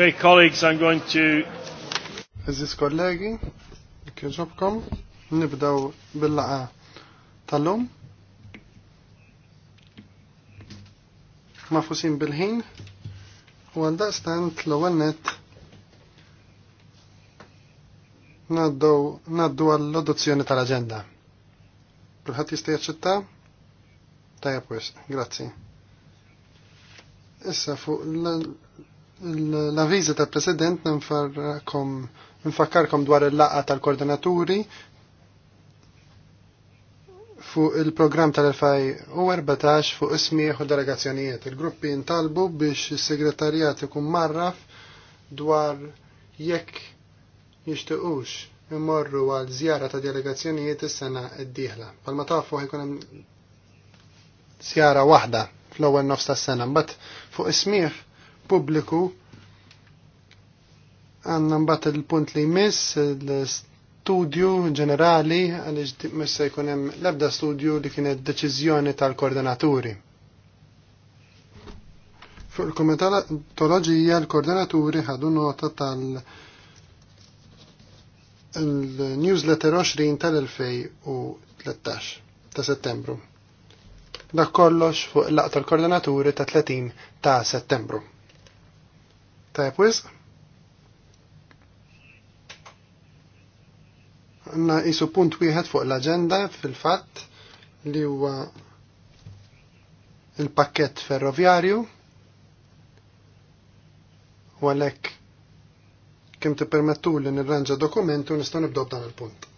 Okay, colleagues, I'm going to... Aziz kollegi, kħiġobkom, nibdaw bil-laqa tal-lum. Mafusin bil-ħin, u għaldaqstant l-għannet naddu għall-adozzjoni tal-agenda. Kulħat jista' jaċċetta? Tajab pwis, grazzi. Issa fuq l-avviżi tal-President nfakkarkom dwar il-laqa tal-koordinaturi fuq il-programm tal-2014 fuq ismieħ u delegazzjonijiet. Il-gruppi intalbu biex il-segretarjat ikun marraf dwar jekk jishtiqux imorru għal zjara ta' delegazzjonijiet is-sena d-dieħla. Palma tafu ħajkun hemm zjara waħda fl-ewwel nofs tas-sena, mbagħad fuq ismieħ pubbliku għanna mbagħad il-punt li jmiss l studio ġenerali għaliex missa jkun hemm l-ebda studju li kienet deċiżjoni tal-koordinaturi. Fuq il-komitoloġija l-koordinaturi ħadu nota tal- il-newsletter 20 tal-2013 ta' settembru. Dak kollox fuq il-laqta tal koordinaturi ta' 30 ta' settembru. Ta' jepwis? Għanna jisu punt wieħed fuq l-agenda fil-fatt li huwa il-pakket ferroviarju u għalek kem ti permettu li nirranġa dokumentu nistaw nibdow dan il-punt.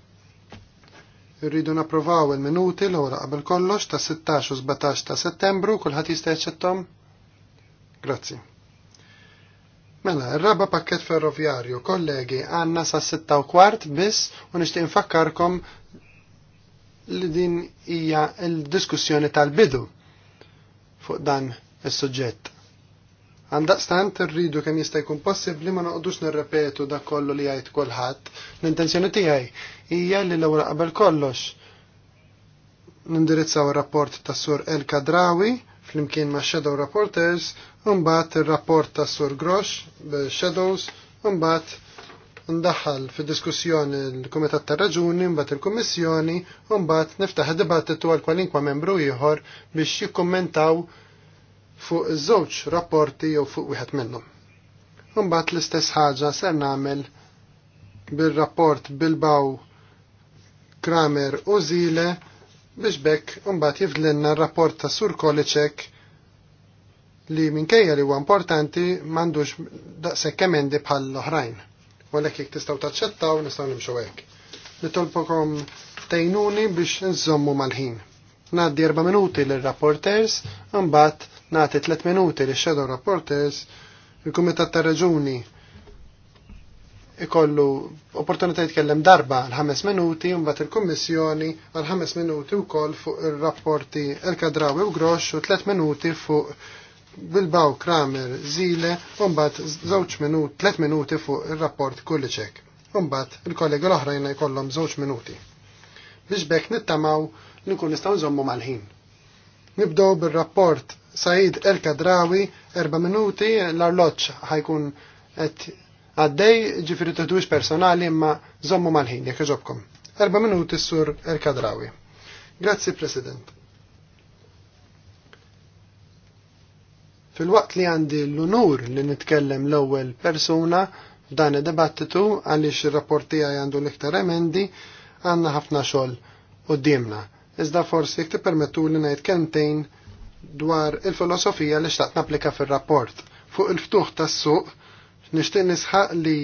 Irridu napprovaw il-minuti l ora qabel kollox ta' 16 u 17 ta' settembru, kulħadd jista' jaċċettom? Grazzi. Mela, r-raba pakket ferroviarju, kollegi, għanna sa' sitta u kwart biss u nishtiq infakkarkom li din hija l-diskussjoni tal-bidu fuq dan is-suġġett. Għandaqstant irridu kemm jista' jkun possibbli ma noqdux nirrepetu dak kollu li jgħid kulħadd. L-intenzjoni tiegħi hija li l-ewwel qabel kollox nindirizzaw ir-rapport tas-sur El Kadrawi flimkien ma' Shadow Rapporters, unbat ir-rapport ta' Sur Grosh shadows unbat ndaħħal fi diskussjoni l-Kumitat ta' Raġuni, unbat il-Kummissjoni, mbagħad niftaħ dibattitu għal kwalinkwa membru ieħor biex jikkommentaw fuq żewġ rapporti jew fuq wieħed minnhom. Unbat l-istess ħaġa ser nagħmel bil-rapport Bilbaw Kramer u Zile biex bekk umbat jifdlenna r-rapport ta' Sur Kolicek li minkejja li huwa importanti m'għandux daqshekk emendi bħal l-oħrajn. Walek jekk tistgħu taċċettaw nistgħu nimxu hekk. Nitolbokom tejnuni biex nżommu mal-ħin. Naddi erba' minuti lir rapporters imbagħad nagħti tliet minuti lix shadow rapporters, il-Kumitat ta' Raġuni ikollu opportunità jitkellem darba għal ħames minuti mbagħad il-Kummissjoni għal ħames minuti wkoll fuq ir-rapporti il kadrawi u Grosh u tliet minuti fuq Bilbao Kramer Zile u mbagħad żewġ minuti, tliet minuti fuq ir-rapport Kulliċek. Mbagħad il-kollegi l oħrajna jkollhom żewġ minuti. Biex bekk nittamaw li nkun nistgħu nżommu mal-ħin. Nibdew bir-rapport Said El-Kadrawi erba' minuti l-arloġġ ħajkun qed Għaddej ġifiri t personali imma zommu mal-ħin, jek ġobkom. Erba minuti sur Erkadrawi. kadrawi Grazzi, President. Fil-waqt li għandi l-unur li nitkellem l-ewwel persuna f'dan id-dibattitu għaliex ir-rapporti għandu l-iktar emendi għandna ħafna xogħol dimna Iżda forsi jekk tippermettu li ngħid kentejn dwar il-filosofija li xtaqt napplika fir-rapport fuq il-ftuħ tas-suq Nixtieq nisħaq li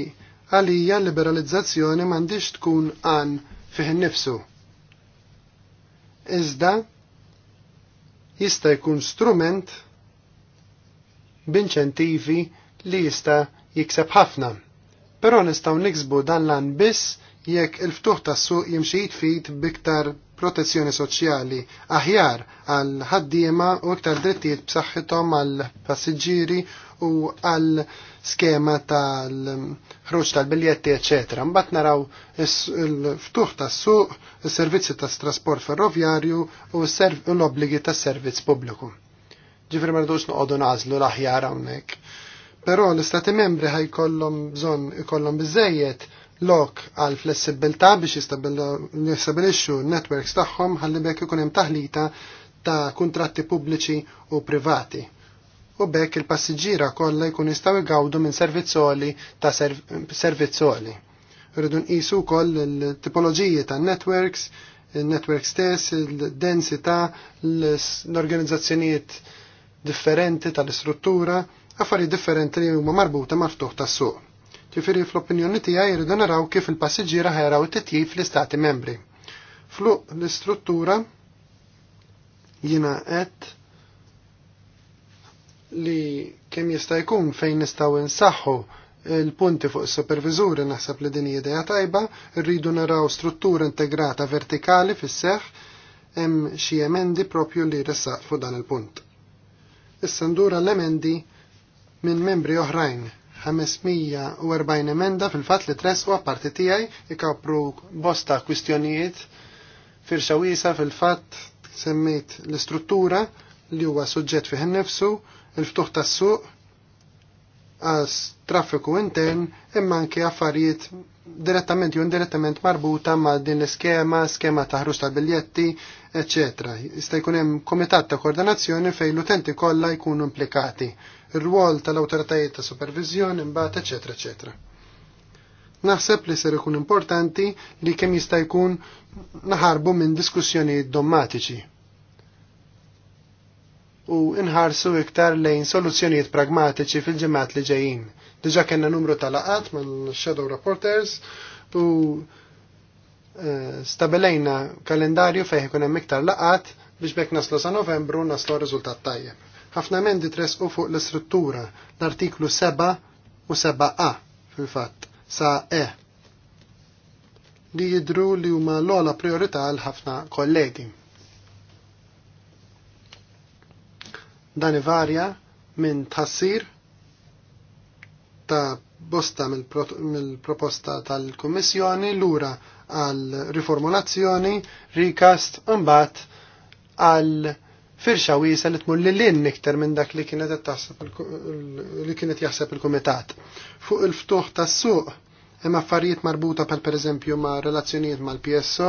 għalija liberalizzazzjoni m'għandix tkun għan fih innifsu. Iżda jista' jkun strument b'inċentivi li jista' jikseb ħafna. Però nistgħu niksbu dan l-għan biss jekk il-ftuħ tas-suq jimxi jitfid biktar protezzjoni soċjali aħjar għal ħaddiema u iktar drittijiet b'saħħithom għal passiġġieri u għal skema tal-ħruġ tal-biljetti, ecc. Mbagħad naraw il-ftuħ tas-suq, is-servizzi tas-trasport ferroviarju u l-obbligi tas-servizz pubbliku. Ġifri ma rridux noqogħdu nagħżlu l-aħjar hawnhekk. Però l-istati membri ħajkollhom bżonn ikollhom biżejjed lok għal flessibilità biex jistabilixxu n-networks tagħhom ħalli bekk ikun hemm taħlita ta' kuntratti pubbliċi u privati. U bekk il-passiġġiera kollha jkun jistgħu jgawdu minn servizzoli ta' servizzoli. Rridu nqisu wkoll il-tipoloġiji ta' networks, il-network stess, il-densità, l-organizzazzjonijiet differenti tal-istruttura, affarijiet differenti li huma marbuta mal-ftuħ tas-suq. Ġifieri fl-opinjoni tiegħi jridu naraw kif il-passiġġiera ħajraw titji fl-istati membri. Fluq l-istruttura jiena qed li kemm jista' jkun fejn nistgħu insaħħu il-punti fuq is-superviżuri naħseb li din idea tajba, rridu naraw struttura integrata vertikali fis-seħħ hemm xi emendi propju li ressaq fuq dan il-punt. Issa ndura l-emendi minn membri oħrajn 540 emenda fil-fat li tresqu parti tijaj ikapru bosta kwistjonijiet firxa wisa fil-fat semmejt l-istruttura li huwa suġġett fiħin nifsu, il-ftuħ tas-suq, għas traffiku intern imma anke affarijiet direttament jew indirettament marbuta ma' din l-iskema, skema ta' ħrus tal-biljetti, ecc. Jista' jkun hemm komitat ta' koordinazzjoni fejn l-utenti kollha jkunu implikati, ir-rwol tal-awtoritajiet ta' supervizjoni imbagħad, ecc. ecc. Naħseb li ser ikun importanti li kemm jista' jkun naħarbu minn diskussjonijiet dommatiċi u nħarsu iktar lejn soluzzjonijiet pragmatiċi fil-ġemat li ġejjin. Diġa kena numru tal-laqat mal-Shadow Reporters u eh, stabilejna kalendarju fejn ikun hemm iktar laqat biex bekk naslu sa' novembru naslu riżultat tajjeb. Ħafna mendi tresqu fuq l-istruttura l-artiklu 7 u 7a fil-fatt sa' E li jidru li huma l-ola priorità għal ħafna kollegi. Dan ivarja minn tħassir ta' bosta mill-proposta tal-Kummissjoni lura għal riformulazzjoni, recast, mbagħad għal firxa wiesa li tmur lil niktar minn dak li kienet li kienet jaħseb il-kumitat. Fuq il-ftuħ tas-suq hemm affarijiet marbuta pal pereżempju ma' relazzjonijiet mal-PSO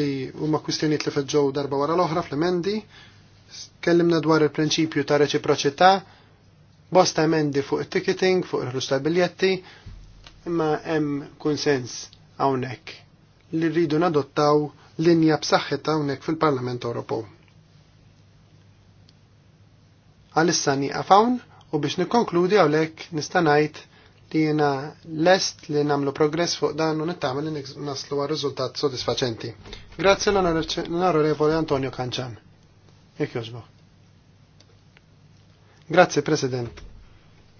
li huma kwistjonijiet li feġġew darba wara l-oħra fl-emendi, Kellimna dwar il-prinċipju ta' reċiproċità, bosta emendi fuq it-ticketing, fuq il ħlus tal-biljetti, imma hemm kunsens hawnhekk li rridu nadottaw linja b'saħħitha hawnhekk fil-Parlament Ewropew. Għalissa nieqaf hawn u biex nikkonkludi hawnhekk nista' ngħid li jena lest li namlu progress fuq dan u nittamal li naslu għal riżultat sodisfaċenti. Grazie l-onorevole Antonio Kanċan. Jekk joġba. Grazzi, President.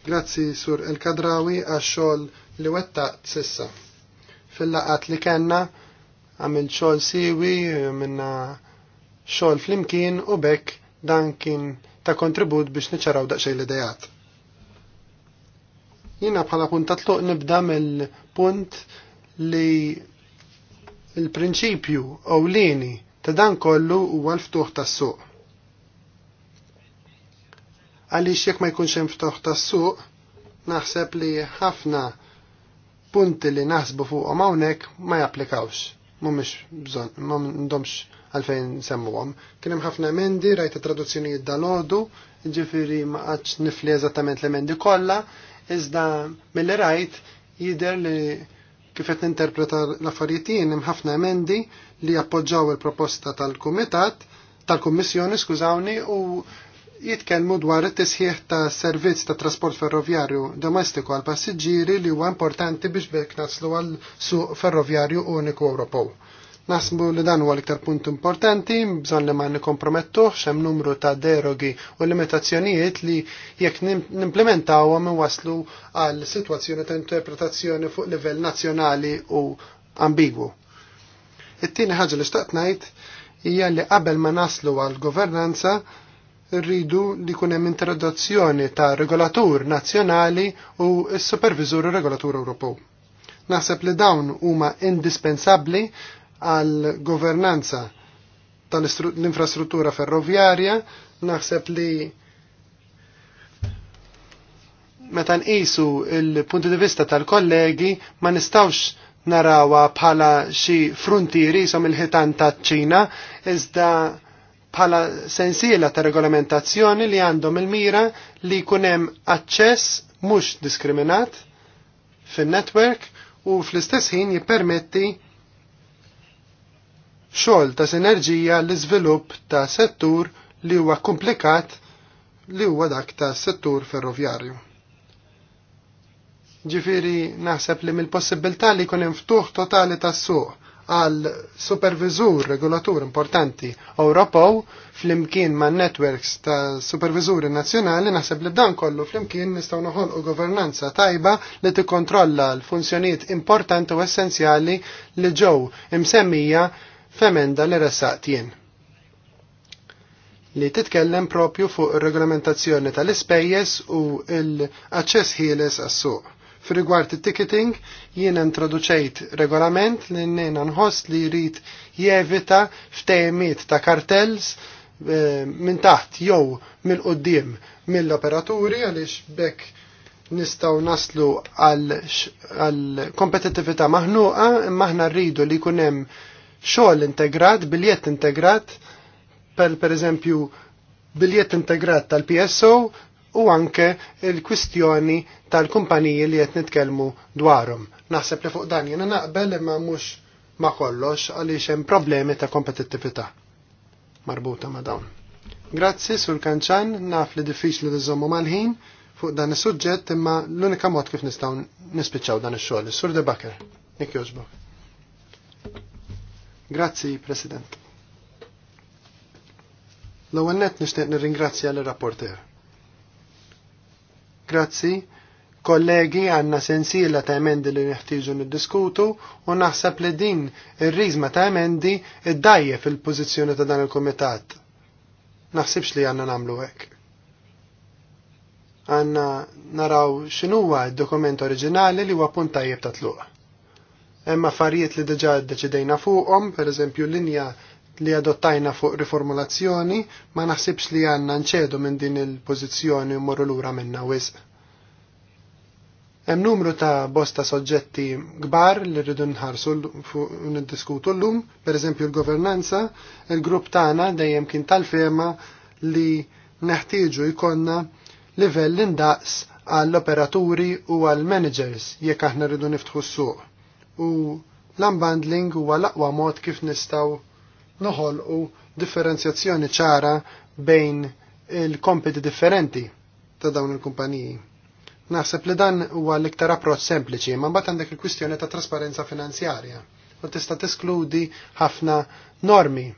Grazzi, Sur El-Kadrawi, għax-xogħol wetta t sissa. Fil-laqat li kellna għamil xogħol siwi minna xogħol flimkien u bekk dan kien ta' kontribut biex niċċaraw daqsxejn li dejat. Jiena bħala punt tatluq nibda mill-punt li l prinċipju ewlieni ta' dan kollu huwa l-ftuħ tas-suq għaliex jekk ma jkunx hemm ftoħ tas-suq, naħseb li ħafna punti li naħsbu fuqhom hawnhekk ma japplikawx. Mhumiex bżonn, m'għandhomx għalfejn semmuhom. Kien hemm ħafna emendi, rajt traduzzjonijiet dal jiġifieri ġifieri ma qatx nifli eżattament l-emendi kollha, iżda mill rajt jidher li kif qed ninterpreta l-affarijiet jien hemm ħafna emendi li appoġġaw il-proposta tal-kumitat tal-Kummissjoni, skużawni, u jitkellmu dwar it-tisħiħ ta' servizz ta' trasport ferroviarju domestiku għal passiġġieri li huwa importanti biex bek naslu għal suq ferroviarju uniku Ewropew. Nasbu li dan huwa l-iktar punt importanti, bżonn li ma nikkompromettuħx hemm numru ta' derogi u limitazzjonijiet li jekk nimplementawhom waslu għal sitwazzjoni ta' interpretazzjoni fuq livell nazzjonali u ambigwu. It-tieni ħaġa li xtaqt ngħid hija li qabel ma naslu għal governanza rridu li kunem introduzzjoni ta' regolatur nazzjonali u s-supervizur regolatur Ewropew. Naħseb li dawn huma indispensabbli għal governanza tal-infrastruttura ferroviarja, naħseb li meta nqisu il-punti di vista tal-kollegi ma nistawx narawa bħala xi frontieri som il-ħitan ta' ċina iżda bħala sensiela ta' regolamentazzjoni li għandhom il-mira li kunem aċċess mhux diskriminat fin-network u fl-istess ħin jippermetti xogħol ta' sinerġija l iżvilupp ta' settur li huwa komplikat li huwa dak ta' settur ferroviarju. Ġifiri naħseb li mill-possibilità li jkun hemm ftuħ totali tas-suq għal supervizur regolatur importanti Ewropew flimkien ma' networks ta' supervizuri nazzjonali naħseb li dan kollu flimkien nistgħu noħolqu governanza tajba li tikkontrolla l-funzjonijiet importanti u essenzjali li ġew imsemmija f'emenda li ressaqt jien li titkellem propju fuq ir regolamentazzjoni tal-ispejjeż u l-aċċess ħieles għas-suq fir it-ticketing jien introduċejt regolament li nnejna nħoss li jrid jevita ftehimiet ta' kartels eh, minn taħt jew mill-qoddim mill-operaturi għaliex bekk nistaw naslu għal kompetitività maħnuqa imma aħna rridu li jkun hemm xogħol integrat, biljett integrat, per, per eżempju biljett integrat tal-PSO u anke il-kwistjoni tal-kumpaniji li qed nitkellmu dwarhom. Naħseb li fuq dan jiena naqbel imma mhux ma kollox għaliex hemm problemi ta' kompetittività marbuta ma' dawn. Grazzi sur kanċan, naf li diffiċli li żommu mal-ħin fuq dan is-suġġett imma l-unika mod kif nistgħu nispiċċaw dan ix-xogħol. Sur De Baker, Nick Josbok. Grazzi, President. L-ewwel nett nixtieq nirringrazzja l-rapporter Grazzi. Kollegi għanna sensiela ta' emendi li neħtiġu niddiskutu u naħseb li din ir-riżma ta' emendi id-dajje fil-pożizzjoni ta' dan il-komitat. Naħsibx li għanna namlu hekk. Għanna naraw x'inhuwa d-dokument oriġinali li huwa punt tajjeb ta' tluq. Emma farijiet li diġà deċidejna fuqhom, pereżempju linja li adottajna fuq riformulazzjoni ma naħsibx li għanna nċedu minn din il-pozizjoni u morru lura minna wisq. Hemm numru ta' bosta soġġetti kbar li rridu nħarsu fuq niddiskutu llum, pereżempju l-governanza, il-grupp tagħna dejjem kien tal-fema li neħtieġu jkollna livell indaqs għall-operaturi u għall-managers jekk aħna rridu niftħu s-suq. U l-unbundling huwa l-aqwa mod kif nistgħu noħolqu differenzjazzjoni ċara bejn il-kompiti differenti ta' dawn il-kumpaniji. Naħseb li dan huwa l-iktar approċċ sempliċi, ma mbagħad għandek il-kwistjoni ta' trasparenza finanzjarja u tista' teskludi ħafna normi.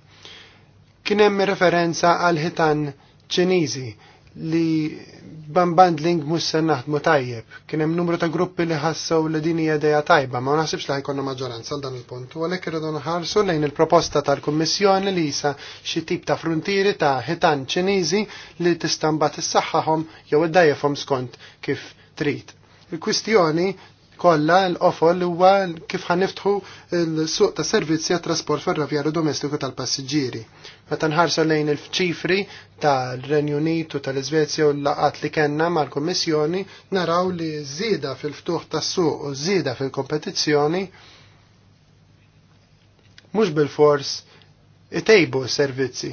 Kien hemm referenza għal ħitan Ċiniżi li bambandling mus mhux se naħdmu tajjeb. Kien hemm numru ta' gruppi li ħassew li din hija idea tajba, ma naħsibx li ħajkonna maġġoranza għal dan il-punt. U għalhekk irridu nħarsu lejn il-proposta tal-Kummissjoni li jisa xi tip ta' fruntieri ta' ħitan Ċiniżi li tista' mbagħad issaħħahom jew iddajjefhom skont kif trid. Il-kwistjoni kolla l-ofol huwa kif ħaniftħu l-suq ta' servizzi għat trasport ferroviarju domestiku tal-passiġġieri. Meta nħarsu lejn il-ċifri tal-Renju Unit u tal-Iżvezja u l-laqat li kellna mal-Kummissjoni naraw li żieda fil-ftuħ tas-suq u żieda fil-kompetizzjoni mhux bil-fors itejbu s-servizzi.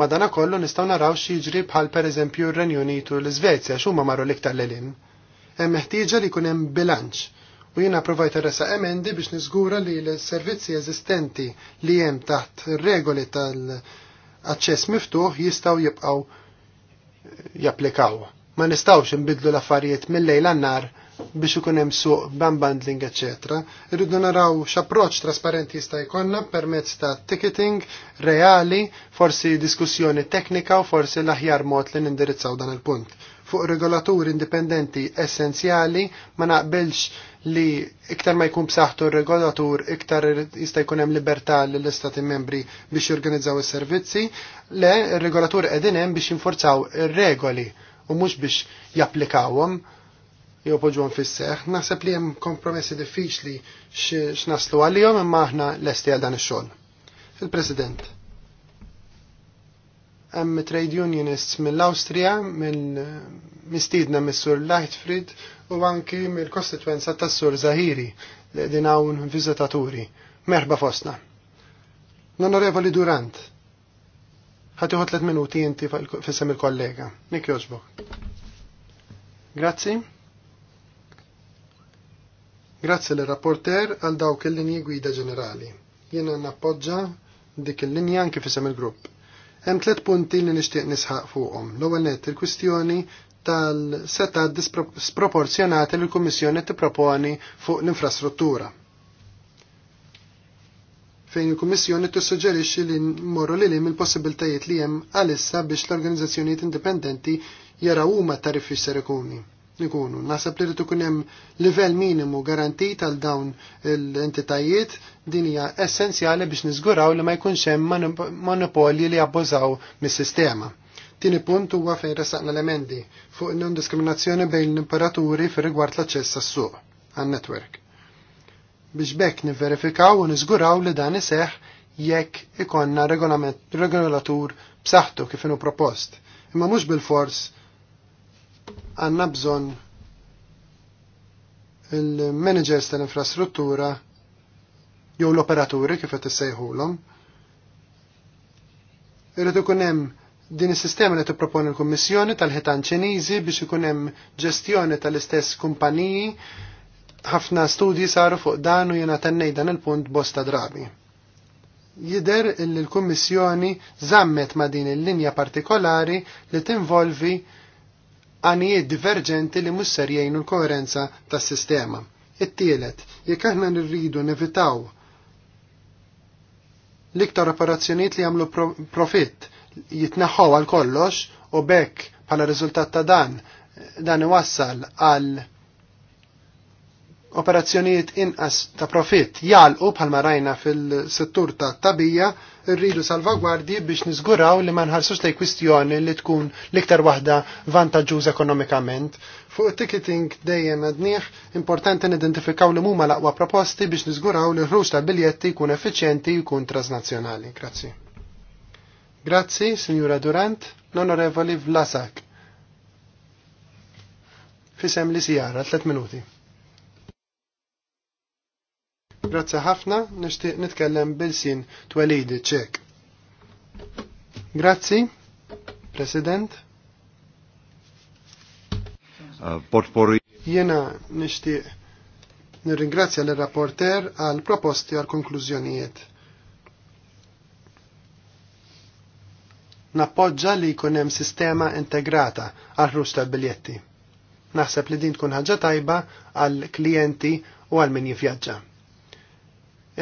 Madana kollu nistaw naraw jiġri bħal pereżempju r-Renju Unitu l iżvezja xhuma marru liktar l lilin. Hemm ħtieġa li hemm bilanċ u jiena provajt resa emendi biex niżgura li l-servizzi eżistenti li hemm taħt regoli tal-aċċess miftuħ jistgħu jibqgħu eh, japplikaw. Ma nistgħux nbidlu l-affarijiet mill-lejl għannar nar biex ikun hemm suq bandling etc. Irridu naraw x'approċċ trasparenti jista' jkollna permezz ta' ticketing reali, forsi diskussjoni teknika u forsi l-aħjar mod li nindirizzaw dan il-punt. Fuq regolaturi indipendenti essenzjali ma naqbilx li iktar ma jkun b'saħħtu r-regolatur iktar jista' jkun hemm libertà lill-istati membri biex jorganizzaw is-servizzi, le r-regolatur qegħdin hemm biex jinforzaw ir-regoli u mhux biex japplikawhom jew poġġhom fis-seħħ. Naħseb li hemm kompromessi diffiċli x'naslu għalihom imma aħna lesti għal dan ix-xogħol. Il-President. Hemm trade unionists mill-Awstrija, mill-mistiedna mis-Sur Lightfried, u anki mill-kostituenza tas-Sur Zahiri li din hawn viżitaturi. Merħba fostna. L-Onorevoli Durant, ħatiħu tliet minuti inti fissem il-kollega. Nik joġbok. Grazzi. Grazzi l-rapporter għal dawk il-linji gwida ġenerali. Jiena nappoġġa dik il-linja anki fissem il-grupp. Hemm tliet punti li nixtieq nisħaq fuqhom. L-ewwel nett il-kwistjoni tal-seta sproporzjonati li l-Kummissjoni tipproponi fuq l-infrastruttura. Fejn il-Kummissjoni tissuġġerixxi li mmorru li lim il-possibiltajiet li hemm għalissa biex l-organizzazzjonijiet indipendenti jaraw huma tariffi ser ikuni. Ikunu. Naħseb li rrid ikun hemm livell minimu garantit għal dawn l-entitajiet din hija essenzjali biex niżguraw li ma jkunx hemm monopolji li abbużaw mis-sistema. Tieni punt huwa fejn resaqna l-emendi fuq non-diskriminazzjoni bejn l-imperaturi fir rigward l-aċċess għas-suq għan-netwerk. Biex bekk nivverifikaw u niżguraw li dan iseħħ jekk ikonna regolatur b'saħħtu kif inhu propost. Imma mhux bil-fors għandna bżonn il-managers tal-infrastruttura jew l-operaturi kif qed issejħulhom. Irid ikun hemm din is-sistema li tipproponi l-Kummissjoni tal-ħitan Ċiniżi biex ikun hemm ġestjoni tal-istess kumpaniji ħafna studji saru fuq dan u jiena tennej dan il-punt bosta drabi. Jider li l-Kummissjoni żammet ma' din il-linja partikolari li tinvolvi għanijiet diverġenti li mhux ser jgħinu l-koerenza tas-sistema. It-tielet, jekk aħna nirridu nevitaw l-iktar operazzjonijiet li jagħmlu profitt jitnaħħaw għal kollox u bekk bħala riżultat ta' dan dan iwassal għal operazzjonijiet inqas ta' profit jalqu bħalma rajna fil-settur ta' tabija rridu salvagwardji biex niżguraw li ma nħarsux tej kwistjoni li tkun l-iktar waħda vantaġġuż ekonomikament. Fuq ticketing dejjem għadniħ importanti nidentifikaw li huma l-aqwa proposti biex niżguraw li r-rux tal biljetti jkun effiċjenti jkun transnazzjonali. Grazzi. Grazzi, Signora Durant, l-Onorevoli Vlasak. Fisem li sijara, tlet minuti. Grazzi ħafna, nishtiq nitkellem bil-sin twelidi ċek. Grazzi, President. Uh, portpori. Jena nishtiq nirringrazzja l-rapporter għal proposti għal konklużjonijiet Nappoġġa li jkun hemm sistema integrata għal ħruġ tal-biljetti. Naħseb li din tkun ħaġa tajba għal klijenti u għal min jivvjaġġa.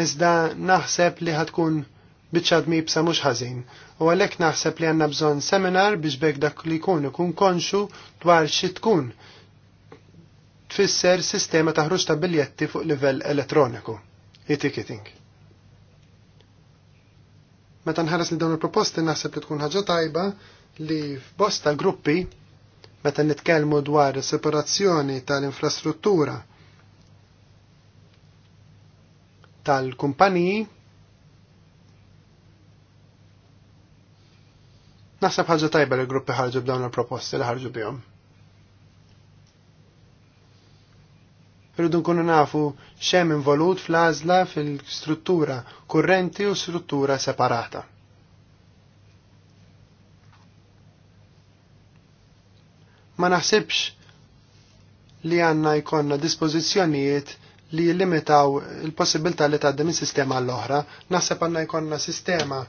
Iżda naħseb li ħatkun biċċad b'sa mhux ħażin u għalhekk naħseb li għandna bżonn seminar biex bek dak li jkun ikun konxu dwar xi tkun tfisser sistema ta' ħruġ ta' biljetti fuq livell elettroniku. E-ticketing. Meta nħares li dawn il-proposti naħseb li tkun ħaġa tajba li f'bosta gruppi meta nitkellmu dwar separazzjoni tal-infrastruttura tal-kumpaniji naħseb ħaġa tajba li gruppi ħarġu b'dawn il-proposti li ħarġu bihom. Rridu nkunu nafu xem involut fl-għażla fil-struttura kurrenti u struttura separata. Ma naħsibx li għanna jkonna dispożizzjonijiet li jillimitaw il-possibilità li tgħaddi il sistema l oħra naħseb għandna jkollna sistema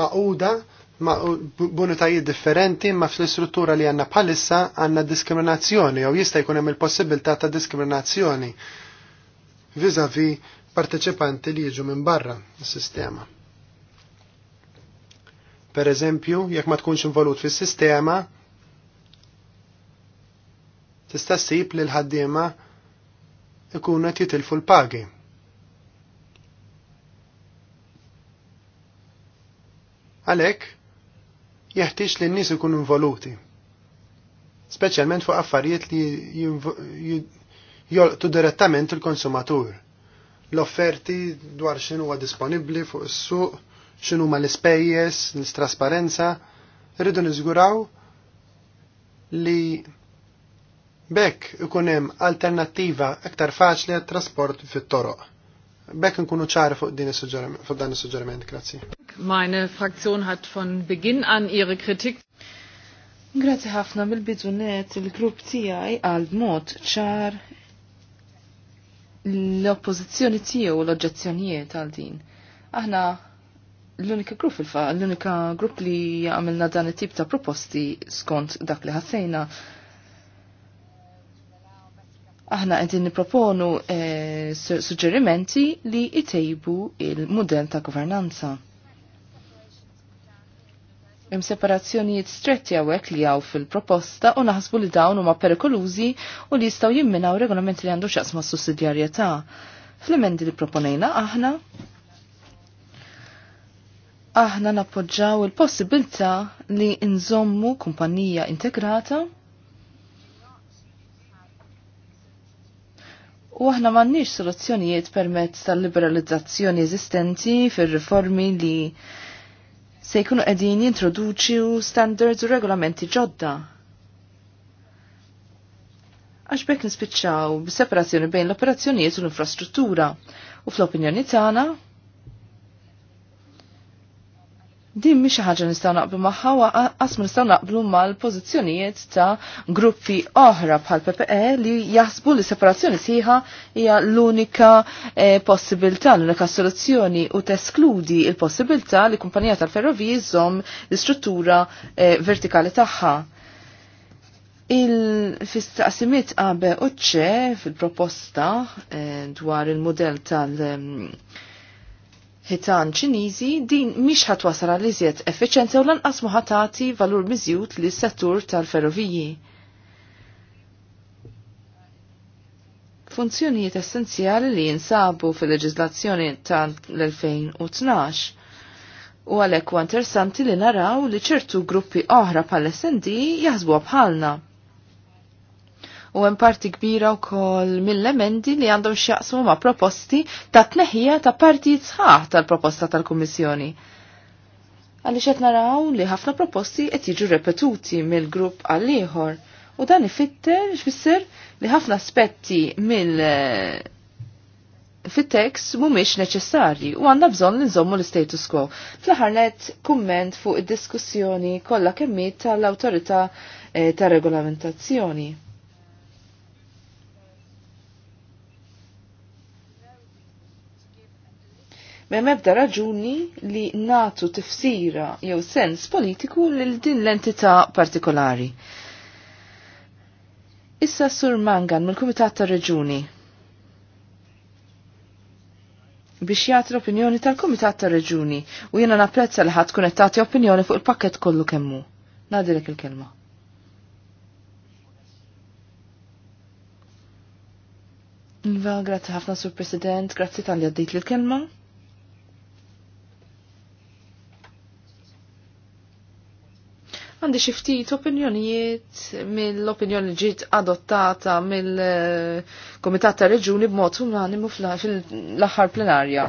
maquda ma' bunitajiet differenti ma' fl-istruttura li għanna bħalissa għanna diskriminazzjoni jew jista' jkun hemm il-possibilità ta' diskriminazzjoni viżavi parteċipanti li jiġu minn barra s-sistema. Per eżempju, jekk ma tkunx involut fis-sistema, tista' ssib li l-ħaddiema ikunu qed jitilfu l-pagi. Għalhekk? jeħtieġ li n-nies ikunu involuti. Speċjalment fuq affarijiet li jolqtu direttament il-konsumatur. L-offerti dwar x'inhu huwa disponibbli fuq is-suq, x'inhu huma l-ispejjeż, l-trasparenza, rridu niżguraw li bekk ikun hemm alternattiva aktar faċli għat-trasport fit-toroq Bekk nkunu ċari fuq din fuq dan is-suġġeriment, grazzi. Meine Fraktion hat von Beginn an ihre Kritik. Grazzi ħafna mill-bidunet il-grupp tiegħi għal mod ċar l-oppożizzjoni tiegħu l-oġġezzjonijiet għal din. Aħna l-unika grupp il-fa, l-unika grupp li għamilna dan it-tip ta' proposti skont dak li ħassejna aħna għedin niproponu eh, suġġerimenti li jtejbu il-modell ta' governanza. Hemm separazzjonijiet stretti għawek li hawn fil-proposta u naħsbu li dawn huma perikolużi u li jistgħu jimminaw regolamenti li għandu x'aqsma sussidjarjetà. Fl-emendi li proponejna aħna aħna nappoġġaw il possibilta li nżommu kumpanija integrata U aħna m'għandniex soluzzjonijiet permezz tal-liberalizzazzjoni eżistenti fir-riformi li se jkunu qegħdin jintroduċiu standards u regolamenti ġodda. Għax bekk nispiċċaw separazzjoni bejn l-operazzjonijiet u l-infrastruttura u fl-opinjoni tagħna Din mhix ħaġa nistgħu naqblu magħha qas ma nistgħu naqblu mal-pożizzjonijiet ta' gruppi oħra bħal PPE li jasbu li separazzjoni sieħa hija l-unika eh, possibilità, l-unika soluzzjoni u teskludi il-possibilità li kumpanija tal-ferroviji żomm l-istruttura eh, vertikali tagħha. Il-fistaqsimiet qabe uċċe fil-proposta eh, dwar il model tal- eh, ħitan ċiniżi din mhix ħatwasal għal iżjed effiċenza u lanqas ma ħatati valur miżjud lis settur tal-ferroviji. Funzjonijiet essenzjali li jinsabu fil-leġiżlazzjoni tal-2012 u għalhekk huwa interessanti li naraw li ċertu gruppi oħra pal-SND jaħsbuha bħalna u hemm parti kbira wkoll mill-emendi li għandhom x'jaqsmu ma' proposti ta' tneħħija ta' partijiet sħaħ tal-proposta tal-Kummissjoni. Għaliex qed naraw li ħafna proposti qed jiġu repetuti mill-grupp għal ieħor u dan ifitter xfisser li ħafna aspetti mill eh, fit-tekst mhumiex neċessarji u għandna bżonn li nżommu l-status quo. Fl-aħħar net kumment fuq id-diskussjoni kollha kemmiet tal-awtorità eh, ta' regolamentazzjoni me ebda raġuni li natu tifsira jew sens politiku lil din l-entità partikolari. Issa Sur Mangan mill-Kumitat tar Reġuni biex jagħti l-opinjoni tal-Kumitat tar Reġuni u jiena napprezza li ħadd tkun qed tagħti opinjoni fuq il-pakkett kollu kemmu. Nadilek il-kelma. Iva, grazzi ħafna Sur President, grazzi tal-li għaddejt l-kelma. għandi xi ftit opinjonijiet mill-opinjoni ġiet adottata mill-Komitat ta' Reġuni b'mod unanimu fil-aħħar plenarja.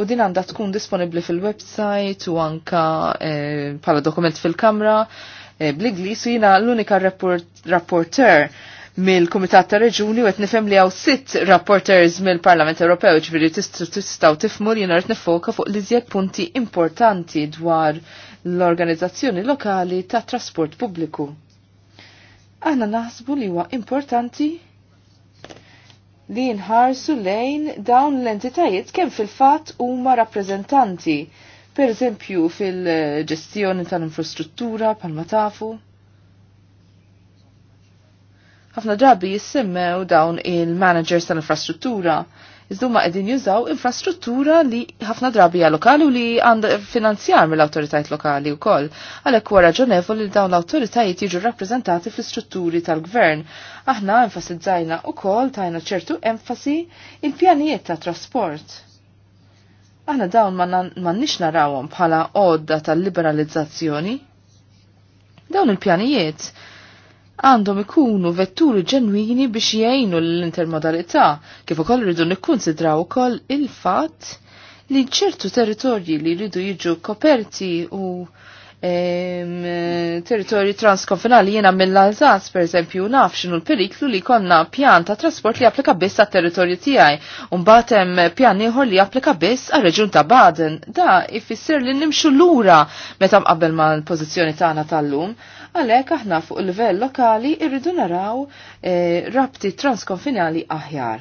U din għandha tkun disponibbli fil-website u anka eh, bħala dokument fil-kamra eh, bl-Inglis u jina l-unika rapporter mill-Kumitat ta' Reġuni u għet nifhem li hawn sitt rapporters mill-Parlament Ewropew ġifieri tistgħu tifmur li jiena qed nifoka fuq l-iżjed punti importanti dwar l-organizzazzjoni lokali ta' trasport pubbliku. Aħna naħsbu li huwa importanti li nħarsu lejn dawn l-entitajiet kemm fil-fatt huma rappreżentanti, per eżempju fil-ġestjoni tal-infrastruttura palma matafu ħafna drabi jissemmew dawn il-managers tal-infrastruttura Iżduma qegħdin jużaw infrastruttura li ħafna drabi hija lokali u li għandha finanzjar mill-awtoritajiet lokali wkoll. Għalhekk huwa raġonevol li dawn l-awtoritajiet jiġu rappreżentati fl strutturi tal-gvern. Aħna enfasizzajna wkoll tajna ċertu enfasi il-pjanijiet ta' trasport aħna dawn ma nix narawhom bħala għodda tal-liberalizzazzjoni. Dawn il-pjanijiet għandhom ikunu vetturi ġenwini biex jgħinu l-intermodalità, kif ukoll rridu nikkunsidraw ukoll il-fatt li ċertu territorji li rridu jiġu koperti u territorji transkonfinali jena mill-Alzaz per eżempju naf xinu l-periklu li konna pjan ta' trasport li applika biss ta' territorju tijaj un batem pjan ieħor li applika biss għal reġun ta' Baden da ifisser li nimxu lura meta mqabbel ma' l-pozizjoni tagħna tal-lum. Ta Għalhekk aħna fuq il-livell lokali irridu naraw e, rabti transkonfinali aħjar.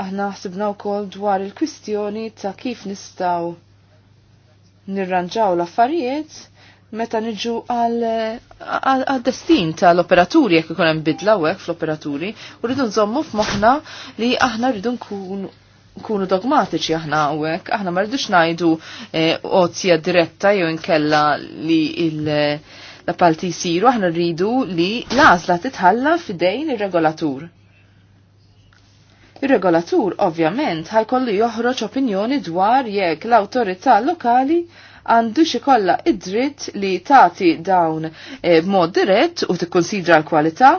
Aħna ħsibna wkoll dwar il-kwistjoni ta' kif nistgħu nirranġaw l-affarijiet meta niġu għal destin tal-operaturi jekk ikun hemm bidla hekk fl-operaturi u rridu nżommu f'moħħna li aħna rridu nkun nkunu dogmatiċi aħna hawnhekk, aħna ma rridux ngħidu qozja eh, diretta jew inkella li il- l-appalti jisiru aħna rridu li l-għażla titħalla f'idejn ir-regolatur. Ir-regolatur ovvjament ħajkollu joħroġ opinjoni dwar jekk l-awtorità lokali għandu xikolla id-dritt li tati dawn eh, b'mod dirett u tikkonsidra l-kwalità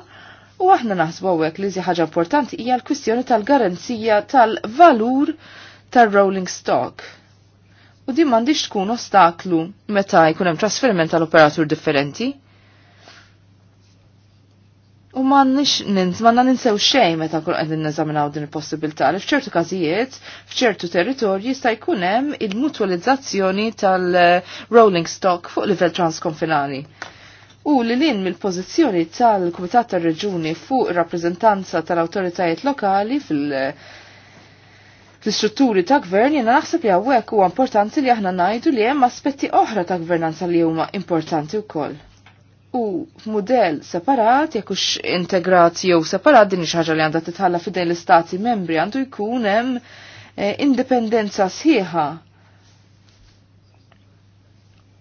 u aħna naħsbu għek li ħaġa importanti hija l-kwistjoni tal-garanzija tal-valur tal-rolling stock u din m'għandix tkun ostaklu meta jkun hemm trasferiment tal-operatur differenti. U ma nix nins, ninsew xej meta kull qegħdin din il-possibilità li f'ċertu każijiet, f'ċertu territorji jista' jkun hemm il-mutwalizzazzjoni tal-rolling stock fuq livell transkonfinali. U li lin mill-pożizzjoni tal-Kumitat tar-Reġuni fuq ir-rappreżentanza tal-awtoritajiet lokali fil- l-istrutturi ta' gvern jena naħseb li għawek huwa importanti li aħna najdu li hemm aspetti oħra ta' gvernanza li huma importanti wkoll. U f'mudell separat, jekk hux integrat jew separat din xi ħaġa li għandha titħalla fidejn l-istati membri għandu jkun hemm e, indipendenza sħiħa.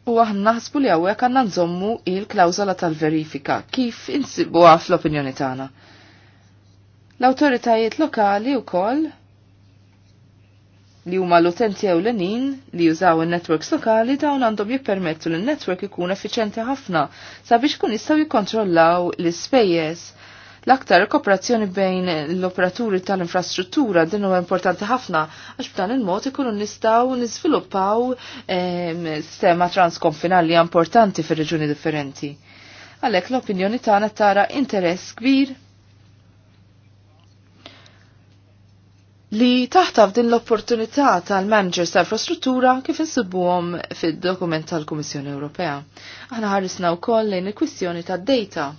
U aħna naħsbu li hawnhekk għandna nżommu il-klawżola tal-verifika kif insibuha fl-opinjoni tagħna. L-awtoritajiet lokali wkoll li huma l-utenti ewlenin li jużaw in-networks lokali dawn għandhom jippermettu li network ikun effiċenti ħafna sabiex kun jistgħu jikkontrollaw l-ispejjeż. L-aktar kooperazzjoni bejn l-operaturi tal-infrastruttura din huwa importanti ħafna għax b'dan il-mod ikunu nistgħu niżviluppaw ehm, sistema transkonfinali importanti fir-reġuni differenti. Għalhekk l-opinjoni tagħna tara interess kbir li taħtaf din l-opportunità tal-managers tal-infrastruttura kif insibbuhom fid-dokument tal-Kummissjoni Ewropea. Aħna ħarrisna wkoll lejn il-kwistjoni tad-data.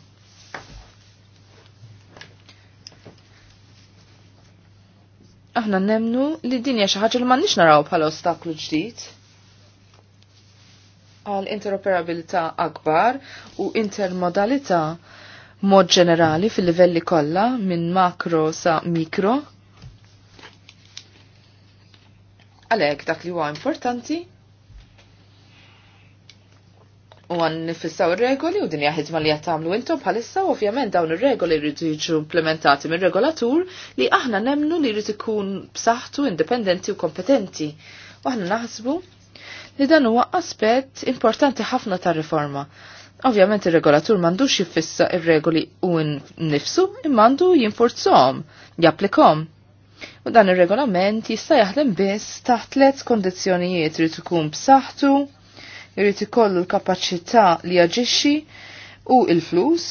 Aħna nemnu li din hija xi ħaġa li m'għandniex naraw bħala ostaklu ġdid għal interoperabilità akbar u intermodalità mod ġenerali fil-livelli kollha minn makro sa mikro Għalek dak li huwa importanti u għan nifissaw regoli u din i-ħidma li jattamlu intom bħalissa ovvjament dawn ir-regoli rridu jiġu implementati minn regolatur li aħna nemnu li rrid ikun b'saħħtu indipendenti u kompetenti. U aħna naħsbu li dan huwa aspett importanti ħafna tar-riforma. Ovvjament ir-regolatur m'għandux jiffissa ir-regoli u nifsu imma għandu jinforzhom, japplikom. U dan ir-regolament jista' jaħdem biss taħt tliet kondizzjonijiet li ikun b'saħħtu, irid ikollu l-kapaċità li jaġixxi u l-flus,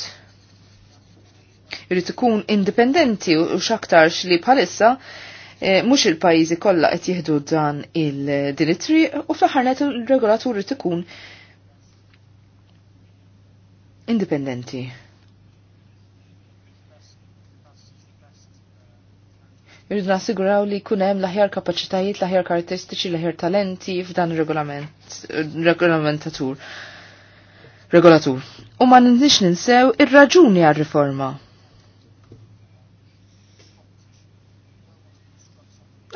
irid ikun indipendenti u x'aktarx li bħalissa eh, mhux il pajjiżi kollha qed jieħdu dan il-din it-triq u fl-ħarnet il-regolatur ikun indipendenti. Irridu nassiguraw li jkun hemm l-aħjar kapaċitajiet, l-aħjar karatteristiċi, l-aħjar talenti f'dan ir-regolament, regolamentatur. Regolatur. U ma nintix ninsew ir-raġuni għal-riforma.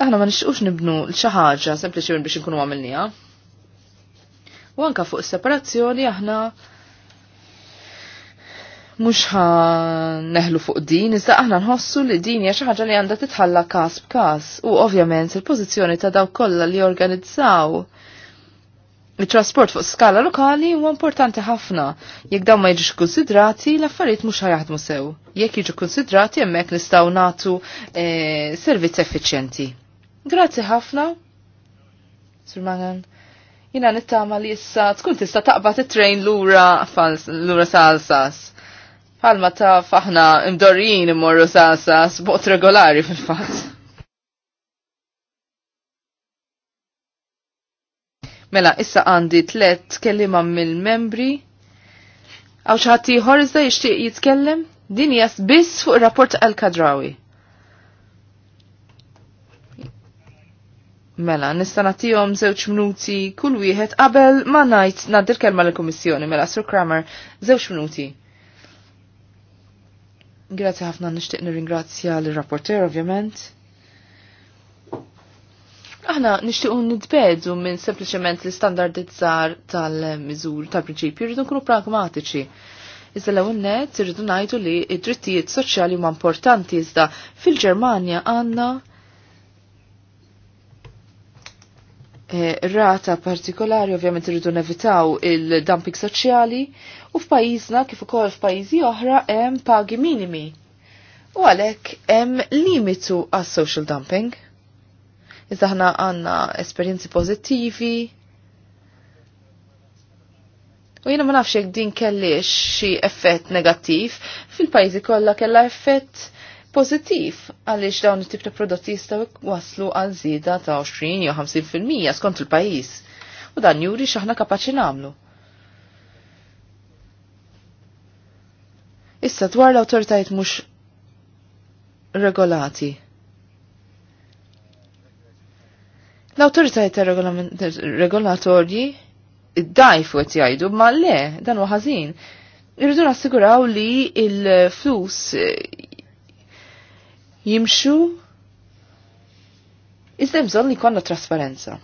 Aħna ma nixqux nibnu l-xi ħaġa sempliċi biex inkunu għamilniha. U anka fuq separazzjoni aħna mhux neħlu fuq din, iżda aħna nħossu li din hija xi ħaġa li għandha titħalla każ b'każ u ovvjament il-pożizzjoni ta' dawk kollha li jorganizzaw il-trasport fuq skala lokali huwa importanti ħafna. Jekk dawn ma jiġux konsidrati, l-affarijiet mhux ħajaħdmu sew. Jekk jiġu konsidrati hemmhekk nistgħu nagħtu eh, servizz effiċjenti. Grazzi ħafna. Sir Magan jina nittama li issa tkun tista taqbad it-train lura fals, lura salsas. Għalma ta' faħna imdorjien immorru sasa sbot regolari fil-fat. Mela, issa għandi tlet kellima mill-membri. Għaw xaħti ħorizda jishtiq jitkellem? Din jas bis fuq il-rapport għal-kadrawi. Mela, nista' nagħtihom żewġ minuti kull wieħed qabel ma ngħid ngħaddi kelma lill-Kummissjoni. Mela, Sur Kramer, żewġ minuti. Grazie ħafna nishtiq nirringrazzja l-rapporter ovvjament. Aħna nishtiqu nidbedu minn sempliċement l-standardizzar tal-miżur tal-prinċipju rridu nkunu pragmatiċi. Iżda l-ewwel nett irridu ngħidu li d-drittijiet soċjali huma importanti iżda fil ġermania għandna Eh, rata partikolari ovvjament irridu nevitaw il-dumping soċjali u f'pajjiżna kif ukoll f'pajjiżi oħra hemm pagi minimi. U għalhekk hemm limitu għas social dumping. Iżda aħna għandna esperjenzi pożittivi. U jiena ma nafx jekk din kellix xi effett negattiv, fil-pajjiżi kollha kellha effett pozittiv għaliex dawn it-tip ta' prodotti jistgħu waslu għal żieda ta' 20 jew 50% skont il-pajjiż. U dan juri x'aħna kapaċi nagħmlu. Issa dwar l-awtoritajiet mhux regolati. L-autoritajiet regolatorji id-dajf qed jgħidu, ma le, dan u ħażin Irridu nassiguraw li il-flus jimxu iżda bżonn li konna trasparenza.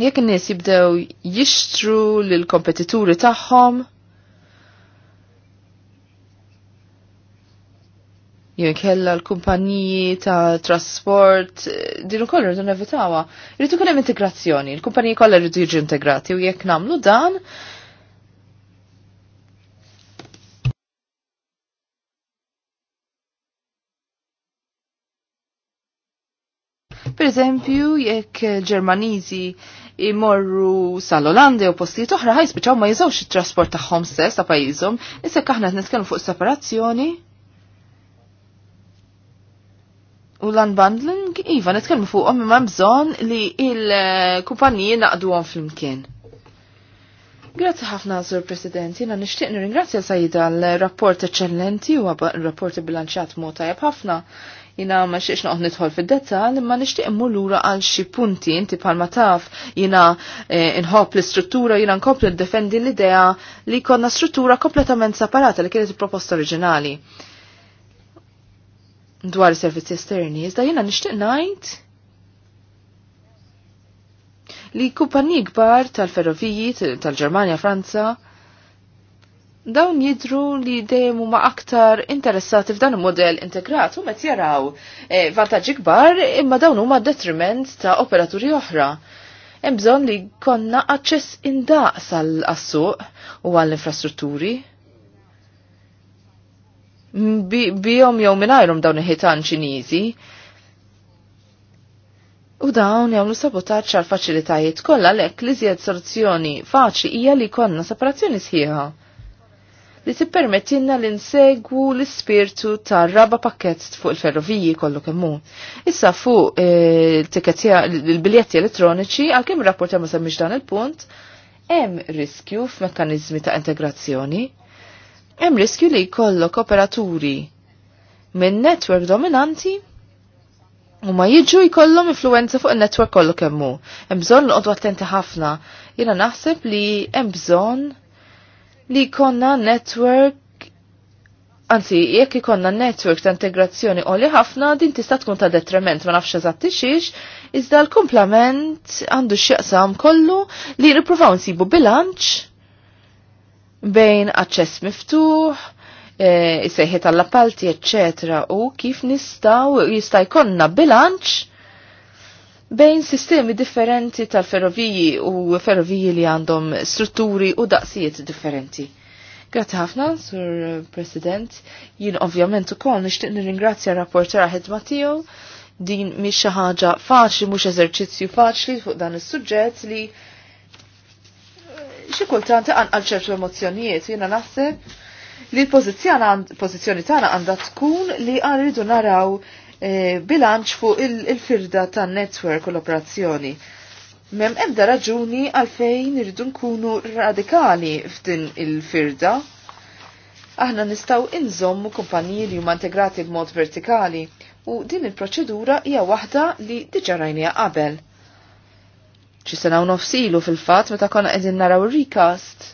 Jekk in-nies jibdew jixtru lil kompetituri tagħhom, jew inkella l-kumpaniji ta' trasport, eh, din ukoll rridu nevitawa. Irridu ikun hemm integrazzjoni, l-kumpaniji kollha rridu jiġu integrati u jekk nagħmlu dan, Eżempju, jekk Ġermaniżi imorru sal olandi u postijiet oħra ħajspiċaw ma jizawx it-trasport tagħhom stess ta' pajjiżhom, issa aħna qed nitkellmu fuq separazzjoni. U l-unbundling, iva, nitkellmu fuqhom imma bżonn li il-kumpaniji naqduhom flimkien. Grazzi ħafna, Sur President. Jena nishtiq nirringrazzja Sajida l-rapport eccellenti u rapport bilanċat mod tajjeb ħafna jina ma xiex noqt nidħol fid-detal, imma nixtieq immur lura għal xi punti inti bħalma taf jina eh, inħob l-istruttura jina nkompli defendi l-idea li konna struttura kompletament separata li kienet il-proposta oriġinali. Dwar servizzi esterni, iżda jina nixtieq ngħid li kumpanji kbar tal-ferroviji tal-Ġermanja, Franza, dawn jidru li dejjem huma aktar interessati f'dan il-modell integrat u met jaraw e, vantaġġi kbar imma dawn huma detriment ta' operaturi oħra. Hemm bżonn li konna aċċess indaqs għall-assuq u għall-infrastrutturi. Bihom jew mingħajrhom dawn il-ħitan Ċiniżi. U dawn jagħmlu sabotaġġ għal faċilitajiet kollha lek li żjed soluzzjoni faċli hija li konna separazzjoni sħiħa li tippermettilna li nsegwu l-ispirtu tar-raba pakket fuq il-ferroviji kollu kemmu. Issa fuq eh, il-biljetti elettroniċi għalkemm ir-rapport ma semmix dan il-punt, hemm riskju f'mekkaniżmi ta' integrazzjoni. Hemm riskju li jkollok operaturi minn netwerk dominanti U ma jiġu jkollhom influenza fuq in-netwerk kollu kemmu. Hemm bżonn noqgħdu attenti ħafna. Jiena naħseb li hemm bżonn li konna network Anzi, jekk ikonna network ta' integrazzjoni oli ħafna din tista' tkun ta' detriment ma nafx eżatt xiex, iżda l-komplement għandu x'jaqsam kollu li nippruvaw nsibu bilanċ bejn aċċess miftuħ, e, is tal-appalti, eċċetera, u kif nistgħu jista' jkollna bilanċ bejn sistemi differenti tal-ferroviji u ferroviji li għandhom strutturi u daqsijiet differenti. Grazie ħafna, Sur President. Jien ovvjament ukoll nixtieq nirringrazzja r-rapporter ħedma tiegħu. Din mhix xi ħaġa faċli mhux eżerċizzju faċli fuq dan is-suġġett li eh, xi kultant għal ċertu emozzjonijiet jiena naħseb li l-pożizzjoni tagħna għandha tkun li rridu naraw E, bilanċ fuq il-firda il firda ta' tan network u l-operazzjoni. Mem ebda raġuni għalfejn irridu nkunu radikali f'din il-firda. Aħna nistaw inżommu kumpaniji li huma integrati b'mod vertikali u din il-proċedura hija waħda li diġa rajnija qabel. Ċi sena u nofsilu fil-fat meta konna qegħdin naraw recast?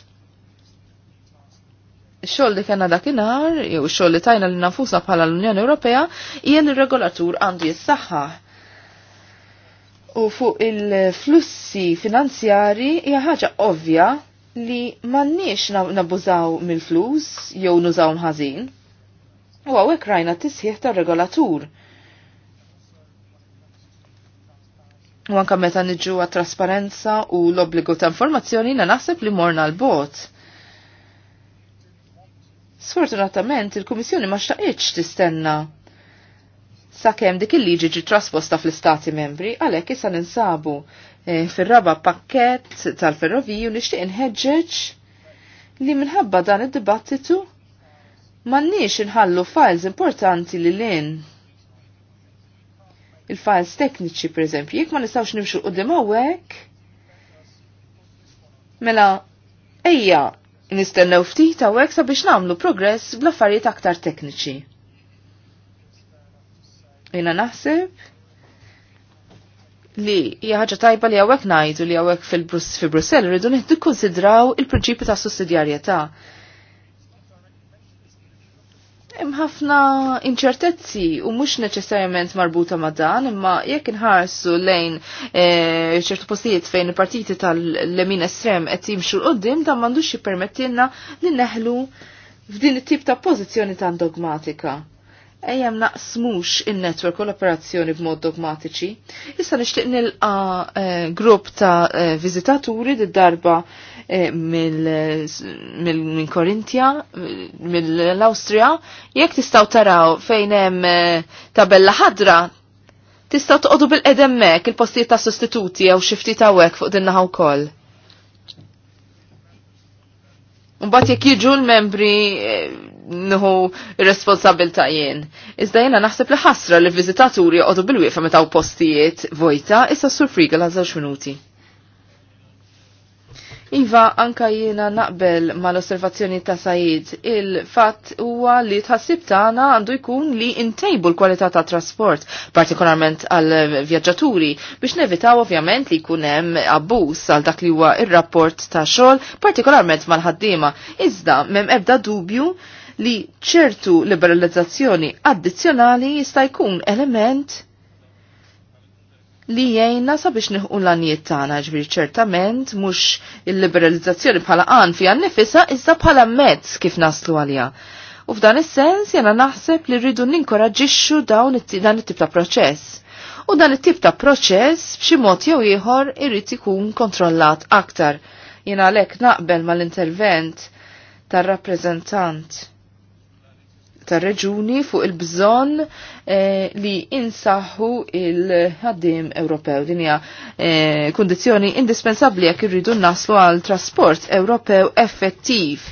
xoll li kellna dakinhar jew xoll li tajna li nafusa bħala l-Unjoni Ewropea hija il regolatur għandu jissaxħa. U fuq il-flussi finanzjari hija ħaġa ovvja li m'għandniex nabużaw mill-flus jew nużaw ħażin. U għawek rajna tisħiħ ta' regolatur U anka meta niġu għat trasparenza u l-obbligu ta' informazzjoni na naħseb li morna l-bot Sfortunatament, il-Kummissjoni ma xtaqitx tistenna sakemm dik il-liġi ġi trasposta fl-Istati membri, għalhekk issa ninsabu e, fir-raba pakkett tal-ferroviju nixtieq inħeġġeġ li minħabba dan id-dibattitu m'għandniex inħallu files importanti li lin il-files tekniċi per eżempju, jekk ma nistgħux nimxu qudiem hawnhekk, mela ejja nistennew ftit hawnhekk sabiex nagħmlu progress bl-affarijiet aktar tekniċi. Jiena naħseb li hija ħaġa tajba li hawnhekk ngħidu li hawnhekk fil-Brussell irridu nieħdu konsidraw il-prinċipju ta' sussidjarjetà imħafna inċertezzi u mux neċessarjament marbuta ma' dan, imma jekk inħarsu lejn eh, ċertu postijiet fejn il-partiti tal-lemin estrem qed jimxu l-qoddim dan m'għandux jippermettilna li neħlu f'din it-tip ta' pożizzjoni tan dogmatika ejjem naqsmux in-netwerk u l-operazzjoni b'mod dogmatiċi. Issa nixtieq nilqa eh, grupp ta' eh, viżitaturi darba eh, minn Korintja, mill-Awstrija, jekk tistgħu taraw fejn hemm tabella ħadra tistgħu toqgħodu bil-qedemmek il-postijiet ta' sostituti jew xi ftit wek fuq din kol. wkoll. bat jekk jiġu l-membri nħu responsabilta jien. Iżda jena naħseb li ħasra li vizitaturi għodu bil-wiefa metaw u postijiet vojta, issa s-surfriga la zaġ minuti. Iva, anka jiena naqbel mal-osservazzjoni ta' Sajid, il-fatt huwa li tħassib tagħna għandu jkun li intejbu l-kwalità ta' trasport, partikolarment għal vjaġġaturi, biex nevitaw ovvjament li jkun hemm abbuż għal dak li huwa ir-rapport ta' xogħol, partikolarment mal-ħaddiema. Iżda m'hemm ebda dubju li ċertu liberalizzazzjoni addizzjonali jista' jkun element li jgħinna sabiex nħu l-għaniet tagħna ġbir ċertament mhux il-liberalizzazzjoni bħala għan fija nifisa iżda bħala mezz kif naslu għalija. U f'dan is-sens jena naħseb li rridu ninkoraġixxu dawn dan it-tip ta' proċess. U dan it-tip ta' proċess b'xi mod jew ieħor irid ikun kontrollat aktar. Jena għalhekk naqbel mal-intervent tar-rappreżentant tar-reġuni fuq il-bżonn eh, li insaħħu il-ħaddim Ewropew. Din hija eh, kundizzjoni indispensabbli jekk irridu naslu għal trasport Ewropew effettiv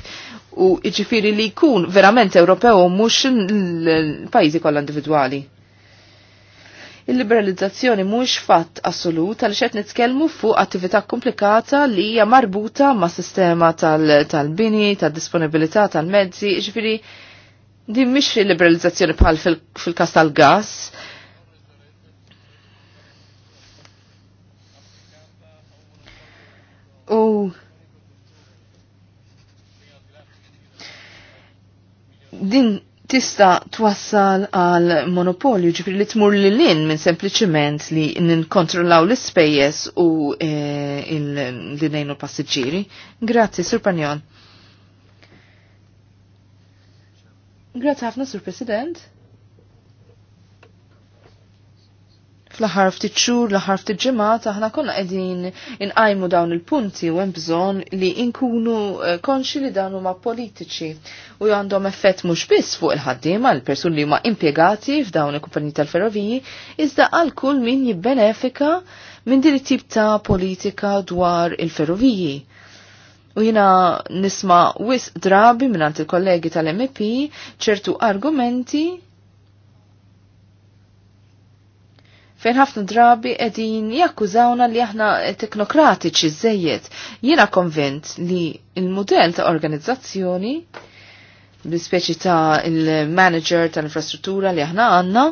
u iġifiri li jkun verament Ewropew u mhux l-pajjiżi kollha individwali il-liberalizzazzjoni mhux fatt assolut għal xed nitkellmu fuq attività komplikata li hija marbuta ma' sistema tal-bini, tal tal-disponibilità tal-mezzi, ġifieri Din mhix liberalizzazzjoni bħal fil-kas tal-gas. U din tista twassal għal monopolju ġifri li tmur li lin minn sempliciment li ninkontrollaw l ispejjeż u l eh, il-dinajnu passiġġieri. Grazzi, Sur Panjon. Grazie ħafna, Sur President. fl-ħar ftit xhur, l-ħar ftit ġemat aħna konna qegħdin inqajmu dawn il-punti u hemm bżonn li nkunu eh, konxi li dawn huma politiċi u għandhom effett mhux biss fuq il-ħaddiema l-persuni li huma impjegati f'dawn il-kumpaniji tal-ferroviji, iżda għal kull min jibbenefika minn din it-tip ta' politika dwar il-ferroviji u jina nisma wis drabi minnant il-kollegi tal-MP ċertu argumenti fejn ħafna drabi edin jakkużawna li aħna teknokratiċi żejjed. Jiena konvent li il-modell ta' organizzazzjoni bispeċi ta' il-manager tal-infrastruttura li aħna għanna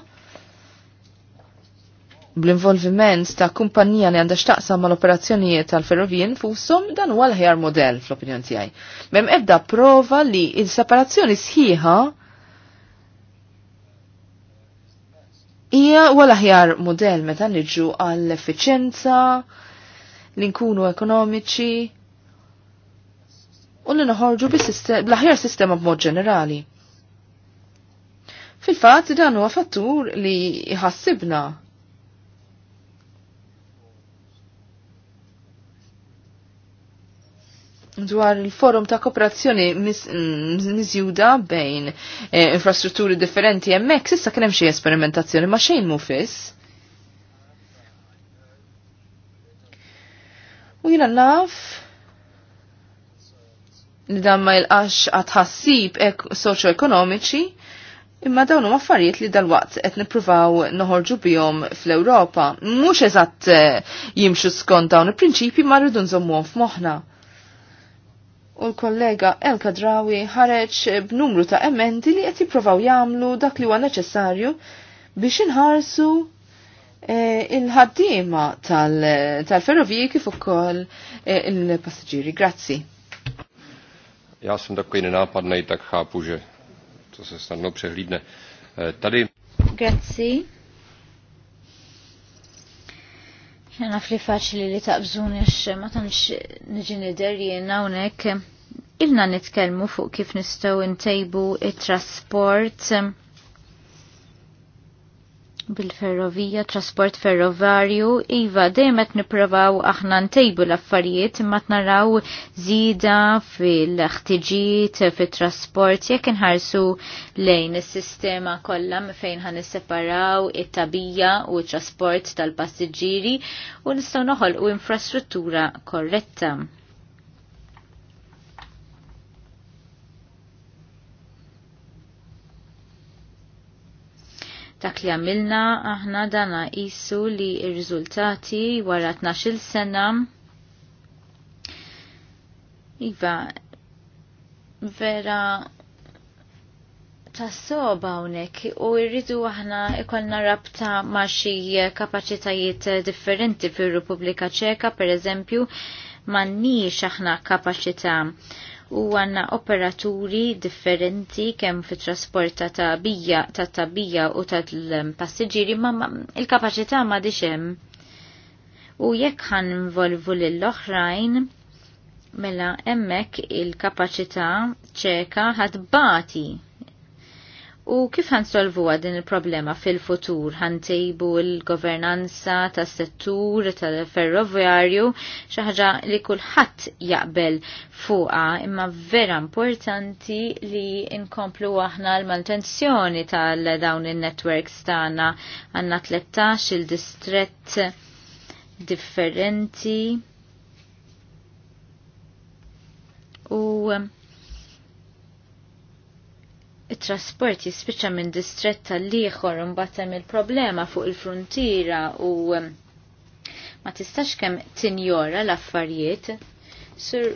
bl-involviment ta' kumpanija li għandha xtaqsam mal operazzjonijiet tal-ferrovija nfushom dan huwa l-ħjar modell fl-opinjoni tiegħi. Mem ebda prova li l separazzjoni sħiħa hija l ħjar model meta niġu għall-effiċenza, l-inkunu ekonomiċi u li noħorġu bl-aħjar sistema b'mod ġenerali. Fil-fatt dan huwa fattur li jħassibna dwar il-forum ta' kooperazzjoni miżjuda bejn eh, infrastrutturi differenti hemmhekk s'issa kien hemm xi esperimentazzjoni ma' xejn mufis. U jiena naf li dan ma qax għatħassib soċo-ekonomiċi, imma dawn huma affarijiet li dal-waqt qed nippruvaw noħorġu bihom fl-Ewropa. Mhux eżatt eh, jimxu skont dawn il-prinċipji ma rridu nżommuhom f'moħħna u l-kollega Elka Drawi ħareġ b'numru ta' emendi li qed jippruvaw jagħmlu dak li huwa neċessarju biex inħarsu eh, il-ħaddiema tal-ferroviji kif ukoll eh, il-passiġġieri. Grazzi. Já dak takový nenápadný, tak ħapuġe. že to se snadno eh, Grazzi. Naf li faċli li taqbżuni x ma tantx niġi nider jiena hawnhekk ilna nitkellmu fuq kif nistgħu ntejbu it-trasport bil-ferrovija, trasport ferrovarju, iva dejjem qed nipprovaw aħna ntejbu l-affarijiet imma naraw zida fil-ħtiġijiet fit-trasport jekk inħarsu lejn is-sistema kollha fejn ħan nisseparaw it-tabija u t-trasport tal-passiġġieri u nistgħu noħolqu infrastruttura korretta. dak li għamilna aħna dana isu li r-riżultati wara 12 sena Iva, vera ta' soba unek u irridu aħna ikolna rabta ma' xi kapacitajiet differenti fir-Repubblika Ċeka, per eżempju, ma' nix aħna kapacita' u għanna operaturi differenti kemm fi trasporta ta' bija, ta' tabija u ta' passiġiri ma' il-kapacità ma' diċem. U jekk ħan involvu l-oħrajn, mela emmek il-kapacità ċeka ħadbati. bati U kif ħansolvuha din il-problema fil-futur? Ħantejbu l-governanza tas settur tal-ferroviarju xi ħaġa li kulħadd jaqbel fuqa imma vera importanti li nkomplu aħna l-mantenzjoni tal-dawn in-networks tagħna għanna 13 il-distrett differenti u it-trasport jispiċċa minn distret tal liħor imbagħad hemm il-problema fuq il-fruntiera u um, ma tistax kemm tinjora l-affarijiet. Sur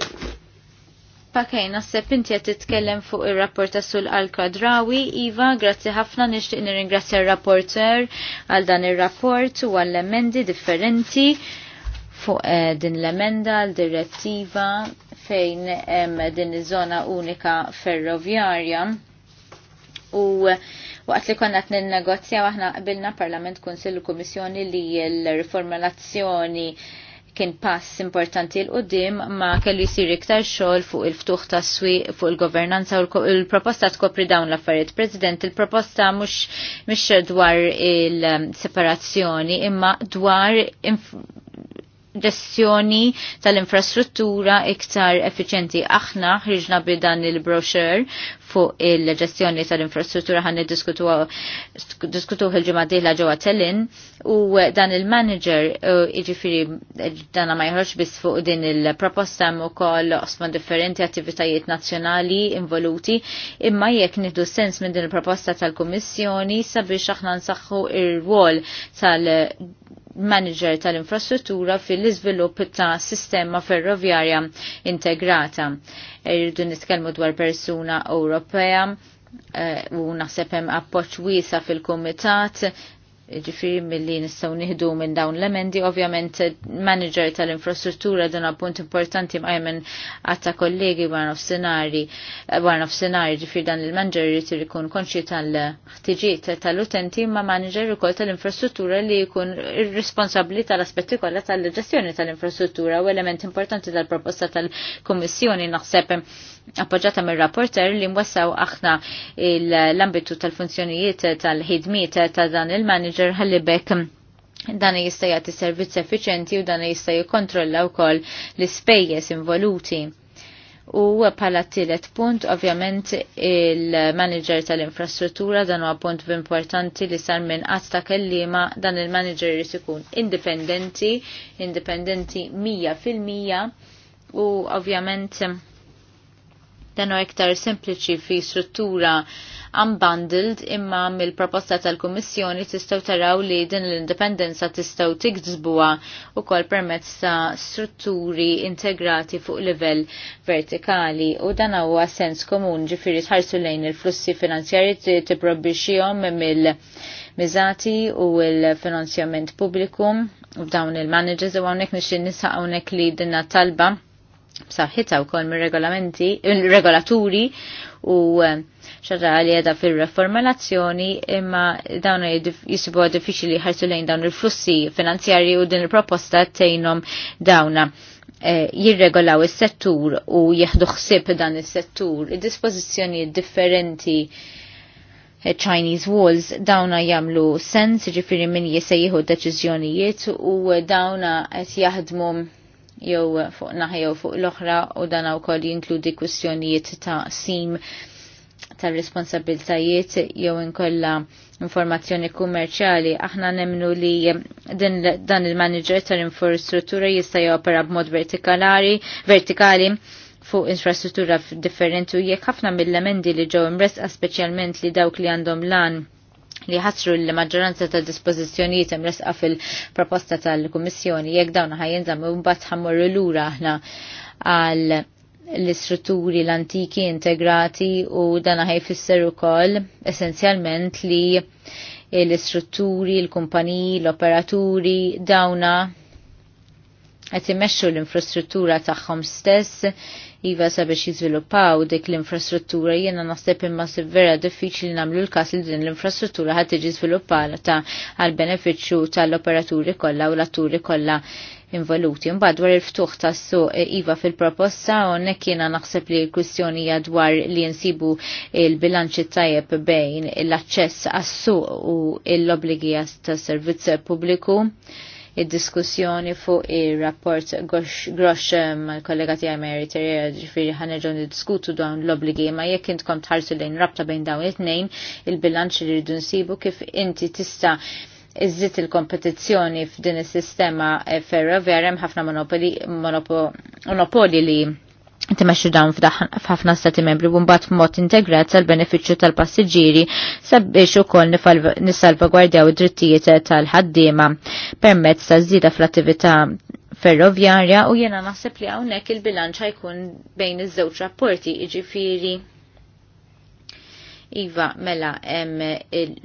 Pakej, naħseb inti qed titkellem fuq ir-rapport sul al-Kadrawi. Iva, grazzi ħafna nixtieq nirringrazzja r-rapporter għal dan ir-rapport u għall emendi differenti fuq eh, din l-emenda l-direttiva fejn hemm din iż-żona unika ferroviarja u waqt li konna t-negozja aħna qbilna Parlament Kunsill u Kummissjoni li l-riformulazzjoni kien pass importanti l-qoddim ma kellu jisir iktar xogħol fuq il-ftuħ tas swi fuq il-governanza u l-proposta tkopri dawn l-affarijiet. President, il-proposta mhux mhix dwar il-separazzjoni imma dwar gestjoni tal-infrastruttura iktar effiċenti. Aħna ħriġna bidan il-brochure fuq il-ġestjoni tal-infrastruttura ħan diskutu il-ġimma diħla ġewwa Tellin u dan il-manager jiġifieri dan ma jħroġ biss fuq din il-proposta hemm ukoll osma differenti attivitajiet nazzjonali involuti imma jekk nieħdu sens minn din il-proposta tal-Kummissjoni sabiex aħna nsaħħu ir wol tal manager tal-infrastruttura fil izvilupp ta' sistema ferrovjarja integrata. Irridu nitkellmu dwar persuna Ewropea eh, u naħseb hemm appoġġ wiesa fil-kumitat ġifiri mill-li nistaw nihdu minn dawn l-emendi, ovvjament manager tal-infrastruttura dan appunt importanti mqajmen għatta kollegi għan of senari senari ġifiri dan il-manager jtir ikun konċi tal-ħtiġiet tal-utenti ma manager ukoll tal-infrastruttura li jkun responsabli tal-aspetti kollha tal-ġestjoni tal-infrastruttura u element importanti tal-proposta tal komissjoni naħseb appoġġata mir rapporter li mwassaw aħna l-ambitu tal-funzjonijiet tal-ħidmiet ta' dan il-manager ħallibek dan jista' jagħti servizz effiċenti u dan jista' jikkontrolla wkoll l-ispejjeż involuti. U pala t-tielet punt, ovvjament il-manager tal-infrastruttura dan huwa punt importanti li sar minn qatt ta' kellima dan il-manager jrid ikun indipendenti, indipendenti mija fil-mija u ovvjament ten iktar sempliċi fi struttura unbundled imma mill-proposta tal-Kummissjoni tistgħu taraw li din l-indipendenza tistgħu tiksbuha wkoll permezz ta' strutturi integrati fuq livell vertikali u dan huwa sens komun ġifieri tħarsu lejn il-flussi finanzjarji tipprobbixxihom mill miżati u l-finanzjament pubbliku u f'dawn il-managers u hawnhekk nixtieq nisaq hawnhekk li dinna talba b'saħħitha wkoll mir-regolamenti, eh, regolaturi u eh, xarra li għeda fil reformalazzjoni imma dawn jisibu diffiċli ħarsu lejn dawn il-flussi finanzjarji u din il-proposta tejnom dawna eh, jirregolaw il-settur u jieħdu ħsieb dan il-settur. id dispozizjoni differenti Chinese walls dawna jamlu sens ġifiri min jisejjiħu deċizjonijiet u dawna qed jaħdmu jew fuq naħa jew fuq l-oħra u dan wkoll jinkludi kwistjonijiet ta' sim ta' responsabiltajiet jew inkolla informazzjoni kummerċjali. Aħna nemnu li din, dan il-manager tal-infrastruttura jista' jopera b'mod vertikalari, vertikali fuq infrastruttura differenti u jekk ħafna mill-emendi li ġew imresqa speċjalment li dawk li għandhom lan li ħassru l-maġġoranza ta' dispożizzjonijiet imresqa fil-proposta tal-Kummissjoni jekk dawn ħajjenżam imbagħad ħammorru lura aħna għal l-istrutturi l-antiki integrati u dan ħajfisser ukoll essenzjalment li l-istrutturi, l-kumpaniji, l-operaturi dawna qed imexxu l-infrastruttura tagħhom stess iva sabiex jiżviluppaw dik l-infrastruttura jiena naħseb imma se vera diffiċli nagħmlu l-każ li din l-infrastruttura ħadd tiġi żviluppata għal benefiċċju tal-operaturi kollha u l-atturi kollha involuti. Imbagħad dwar il-ftuħ tas-suq eh, iva fil-proposta hawnhekk jiena naħseb li l-kwistjoni hija dwar li nsibu il-bilanċi tajjeb bejn l-aċċess għas-suq u l-obbligi tas-servizz pubbliku id-diskussjoni fuq ir-rapport grosh eh, mal-kollega tiegħi Mary ġifiri ħanerġon ħanerġgħu niddiskutu dawn l-obligi ma jekk intkom tħarsu lejn rabta bejn dawn it-tnejn il-bilanċ li rridu nsibu kif inti tista' iżżid il-kompetizzjoni f'din is-sistema eh, ferroviarja hemm ħafna monopoli li timexxu dawn f'ħafna stati membri u mbagħad b'mod integrat tal benefiċċju tal-passiġġieri sabiex ukoll nissalvagwardjaw id-drittijiet tal-ħaddiema permezz ta' żieda fl-attività ferrovjarja, u jiena naħseb li hawnhekk il-bilanċ ħajkun bejn iż-żewġ rapporti jiġifieri Iva, mela, hemm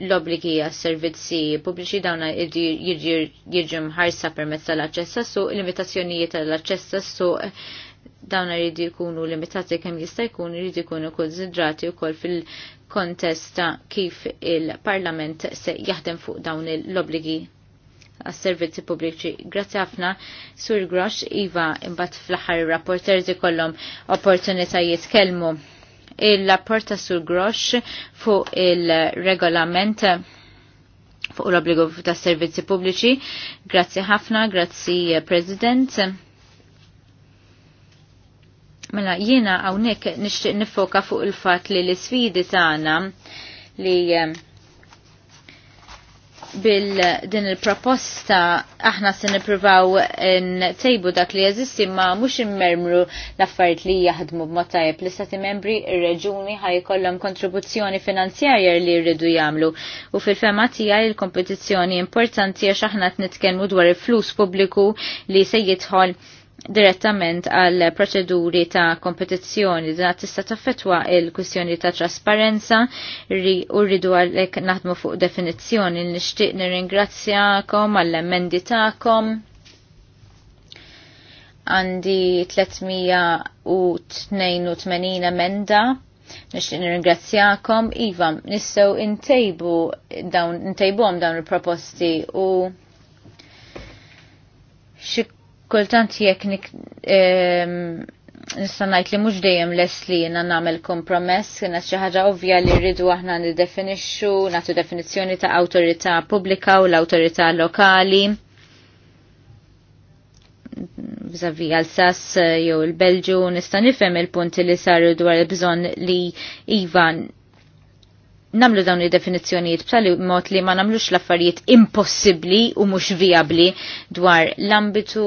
l-obligi għas servizzi pubbliċi dawna jirġim ħarsa permezz tal-aċċess suq, limitazzjonijiet tal-aċċess suq dawn irridu jkunu limitati kemm jista' jkun irridu jkunu konsidrati wkoll fil-kontest ta' kif il-Parlament se jaħdem fuq dawn l-obligi għas-servizzi pubbliċi. Grazzi ħafna, Sur Grosh, Iva, imbat fl-ħar rapporter di kollom opportunitajiet jitkelmu. Il-rapport ta' Sur Grosh fuq il-regolament fuq l-obbligu ta' servizzi pubbliċi. Grazzi ħafna, grazzi President. Mela jiena hawnhekk nixtieq nifoka fuq il-fatt li l-isfidi tagħna li eh, bil din il-proposta aħna se nippruvaw ntejbu dak li jeżisti ma mhux immermru l-affarijiet li jaħdmu b tajjeb li stati membri il reġuni ħajkollhom kontribuzzjoni finanzjarja li jridu jagħmlu u fil-fema tiegħi il kompetizzjoni importanti għax aħna qed nitkellmu dwar il-flus pubbliku li se jidħol direttament għal proċeduri ta' kompetizzjoni da tista' taffetwa il-kwistjoni ta' trasparenza u rridu għalek naħdmu fuq definizzjoni nixtieq nirringrazzjakom għall-emendi tagħkom għandi 382 emenda nixtieq nirringrazzjakom iva nistgħu intejbu dawn għom dawn il-proposti u xi kultant jekk nista' ngħid li mhux dejjem les li jena nagħmel kompromess jena xi ħaġa ovvja li rridu aħna niddefinixxu nagħtu definizzjoni ta' awtorità pubblika u l-awtorità lokali vizavi għal sas eh, jew il-Belġu nista' nifhem il-punti li saru dwar il-bżonn li ivan namlu dawn il-definizjonijiet b'tali mod li ma namlux l-affarijiet impossibli u mhux viabli dwar l-ambitu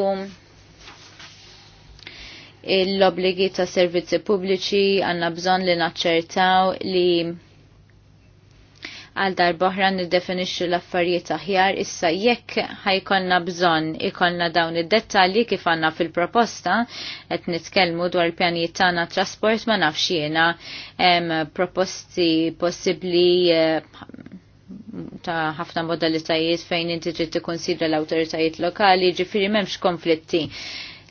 l-obligi ta' servizzi pubbliċi għanna bżon li naċċertaw li għal darboħra niddefinixxu l-affarijiet aħjar issa jekk ħajkonna bżonn ikollna dawn id-dettalji kif għandna fil-proposta qed nitkellmu dwar il-pjanijiet tagħna trasport ma nafx jiena proposti possibbli eh, ta' ħafna modalitajiet fejn inti trid tikkonsidra l-awtoritajiet lokali, ġifieri m'hemmx konflitti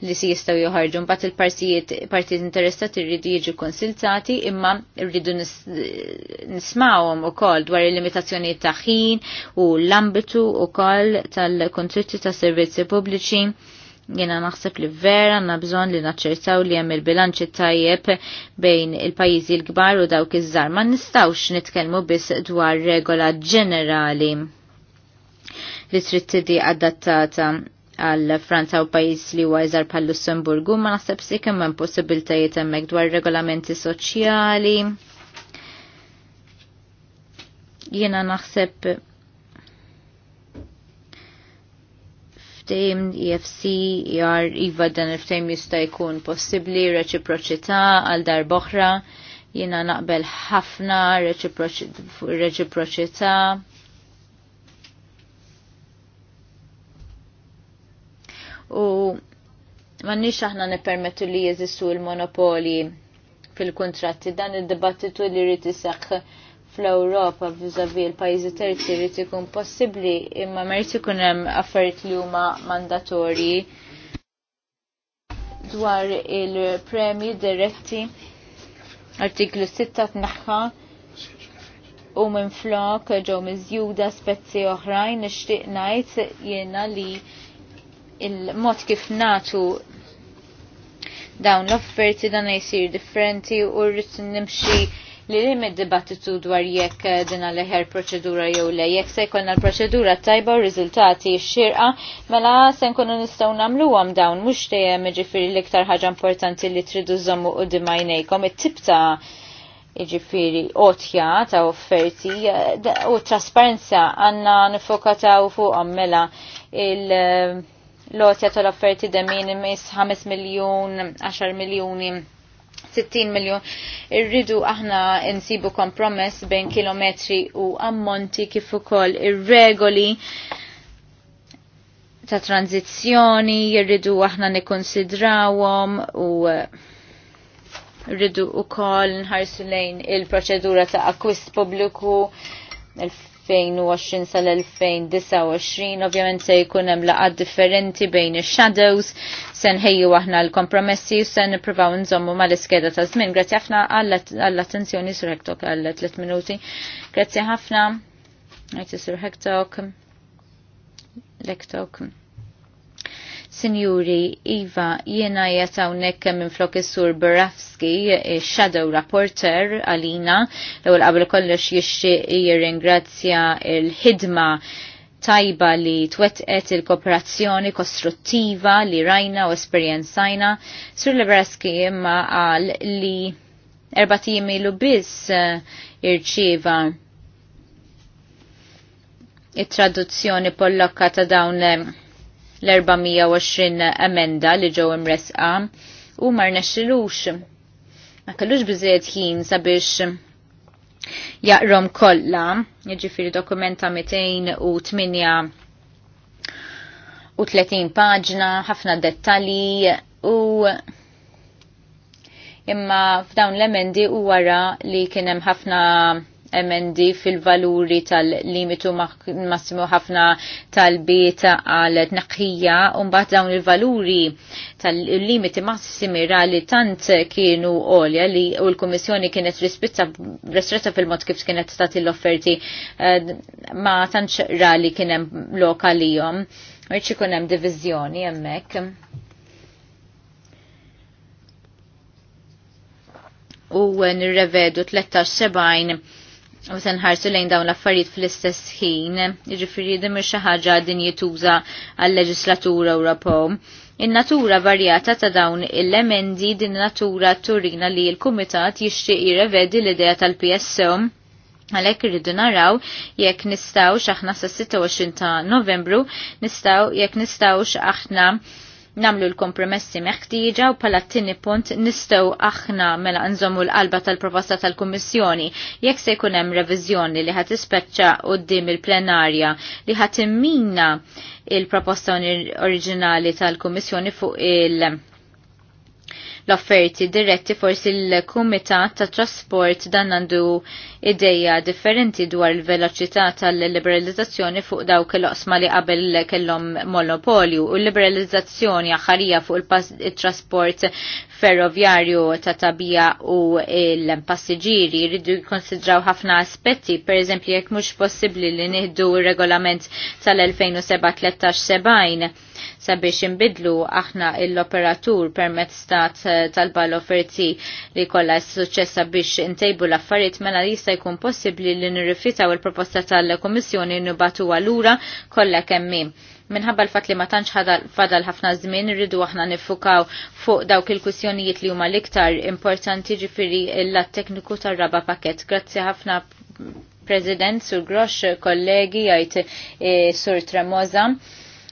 li si jistaw joħarġu mbagħad il-partijiet partijiet interessati rridu jiġu konsiltati imma rridu nismawhom ukoll dwar il-limitazzjoni ta' ħin u l-ambitu ukoll tal kontritti ta' servizzi pubbliċi jena naħseb li vera għanna bżon li naċċertaw li hemm il-bilanċi tajjeb bejn il-pajjiżi l-kbar u dawk iż-żar. Ma nistawx nitkellmu biss dwar regola ġenerali li trid tidi adattata għal Franza u pajis li huwa iżar bħal Lussemburgu ma naħseb si kemm hemm possibiltajiet hemmhekk dwar regolamenti soċjali. Jiena naħseb ftejm EFC jar e iva dan il-ftejm jista' jkun possibbli reċiproċità għal dar boħra jiena naqbel ħafna reċiproċità u mannix aħna nepermettu li jeżistu il-monopoli fil-kontratti dan id-dibattitu li rrid iseħħ fl-Ewropa vizavi l-pajjiżi terzi rrid ikun possibbli imma ma ikun hemm affarijiet li huma mandatorji dwar il premi diretti artiklu 6 tnaħħa u minn flok ġew miżjuda spezzi oħrajn nixtieq ngħid jiena li il-mod kif natu dawn l-offerti dan jisir differenti u rrit nimxi li li mid-dibattitu dwar jekk din leħer proċedura jew le, jekk se jkollna l-proċedura tajba u riżultati xirqa, mela se nkunu nistgħu nagħmluhom dawn mhux dejjem jiġifieri l-iktar ħaġa importanti li tridu żommu u dimajnejkom it-tib ta' iġifiri otja ta' offerti eh, u trasparenza għanna nifokataw fuqhom mela il- lotja tal-offerti de minimis 5 miljon, 10 miljoni 60 miljon. Irridu aħna insibu kompromess bejn kilometri u ammonti kif ukoll ir-regoli ta' tranzizzjoni, jirridu aħna nikkonsidrawhom u uh, rridu ukoll nħarsu lejn il-proċedura ta' akwist publiku, 2020 sal-2029 ovvjament se jkun hemm laqad differenti bejn ix-shadows se nħejju aħna l-kompromessi u se nippruvaw nżommu mal-iskeda ta' żmien. Grazzi ħafna għall-attenzjoni sur Hektok għal tliet minuti. Grazzi ħafna. Grazzi sur Hektok. Lektok. Sinjuri Iva, jiena jatawnek minn flokessur is-sur Borafski, shadow rapporter għalina, l-ewwel qabel kollox jixtieq jirringrazzja l-ħidma tajba li twetqet il-kooperazzjoni kostruttiva li rajna u esperjenzajna. Sur Lebraski imma għal li erbatijim ilu biss eh, irċiva it-traduzzjoni pollokka ta' dawn eh, l-420 emenda li ġew imresqa u mar nexxilux. Ma kellux biżejjed ħin sabiex jaqrom kollha, jiġifieri dokumenta 208 u 30 paġna, ħafna dettalji u imma f'dawn l-emendi u wara li kienem ħafna emendi fil-valuri tal-limitu massimu ħafna tal-biet għal un mbagħad dawn il-valuri tal-limiti massimi ra li tant kienu għolja li u l-Kummissjoni kienet restretta fil-mod kif kienet stati l-offerti eh, ma tantx ra li kien hemm lokalihom. Rċi kun hemm diviżjoni hemmhekk. U nirrevedu 13 7. U se nħarsu lejn dawn l-affarijiet fl-istess ħin, jiġifieri dimir xi ħaġa din jituża għal-leġislatura Ewropew. In-natura varjata ta' dawn il-emendi din natura turina li l-Kumitat jixtieq jirrevedi l-idea tal-PSO għalek rridu naraw jekk nistgħux aħna sa' 26 ta' novembru nistaw jekk nistgħux aħna namlu l-kompromessi meħtieġa u pala t-tini punt nistow aħna mela nżommu l-qalba tal-proposta tal-Kummissjoni jekk se jkun hemm reviżjoni li ħat ispeċċa qudiem il-plenarja li ħat immina il-proposta oriġinali tal-Kummissjoni fuq il- l-offerti diretti forsi l-Kumitat ta' Trasport dan għandu ideja differenti dwar il-veloċità tal-liberalizzazzjoni fuq dawk il osma li qabel kellhom monopolju u l-liberalizzazzjoni aħħarija fuq il-trasport ferroviarju ta' tabija u l-passiġiri jridu jkonsidraw ħafna aspetti, per eżempju jekk mhux possibbli li nieħdu regolament tal 2017 13 sebajn sabiex imbidlu aħna l-operatur permezz ta' eh, talba l-offerti li kollha s sucċess sabiex intejbu l-affarijiet mela jista' jkun possibbli li nirrifitaw il-proposta tal-Kummissjoni nibatu għalura kollha kemm minħabba l-fat li ma tantx fadal ħafna żmien irridu aħna nifukaw fuq dawk il-kwistjonijiet li huma l-iktar importanti ġifiri l-lat tekniku tar-raba pakett. Grazzi ħafna President Sur Grosh, kollegi għajt e, eh, Sur Tremoza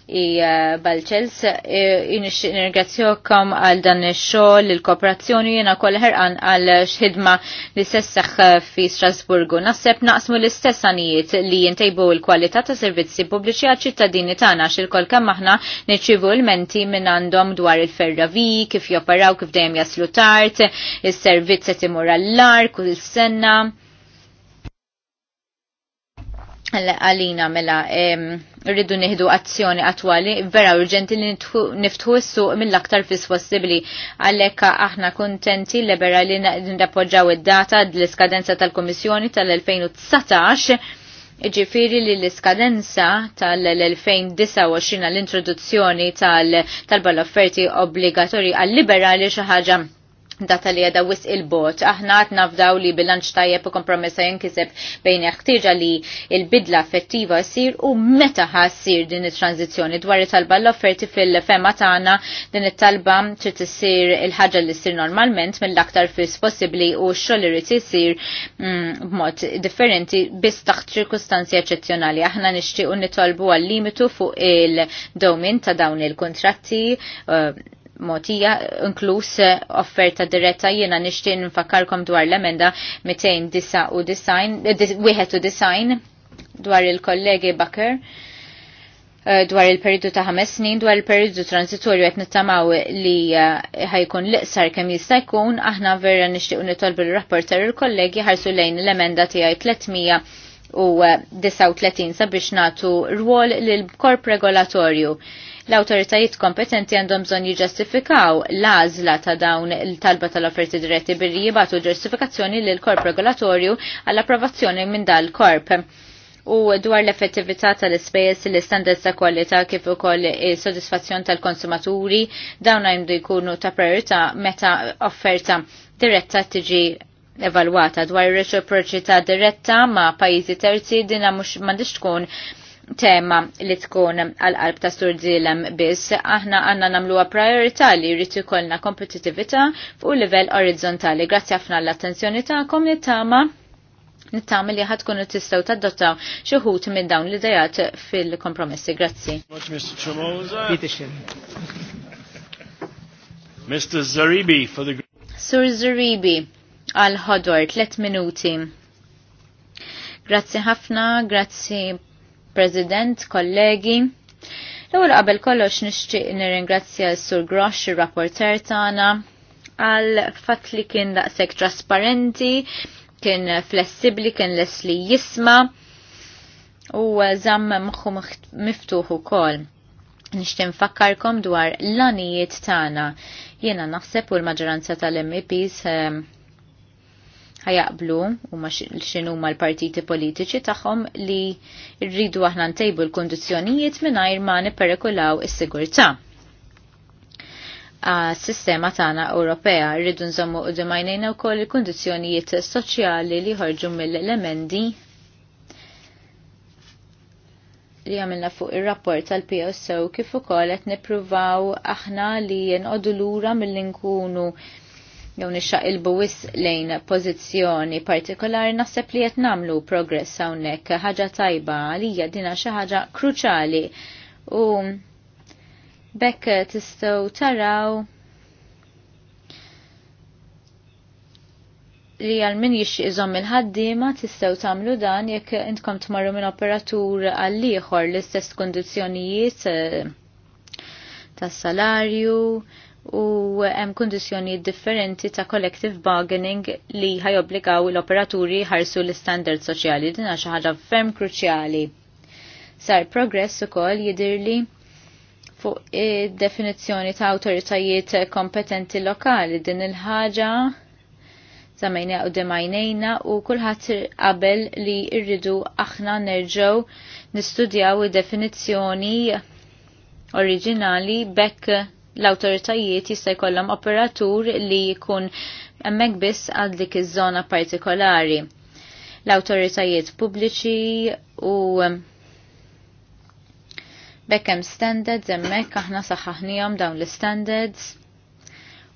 i eh, Balċels. Eh, nirgazzjokom għal dan ix-xogħol, il-kooperazzjoni jiena kol ħerqan għal x'ħidma li sessax eh, fi Strasburgu. Naħseb naqsmu l-istess anijiet li jintejbu l-kwalità ta' servizzi pubbliċi għal ċittadini tagħna kol kam aħna neċivu l-menti minn għandhom dwar il-ferravi, kif joperaw, kif dejjem jaslu tard, is servizzi timur imur għall u kull sena Mela, għalina mela rridu nieħdu azzjoni attwali vera urġenti li niftħu s mill-aktar fis possibbli għalhekk aħna kuntenti liberali nrappoġġaw id-data l-iskadenza tal-Kummissjoni tal-2019 Ġifiri li l-iskadenza tal-2029 l-introduzzjoni tal-bal offerti obbligatorji għal-liberali xi ħaġa data li għada wis il-bot. Aħna għatna f'daw li bilanċ tajjeb u kompromessa jinkiseb bejn ħtieġa li il-bidla effettiva sir u meta ħassir din it-tranzizjoni dwar it-talba l-offerti fil-fema tagħna din it-talba trid issir il-ħaġa li ssir normalment mill-aktar fis possibbli u x-xogħol irid isir mm, b'mod differenti biss taħt ċirkustanzi eċċezzjonali. Aħna nixtiequ nitolbu għal limitu fuq il-domin ta' dawn il-kontratti uh, motija inkluż eh, offerta diretta jiena nixtieq nfakkarkom dwar l-emenda 291 eh, dwar il-kollegi Bakker eh, dwar il-periodu ta' ħames snin, dwar il-periodu transitorju qed nittamaw li ħajkun l-iqsar kemm jista' jkun, aħna vera nixtieq nitolbu l-rapporter il-kollegi ħarsu lejn l-emenda tiegħi 300 u 39 sabiex natu rwol lil korp regolatorju l-autoritajiet kompetenti għandhom bżonn jiġġastifikaw l-għażla ta' dawn il-talba tal-offerti diretti birri jibatu ġustifikazzjoni lil korp regolatorju għall-approvazzjoni minn dal-korp. U dwar l-effettività tal-ispejjeż l standards ta' kwalità kif ukoll is-sodisfazzjon tal-konsumaturi dawn għajmdu jkunu ta' priorità meta offerta diretta tiġi evalwata dwar reċiproċità diretta ma' pajjiżi terzi dina mhux m'għandix tkun tema li tkun għal-qalb ta' Sur biss, aħna għanna namluwa priorità li jrid ikollna kompetitività fuq livell orizzontali. Grazzi ħafna l-attenzjoni tagħkom li tama nittama li ħad kunu tistaw tadottaw xuħut minn dawn li dajat fil-kompromessi. Grazzi. Mr. Zaribi for the Sur Zaribi għal ħodwar 3 minuti. Grazzi ħafna, grazzi President, kollegi. L-ewwel qabel kollox nixtieq nirringrazzja s-Sur Grosh, ir-rapporter tagħna, għal fatt li kien daqshekk trasparenti, kien flessibbli, kien les li jisma u żamm moħħu miftuħ ukoll. Nixtieq nfakkarkom dwar l-anijiet tagħna. Jiena naħseb u l-maġġoranza tal-MEPs ehm, ħajaqblu u ma xinu ma l-partiti politiċi taħħom li rridu aħna ntejbu l-kondizjonijiet minnajr ma niperikulaw is-sigurtà. sistema tagħna Ewropea rridu nżommu u u wkoll il-kundizzjonijiet soċjali li ħorġu mill-elementi li għamilna fuq il-rapport tal-PSO kif ukoll qed nippruvaw aħna li nqogħdu lura mill-inkunu nkunu jew ilbu wis lejn pożizzjoni partikolari naħseb li qed nagħmlu progress hawnhekk ħaġa tajba għalija dina xi ħaġa kruċali u bekk tistgħu taraw li għal min iżom il-ħaddima tistgħu tagħmlu dan jekk intkom tmarru minn operatur għal ieħor l-istess kondizzjonijiet eh, tas salarju, u hemm kundizzjoni differenti ta' collective bargaining li ħajobbligaw l-operaturi ħarsu l-standard soċjali din xi ħaġa ferm kruċjali. Sar progress ukoll jidirli fuq id-definizzjoni ta' awtoritajiet kompetenti lokali din il-ħaġa zamejna u demajnejna u kullħat qabel li irridu aħna nerġaw nistudjaw id-definizzjoni oriġinali bekk l-autoritajiet jista' jkollhom operatur li jkun hemmhekk biss għal dik iż-żona partikolari. L-autoritajiet pubbliċi u ehm, bekkem standards hemmhekk aħna saħħaħnihom dawn l-standards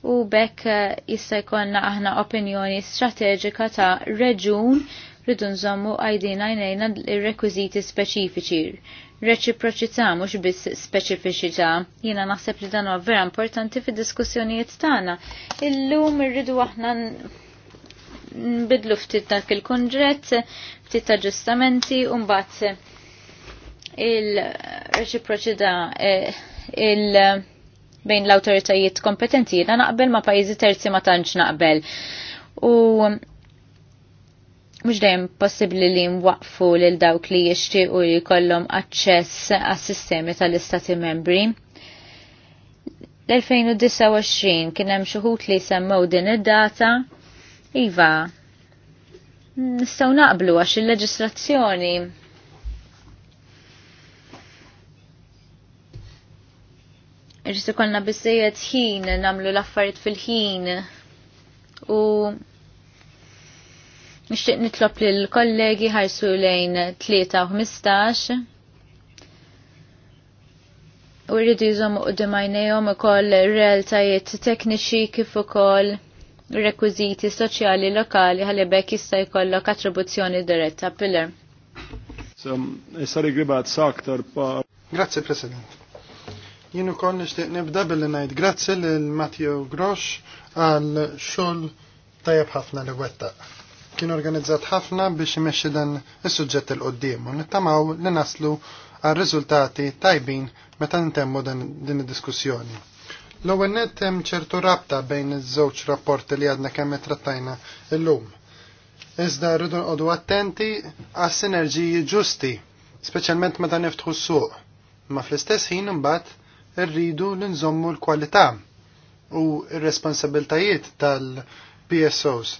u bekk eh, jista' jkollna aħna opinjoni strateġika ta' reġun rridu nżommu għajdin għajnejna il-rekwiziti speċifiċi. Reċiproċità mhux biss speċifiċità, jiena naħseb li dan huwa vera importanti fid-diskussjonijiet tagħna. Illum irridu aħna nbidlu ftit dak il-konġrett, ftit aġġustamenti u mbagħad il-reċiproċità eh, il bejn l-autoritajiet kompetenti jiena naqbel ma' pajjiżi terzi ma tantx naqbel. U mux dajem possibli li nwaqfu lil dawk li li jikollhom aċċess għas sistemi tal-istati membri. L-2029 kien hemm xuħut li semmew din id-data. Iva, nistgħu naqblu għax il-leġislazzjoni Irġis ikollna bizzejiet ħin, namlu l-affarijiet fil-ħin u Nixtieq nitlob lill kollegi ħarsu lejn 3:15 u rridu jżom u d u koll realtajiet tekniċi kif u koll rekwiziti soċjali lokali għalibek jista' jkollok attribuzzjoni diretta pillar. Sari gribat saktar pa. Grazie, President. Jienu kon nishtiq nibda billi najt grazzi l-Matthew Grosh għal xol tajab ħafna li wettaq kien organizzat ħafna biex imexxi dan is-suġġett il qoddim u nittamaw li naslu għal riżultati tajbin meta ntemmu din id-diskussjoni. L-ewwel nett hemm ċertu rabta bejn iż-żewġ rapporti li għadna kemm trattajna illum. Iżda rridu nqogħdu attenti għas sinerġiji ġusti, speċjalment meta niftħu s-suq. Ma fl-istess ħin imbagħad irridu li nżommu l-kwalità u r responsabiltajiet tal-PSOs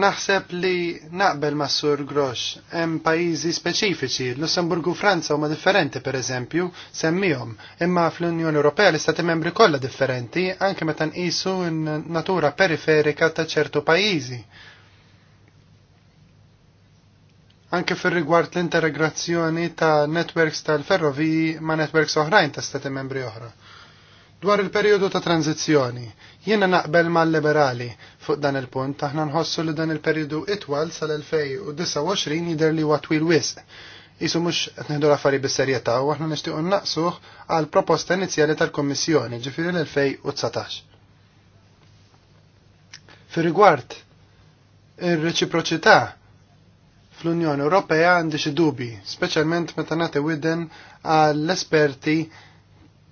Naħseb li naqbel ma' Sur Grosh, hemm pajjiżi speċifiċi, Lussemburgu u Franza huma differenti per eżempju, semmihom, imma fl-Unjoni Ewropea l-istati membri kollha differenti anke meta nqisu natura periferika ta' ċertu pajjiżi. Anke fir rigward l-integrazzjoni ta' networks tal-ferroviji ma' networks oħrajn ta' stati membri oħra. Dwar il-periodu ta' tranzizjoni, jiena naqbel mal-liberali fuq dan il-punt aħna nħossu li dan il-periodu itwal sal-2029 jidher li huwa twil wisq. Isu mhux qed neħdu l-affari bis-serjetà u aħna nixtiequ naqsuħ għal proposta inizjali tal-Kommissjoni ġifiri l-2019. Fir-rigward ir-reċiproċità fl-Unjoni Ewropea għandi xi dubi, speċjalment meta nagħti widen għall-esperti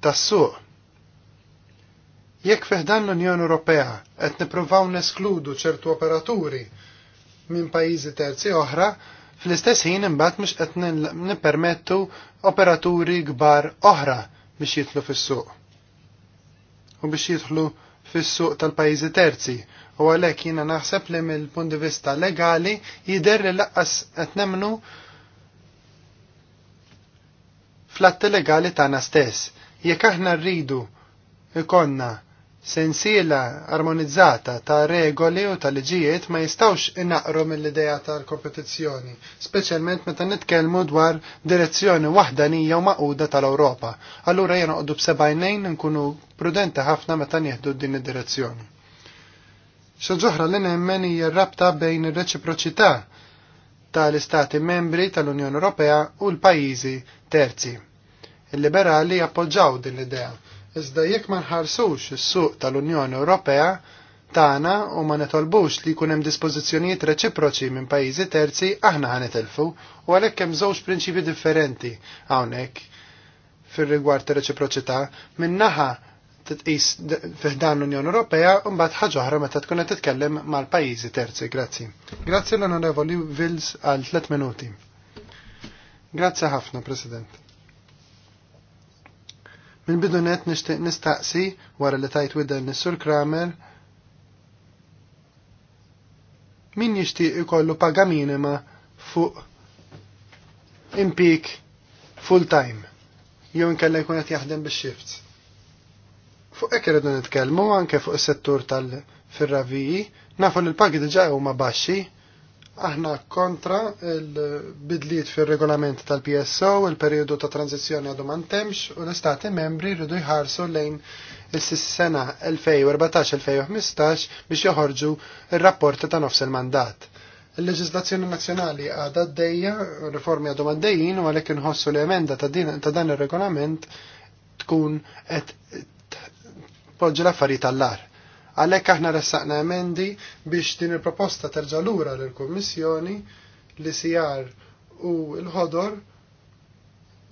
tas-suq Jekk fiħdan l-Unjoni Ewropea qed nippruvaw neskludu ċertu operaturi minn pajjiżi terzi oħra, fl-istess ħin imbagħad mhux qed nippermettu operaturi kbar oħra biex jidħlu fis-suq. U biex jidħlu fis-suq tal-pajjiżi terzi. U għalhekk jiena naħseb li mill-punt di vista legali jidher li laqqas qed nemnu fl-atti legali tagħna stess. Jekk aħna rridu ikonna sensiela armonizzata ta' regoli u ta' liġijiet ma jistawx inaqru mill-ideja tal-kompetizzjoni, speċjalment meta nitkellmu dwar direzzjoni waħdanija u maquda tal-Ewropa. Allura jena qoddu b'sebajnejn nkunu prudenti ħafna meta nieħdu din id-direzzjoni. ġoħra li nemmen hija rabta bejn ir-reċiproċità tal-Istati membri tal-Unjoni Ewropea u l-pajjiżi terzi. Il-liberali appoġġaw din l-idea Iżda jekk ma nħarsux is-suq tal-Unjoni Ewropea tagħna u ma netolbux li jkun hemm dispożizzjonijiet reċiproċi minn pajjiżi terzi aħna ħanetelfu u għalhekk hemm żewġ prinċipji differenti hawnhekk fir-rigward ta' reċiproċità minn naħa titqis fiħdan l-Unjoni Ewropea u mbagħad ħaġa oħra meta tkun qed titkellem mal-pajjiżi terzi. Grazzi. Grazzi l-Onorevoli Vils għal tliet minuti. Grazzi ħafna, President. Min-bidu bidunet nixtieq nistaqsi wara li tajt widder nis-Sur Kramer min jixtieq ikollu paga minima fuq impik full time jew inkella jkun qed jaħdem bix-shifts. Fuq hekk irridu nitkellmu anke fuq is-settur tal-ferraviji, nafu li l-pagi diġà huma baxxi, Aħna kontra il-bidliet fil-regolament tal-PSO, il-periodu ta' tranzizjoni man temx u l-Istati membri rridu jħarsu lejn il sena 2014-2015 biex joħorġu il-rapporti ta' nofs il-mandat. Il-leġislazzjoni nazzjonali għadha d-dejja, riformi għadhom għaddejjin u għalhekk inħossu l-emenda ta' dan il-regolament tkun qed poġġi l-affarijiet tal-lar. Għalhekk aħna ressaqna emendi biex din il-proposta terġa' lura lill-Kummissjoni li sijar u l-ħodor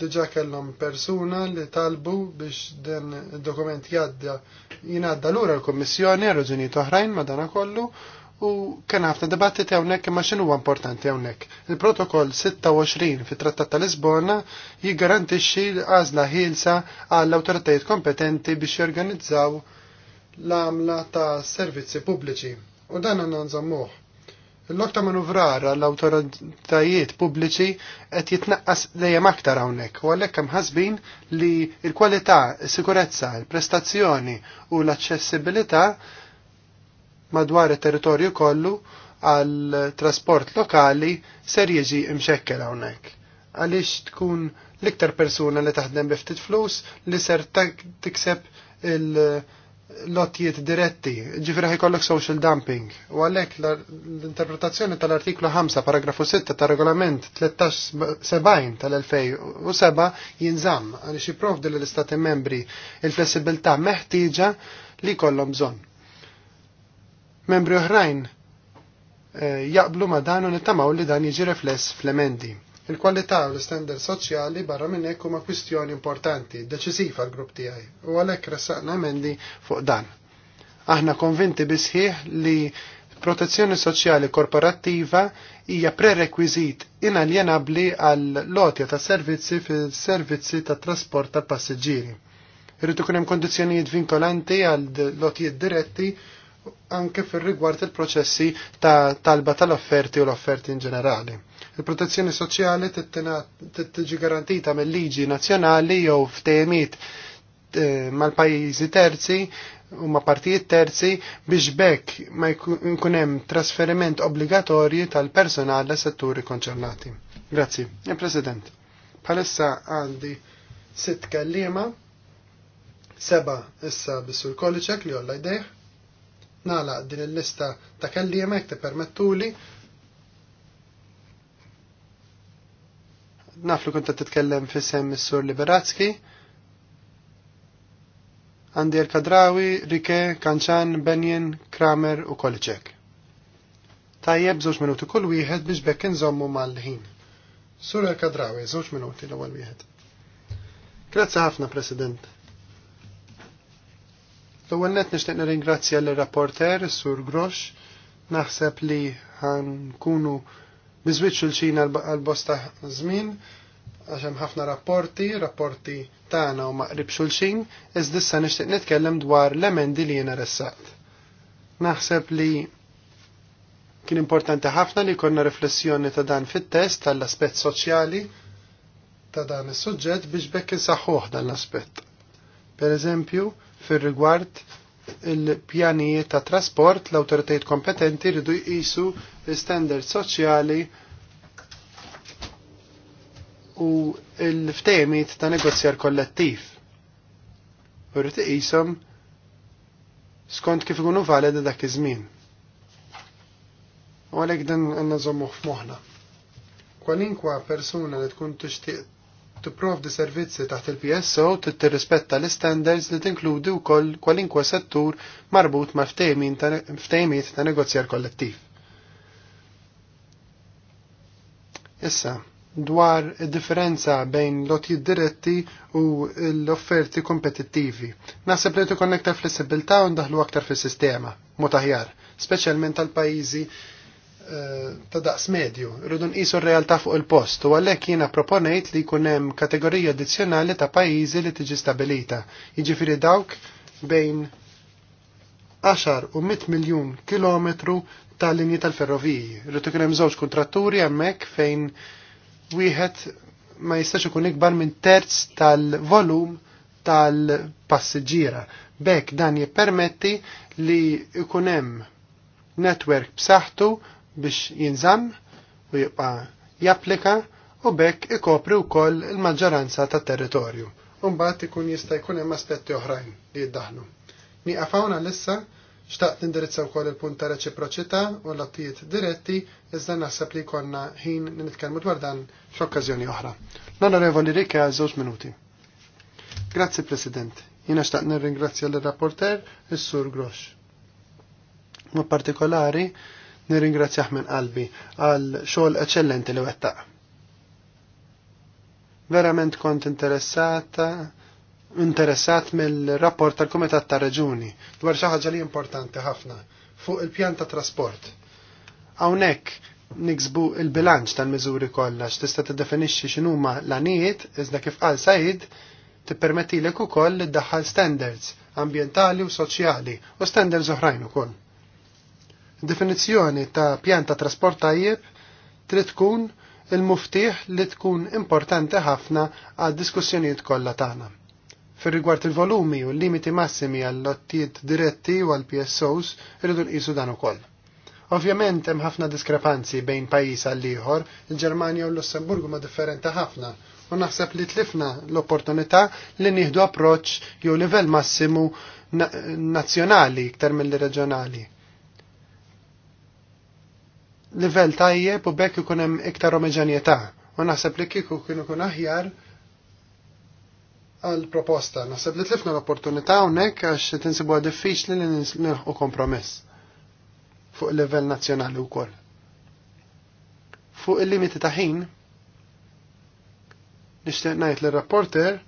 diġa kellhom persuna li talbu biex dan id-dokument jadda jingħadda lura l-Kummissjoni għal raġunijiet oħrajn madana kollu u kien ħafna dibattiti hawnhekk imma x'inhu importanti hawnhekk. Il-protokoll 26 fit-Trattat tal Lisbona jiggarantixxi għażla ħilsa għall awtoritajiet kompetenti biex jorganizzaw l-għamla ta' servizzi pubbliċi u dan għanna nżammuħ. L-lok ta' manuvrar għall-autoritajiet pubbliċi qed jitnaqqas dejjem aktar hawnhekk u għalhekk hemm ħasbin li l-kwalità, is-sikurezza, il-prestazzjoni u l-aċċessibilità madwar it-territorju kollu għal trasport lokali ser jiġi imxekkel hawnhekk. Għaliex tkun l-iktar persuna li taħdem biftit flus li ser tikseb il- lotjiet diretti, ġifri ħajkollok social dumping. U għalek l-interpretazzjoni tal-artiklu 5, paragrafu 6 tal regolament 1370 tal-2007 jinżam għalix jiprovdi l-istati membri il-flessibilità meħtieġa li kollom bżonn. Membri oħrajn eh, jaqblu ma dan u nittamaw li dan jiġi refless fl-emendi. Il-kwalità u l-standard soċjali barra minn hekk huma kwistjoni importanti, deċisiva l grupp tiegħi, u għalhekk ressaqna emendi fuq dan. Aħna konvinti bisħieħ li protezzjoni soċjali korporattiva hija prerekwiżit inaljenabbli għal lotja ta' servizzi fil-servizzi ta' trasport tal passiġġieri. Irrid ikun hemm kondizzjonijiet vinkolanti għal lotjiet diretti anke fir rigward il-proċessi ta' talba tal-offerti u l-offerti in ġenerali. Il-protezzjoni soċjali tiġi garantita mill-liġi nazzjonali jew f'temiet eh, mal-pajjiżi terzi u ma' partijiet terzi biex bekk ma jkun hemm trasferiment obbligatorji tal-personal għas setturi konċernati. Grazzi. Il-President, eh, bħalissa għandi sitt kellima, seba issa bis l-koliċek li jolla jdejħ, nala din il-lista ta' kellima jek permettuli naflu kunta titkellem fissem Sur Liberatski, Andi el-Kadrawi, Rike, Kanċan, Benjen, Kramer u Kolċek. Tajjeb zoċ minuti kull wieħed biex bekk nżommu mal-ħin. Sur el-Kadrawi, zoċ minuti l-ewwel wieħed. Grazzi ħafna, President. L-ewwel net nixtieq nirringrazzja l-rapporter Sur Grosh. Naħseb li ħankunu kunu Miżwiċċu l-ċina għal-bosta żmien għax hemm ħafna rapporti, rapporti tagħna u maqrib xulxin, iżda dissa nixtieq nitkellem dwar l-emendi li jena ressaqt. Naħseb li kien importanti ħafna li konna riflessjoni ta' dan fit-test tal-aspett soċjali ta' dan is-suġġett biex bekk insaħħuh dan l-aspett. Per eżempju, fir-rigward il-pjanijiet ta' trasport l-autoritajiet kompetenti rridu jqisu standard soċjali u l ftemit ta' negozjar kollettiv. U rrid iqishom skont kif ikunu valed dak iż-żmien. U għalhekk dan għandna żommuh f'moħħna. Kwalinkwa persuna li tkun tixtieq tipprovdi servizzi taħt il-PSO tirrispetta l-standards li tinkludi wkoll kwalinkwa settur marbut ma' ftejmiet ta' negozjar kollettiv. Issa, dwar differenza bejn lotjiet diretti u l-offerti kompetittivi. Naħseb li tikun aktar flessibilità u ndaħlu aktar fis-sistema, mod aħjar, speċjalment tal-pajjiżi Eh, ta' daqs medju, rridu nqisu r-realtà fuq il-post u għalhekk jiena proponejt li jkun hemm kategorija addizzjonali ta' pajjiżi li tiġi stabilita. Jiġifieri dawk bejn 10 u 100 miljun kilometru ta' linji tal-ferroviji. Rridu kien hemm żewġ kuntratturi hemmhekk fejn wieħed ma jistax ikun ikbar minn terz tal-volum tal-passiġġiera. Bekk dan jippermetti li ikun hemm netwerk b'saħħtu biex jinżamm u jibqa' japplika u bekk ikopri wkoll il-maġġoranza ta' territorju. mbagħad ikun jista' jkun hemm aspetti oħrajn li jiddaħlu. Nieqaf hawn lissa xtaqt nindirizza wkoll il-punt ta' reċiproċità u l-attijiet diretti iżda naħseb li jkollna ħin li nitkellmu dwar dan f'okkażjoni oħra. L-Onorevoli Rika żewġ minuti. Grazzi President. Jiena xtaqt nirringrazzja l-rapporter is-Sur Grosh. Ma partikolari nirringrazzjah minn qalbi għal xogħol eċċellenti li wettaq. Verament kont interessata interessat mill-rapport tal-Kumitat ta' Reġuni dwar xi ħaġa li importanti ħafna fuq il-pjan ta' trasport. Hawnhekk niksbu il-bilanċ tal-miżuri kollha x'tista' tiddefinixxi x'inhuma l-għanijiet iżda kif qal Said tippermettilek ukoll li ddaħħal standards ambjentali u soċjali u standards oħrajn ukoll. Definizzjoni ta' pjanta trasport tajjeb trid tkun il-muftiħ li tkun importanti ħafna għad diskussjonijiet kollha tagħna. Fir rigward il-volumi u l-limiti massimi għall lottijiet diretti u għall PSOs irridu nqisu dan ukoll. Ovvjament hemm ħafna diskrepanzi bejn pajjiż għal ieħor, il-Ġermanja u l-Lussemburgu ma differenti ħafna u naħseb li tlifna l-opportunità li nieħdu approċċ jew livell massimu nazzjonali iktar mill-reġjonali livell tajjeb u bekk ikun hemm iktar omeġanjetà. U naħseb li kieku kienu kun aħjar għal proposta. Naħseb li tlifna l-opportunità hawnhekk għax tinsibuha diffiċli li nilħu kompromess fuq il livell nazzjonali wkoll. Fuq il-limiti ta' ħin nixtieq ngħid lir-rapporter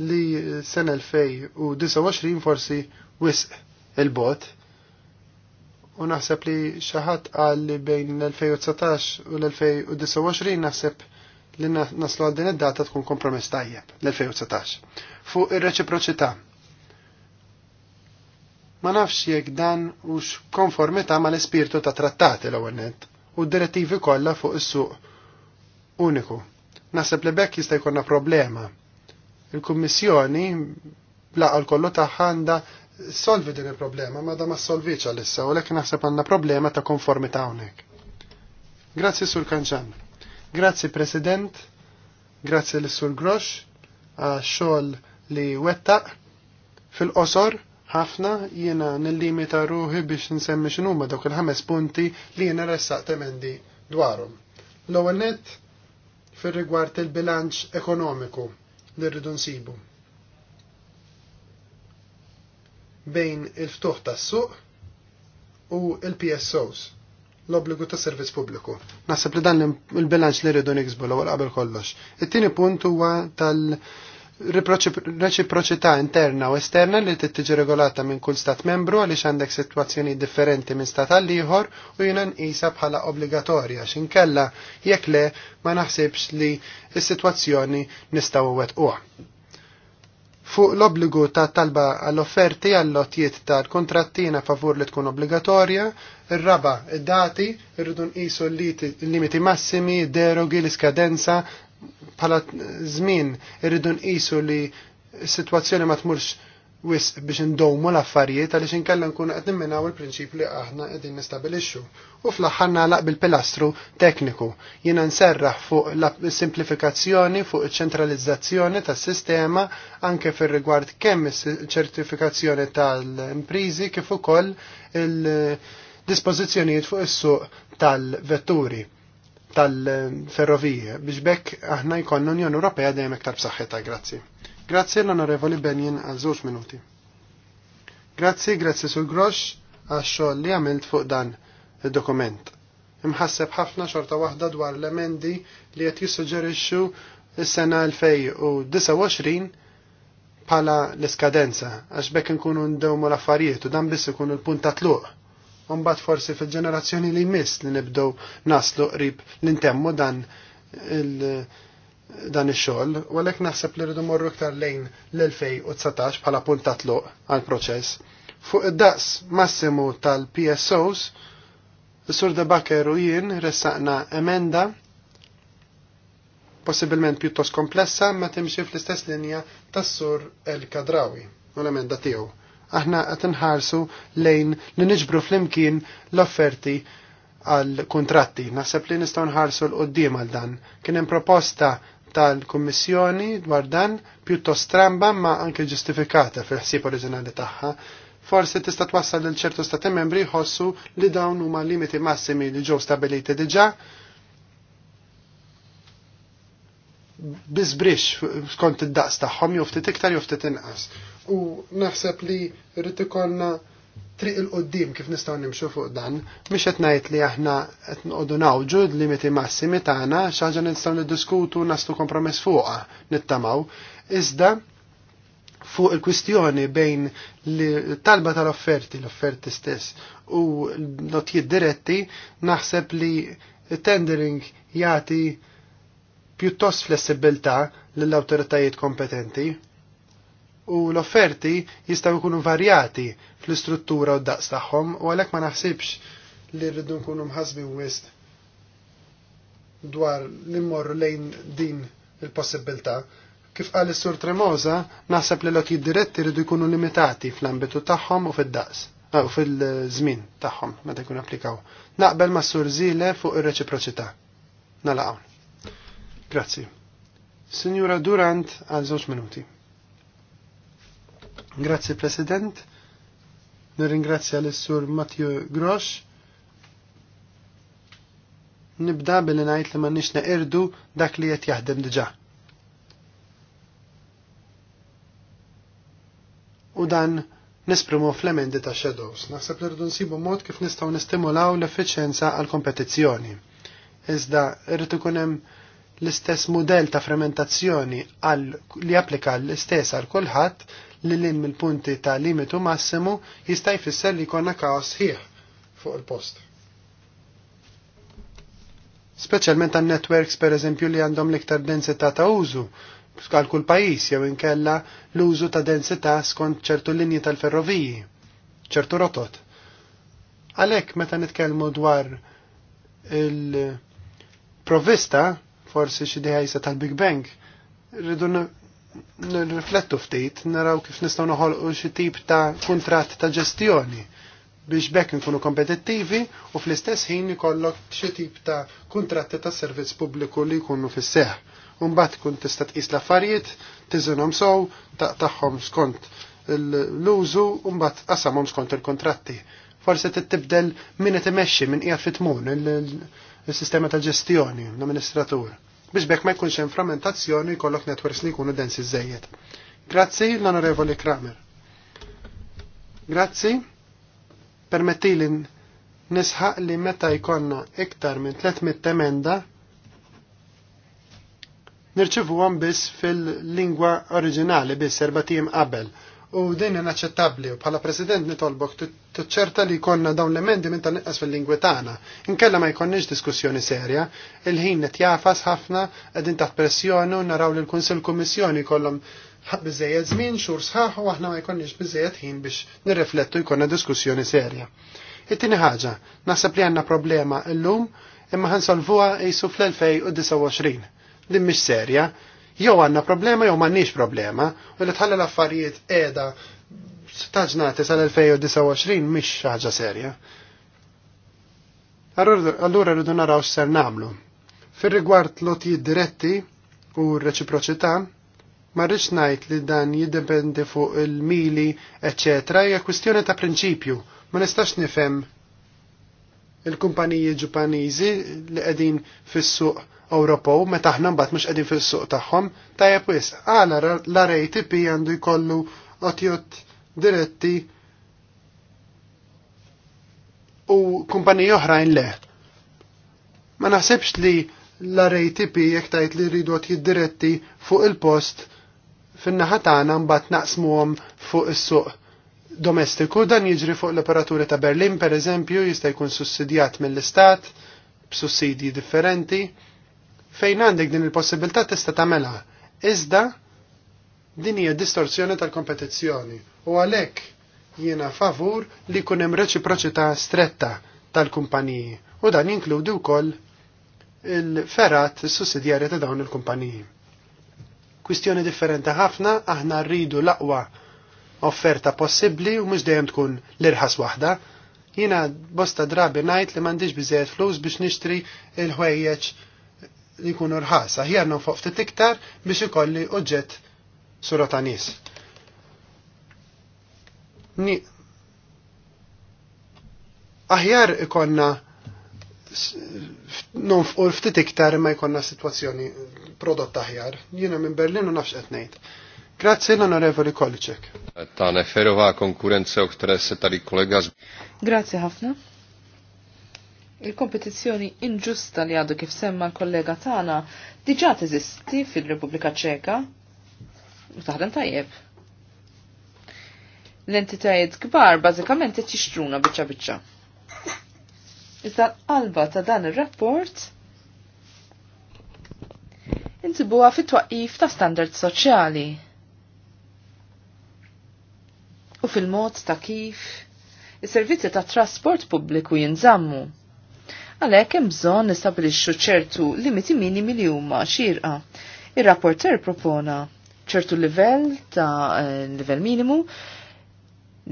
li sen 2029 forsi wisq il-bot u naħseb li xaħat għal li bejn l-2019 u l-2029 naħseb li naslu għal din id-data tkun kompromess tajjeb l-2019. Fuq ir-reċiproċità. Ma nafx jekk dan hux konformità mal ispirtu ta' trattati l-ewwel net u d-direttivi kollha fuq is-suq uniku. Naħseb li bekk jista' jkollna problema. Il-Kummissjoni blaqa l-kollu tagħha għandha solvi din il-problema, ma da ma solviċa l-issa, u lek naħseb għanna problema ta' konformi ta' hawnhekk. Grazzi sur kanċan. Grazie, President, Grazie li sur Grosh, għax li wettaq fil-qosor ħafna jiena nillimita ruħi biex nsemmi x'inhuma dawk il-ħames punti li jiena ressaq temendi dwarhom. L-ewwel nett fir-rigward il-bilanċ ekonomiku li rridu nsibu bejn il-ftuħ tas-suq u il-PSOs l-obbligu ta' servizz pubbliku. Nasib li dan il-bilanċ li rridu niksbu l-ewwel qabel kollox. It-tieni punt huwa tal-reċiproċità interna u esterna li tittiġi regolata minn kull stat membru għaliex għandek sitwazzjoni differenti minn stat għal ieħor u jiena nqisha bħala obbligatorja x'inkella jekk le ma naħsibx li s-sitwazzjoni nistgħu wettquha. Fuq l-obbligu ta' talba għall-offerti għall-lotjiet tal-kontrattina favur li tkun obbligatorja, ir-raba id-dati, irridun nqisu l-limiti massimi, derogi, l-iskadenza, bħala żmien irridu nqisu li s-sitwazzjoni ma tmurx wisq biex ndomu l-affarijiet għaliex inkella nkunu qed nimminaw il-prinċipju li aħna qegħdin nistabilixxu. U fl-aħħar nagħlaq bil-pilastru tekniku. Jiena nserraħ fuq l-simplifikazzjoni fuq iċ-ċentralizzazzjoni tas-sistema anke fir-rigward kemm iċ-ċertifikazzjoni tal-imprizi kif ukoll il-dispożizzjonijiet fuq is-suq tal-vetturi tal-ferrovije biex bekk aħna jkollna Unjoni Ewropea dejjem iktar b'saħħitha, grazzi. Grazzi l-Onorevoli Benjen għal żewġ minuti. Grazzi, grazie sul grosh għax xogħol li għamilt fuq dan id-dokument. Imħasseb ħafna xorta waħda dwar l-emendi li qed jissuġġerixxu s-sena 2029 bħala l-iskadenza għax bekk nkunu ndewmu l-affarijiet u dan biss ikun il-punt ta' tluq. Umbat forsi fil-ġenerazzjoni li jmiss li nibdew naslu qrib l-intemmu dan il- dan ix-xogħol u għalhekk naħseb li rridu morru iktar lejn l-2019 bħala punt ta' tluq għall-proċess. Fuq id-daqs massimu tal-PSOs, Sur de Bakker u jien ressaqna emenda possibilment pjuttost komplessa ma timxi fl-istess linja tas-sur El-Kadrawi u l-emenda tiegħu. Aħna qed inħarsu lejn li niġbru flimkien l-offerti għal kontratti. Naħseb li nistgħu nħarsu l qudiem għal dan. Kien hemm proposta tal-Kummissjoni dwar dan pjuttost stramba ma anke ġustifikata fil-ħsieb oriġinali tagħha. Forsi tista' twassal lil ċertu stati membri jħossu li dawn huma limiti massimi li ġew stabiliti diġà bizbrix skont id-daqs tagħhom jew ftit iktar jew ftit inqas. U naħseb li rrid ikollna triq il-qoddim kif nistgħu nimxu fuq dan, biex qed ngħid li aħna qed noqogħdu nawġu l-limiti massimi tagħna xaġa nistaw nistgħu niddiskutu naslu kompromess fuqha nittamaw. Iżda fuq il-kwistjoni bejn talba tal-offerti, l-offerti stess, u l-notjiet diretti, naħseb li tendering jagħti pjuttost flessibilità lill-awtoritajiet kompetenti u l-offerti jistaw ikunu varjati fl-istruttura u d-daqs tagħhom u għalhekk ma naħsibx li rridu nkunu mħasbi wisq dwar li mmorru lejn din il-possibilità. Kif qal is-Sur Tremosa, naħseb li l diretti rridu jkunu limitati fl-ambitu tagħhom u fid-daqs eh, u fil-żmien tagħhom meta jkun applikaw. Naqbel ma' Sur Zile fuq ir-reċiproċità. Nalaqgħu. Grazzi. Signora Durant għal żewġ minuti. Grazzi President, nirringrazzja l-Sur Matthew Grosh. Nibda billi ngħid li m'għandniex neqirdu dak li qed jaħdem diġà. U dan nisprimu fl-emendi ta' shadows. Naħseb li rridu nsibu mod kif nistgħu nistimulaw l-effiċjenza għal kompetizzjoni. Iżda rrid ikun hemm l-istess mudell ta' fermentazzjoni li applika l-istess għal kulħadd li lim il-punti ta' limitu massimu jista' jfisser li jkollna kaos ħieħ fuq il-post. Speċjalment għan networks per eżempju li għandhom l-iktar densità ta' użu għal kull pajis jew inkella l-użu ta' densità skont ċertu linji tal-ferroviji, ċertu rotot. Għalhekk meta nitkellmu dwar il-provista, forsi xi tal-Big Bang, rridu nirriflettu ftit, naraw kif nistgħu noħolqu xi tip ta' kuntratt ta' ġestjoni biex bekk nkunu kompetittivi u fl-istess ħin ikollok xi tip ta' kuntratti ta' servizz pubbliku li jkunu fis-seħ. Mbagħad kun tista' tqis l-affarijiet, tiżunhom sow, taħħom skont l-użu u mbagħad qasamhom skont il-kontratti. Forse tittibdel min qed imexxi minn qiegħed fit-tmun il-sistema ta' ġestjoni, l-amministratur biex bekk ma jkunx hemm frammentazzjoni jkollok networks li jkunu densi żejjed. Grazzi l-Onorevoli Kramer. Grazzi. Permettili nisħaq li meta jkollna iktar minn 300 emenda nirċivuhom biss fil-lingwa oriġinali biss erba' tiem qabel u din inaċċettabbli u bħala President nitolbok tiċċerta li jkollna dawn l-emendi minn tal-inqas fil-lingwi tagħna. Inkella ma jkollniex diskussjoni serja, il-ħin qed jafas ħafna qegħdin taħt pressjoni u naraw li l-Kunsill Kummissjoni jkollhom biżejjed żmien xhur sħaħ u aħna ma jkollniex biżejjed ħin biex nirriflettu jkollna diskussjoni serja. It-tieni ħaġa, naħseb li għandna problema llum imma ħansolvuha qisu fl-2029. Din mhix serja, Jew għandna problema jew m'għandniex problema, u li tħalla l-affarijiet qiegħda staġnati sal-2029 mhix ħaġa serja. Allura rridu naraw x'ser nagħmlu. Fir-rigward lotijiet diretti u r-reċiproċità, ma rridx ngħid li dan jiddependi fuq il-mili, eccetera hija kwistjoni ta' prinċipju. Ma nistax nifhem il-kumpaniji Ġupaniżi li qegħdin fis-suq Ewropew meta aħna mbagħad mhux qegħdin fis-suq tagħhom, tajjeb wis għala l-RATP għandu jkollu otjot diretti u kumpaniji oħrajn le. Ma naħsibx li l-RATP jekk tajt li rridu otjot diretti fuq il-post fin-naħa tagħna mbagħad naqsmuhom fuq is-suq domestiku dan jiġri fuq l-operaturi ta' Berlin per eżempju jista' jkun sussidjat mill-istat b'sussidji differenti fejn għandek din il-possibilità tista' tagħmelha. Iżda din hija distorsjoni tal-kompetizzjoni u għalhekk jiena favur li jkun hemm reċiproċità stretta tal-kumpaniji u dan jinkludi wkoll il-ferat is sussidjarja ta' dawn il-kumpaniji. Kwistjoni differenti ħafna, aħna rridu l-aqwa offerta possibbli u mhux dejjem tkun l-irħas waħda. Jiena bosta drabi ngħid li m'għandix biżejjed flus biex nixtri il-ħwejjeġ li jkunu rħas, aħjar fuq ftit iktar biex ikolli oġġett sura ta' Aħjar ikonna nonfqu ftit iktar ma jkonna situazzjoni prodott aħjar. Jiena minn Berlin u nafx qed ngħid. Grazzi l-onorevoli Kolicek. Ta' neferu konkurenza u ktres tal kollega. Grazzi ħafna il-kompetizzjoni inġusta li għadu kif semma l-kollega tagħna diġa' teżisti fil-Repubblika Ċeka u taħdem tajjeb. L-entitajiet kbar bażikament qed jixtruna biċċa biċċa. Iżda l-qalba ta' dan ir-rapport intibuha fit-twaqqif ta' standard soċjali u fil-mod ta' kif is-servizzi ta' trasport pubbliku jinżammu Għalhekk hemm bżonn nistabilixxu ċertu limiti minimi li huma xirqa. Ir-rapporter propona ċertu livell ta' eh, livell minimu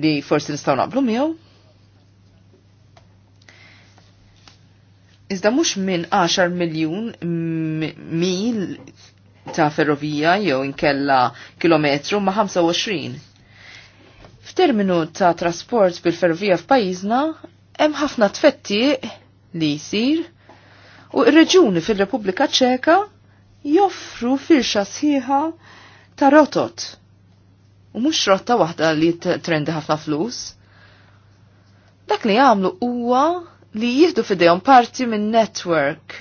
li forsi nistgħu naqblu miegħu. Iżda mhux minn 10 miljun mil ta' ferrovija jew inkella kilometru ma' 25. F'terminu ta' trasport bil-ferrovija f'pajjiżna hemm ħafna tfetti li jisir u ir-reġuni fil-Repubblika Ċeka joffru firxa sħiħa ta' rotot. U mhux rotta waħda li trendi ħafna flus. Dak li għamlu huwa li jieħdu fidejhom parti minn network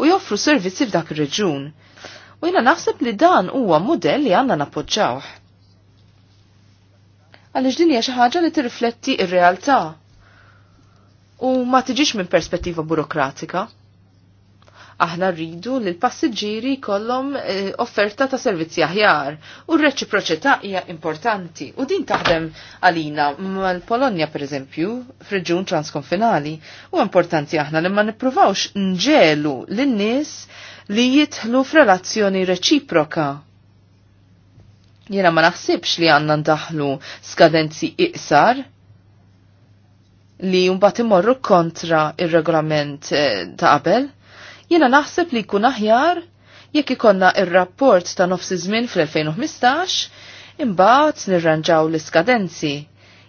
u joffru servizzi f'dak ir-reġun. U jina naħseb li dan huwa modell li għandna nappoġġawh. Għaliex din hija xi ħaġa li tirrifletti r-realtà u ma tiġix minn perspettiva burokratika. Aħna rridu li l-passiġġieri eh, offerta ta' servizzi aħjar u r-reċiproċità hija importanti u din taħdem għalina mal-Polonja pereżempju f'reġjun transkonfinali u importanti aħna li ma nippruvawx nġelu lin-nies li jitħlu f'relazzjoni reċiproka Jena ma naħsibx li għanna ndaħlu skadenzi iqsar li mbagħad imorru kontra ir-regolament eh, ta' qabel, jiena naħseb li jkun aħjar jekk ikonna ir-rapport ta' nofsi żmien fl-2015 imbagħad nirranġaw l-iskadenzi.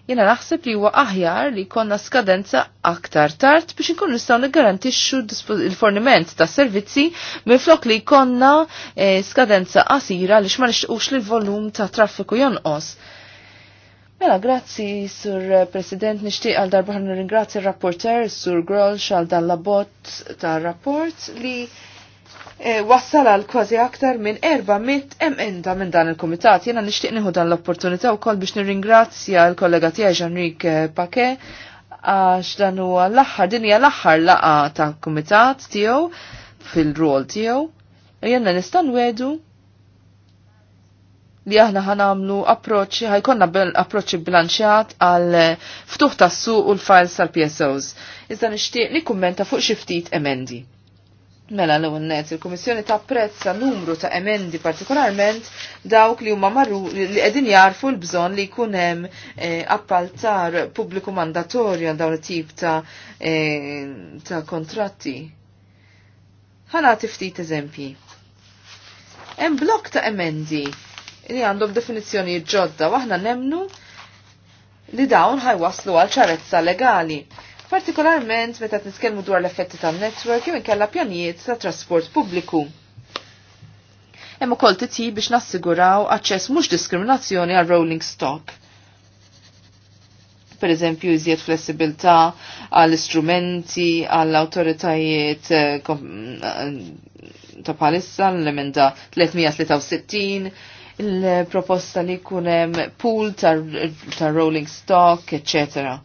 Jiena naħseb li huwa aħjar li jkollna skadenza aktar tard biex inkunu nistgħu niggarantixxu l forniment ta' servizzi minflok li jkollna eh, skadenza qasira li ma nixtiequx li l-volum ta' traffiku jonqos Mela, grazzi, Sur President, nishtiq għal darbaħan ringrazzi il-rapporter, Sur Groll, għal dan labot tal rapport li eh, wassal għal kważi aktar minn 400 emenda minn dan il-komitat. Jena nishtiq nieħu dan l-opportunità u koll biex nirringrazzja l-kollega tiegħi jean ric Pake għax dan huwa l-aħħar dinja l-aħħar laqa ta' komitat tiegħu fil-rol tiegħu. Jena nistan wedu li aħna ħanamlu approċċi, ħajkonna approċċi bilanċjat għal ftuħ tassu u l-files tal-PSOs. Iżda nixtieq li kummenta fuq xi ftit emendi. Mela l ewwel net, il-Kummissjoni tapprezza numru ta' emendi partikolarment dawk li huma marru li qegħdin jarfu l-bżonn li jkun hemm eh, appaltar pubbliku mandatorju għal dawn it-tip ta', eh, ta kontratti. Ħana ftit eżempji. Hemm blok ta' emendi li għandhom definizzjoni ġodda waħna nemnu li dawn ħajwaslu għal ċarezza legali. Partikolarment meta t-niskelmu dwar l-effetti tan-netwerk jew inkella pjanijiet ta' trasport pubbliku. Hemm ukoll titjib biex nassiguraw aċċess mhux diskriminazzjoni għal rolling stock per eżempju iżjed flessibilità għall istrumenti għall autoritajiet eh, eh, ta' palissa l-emenda 363 il-proposta li kunem pool ta' rolling stock, eccetera.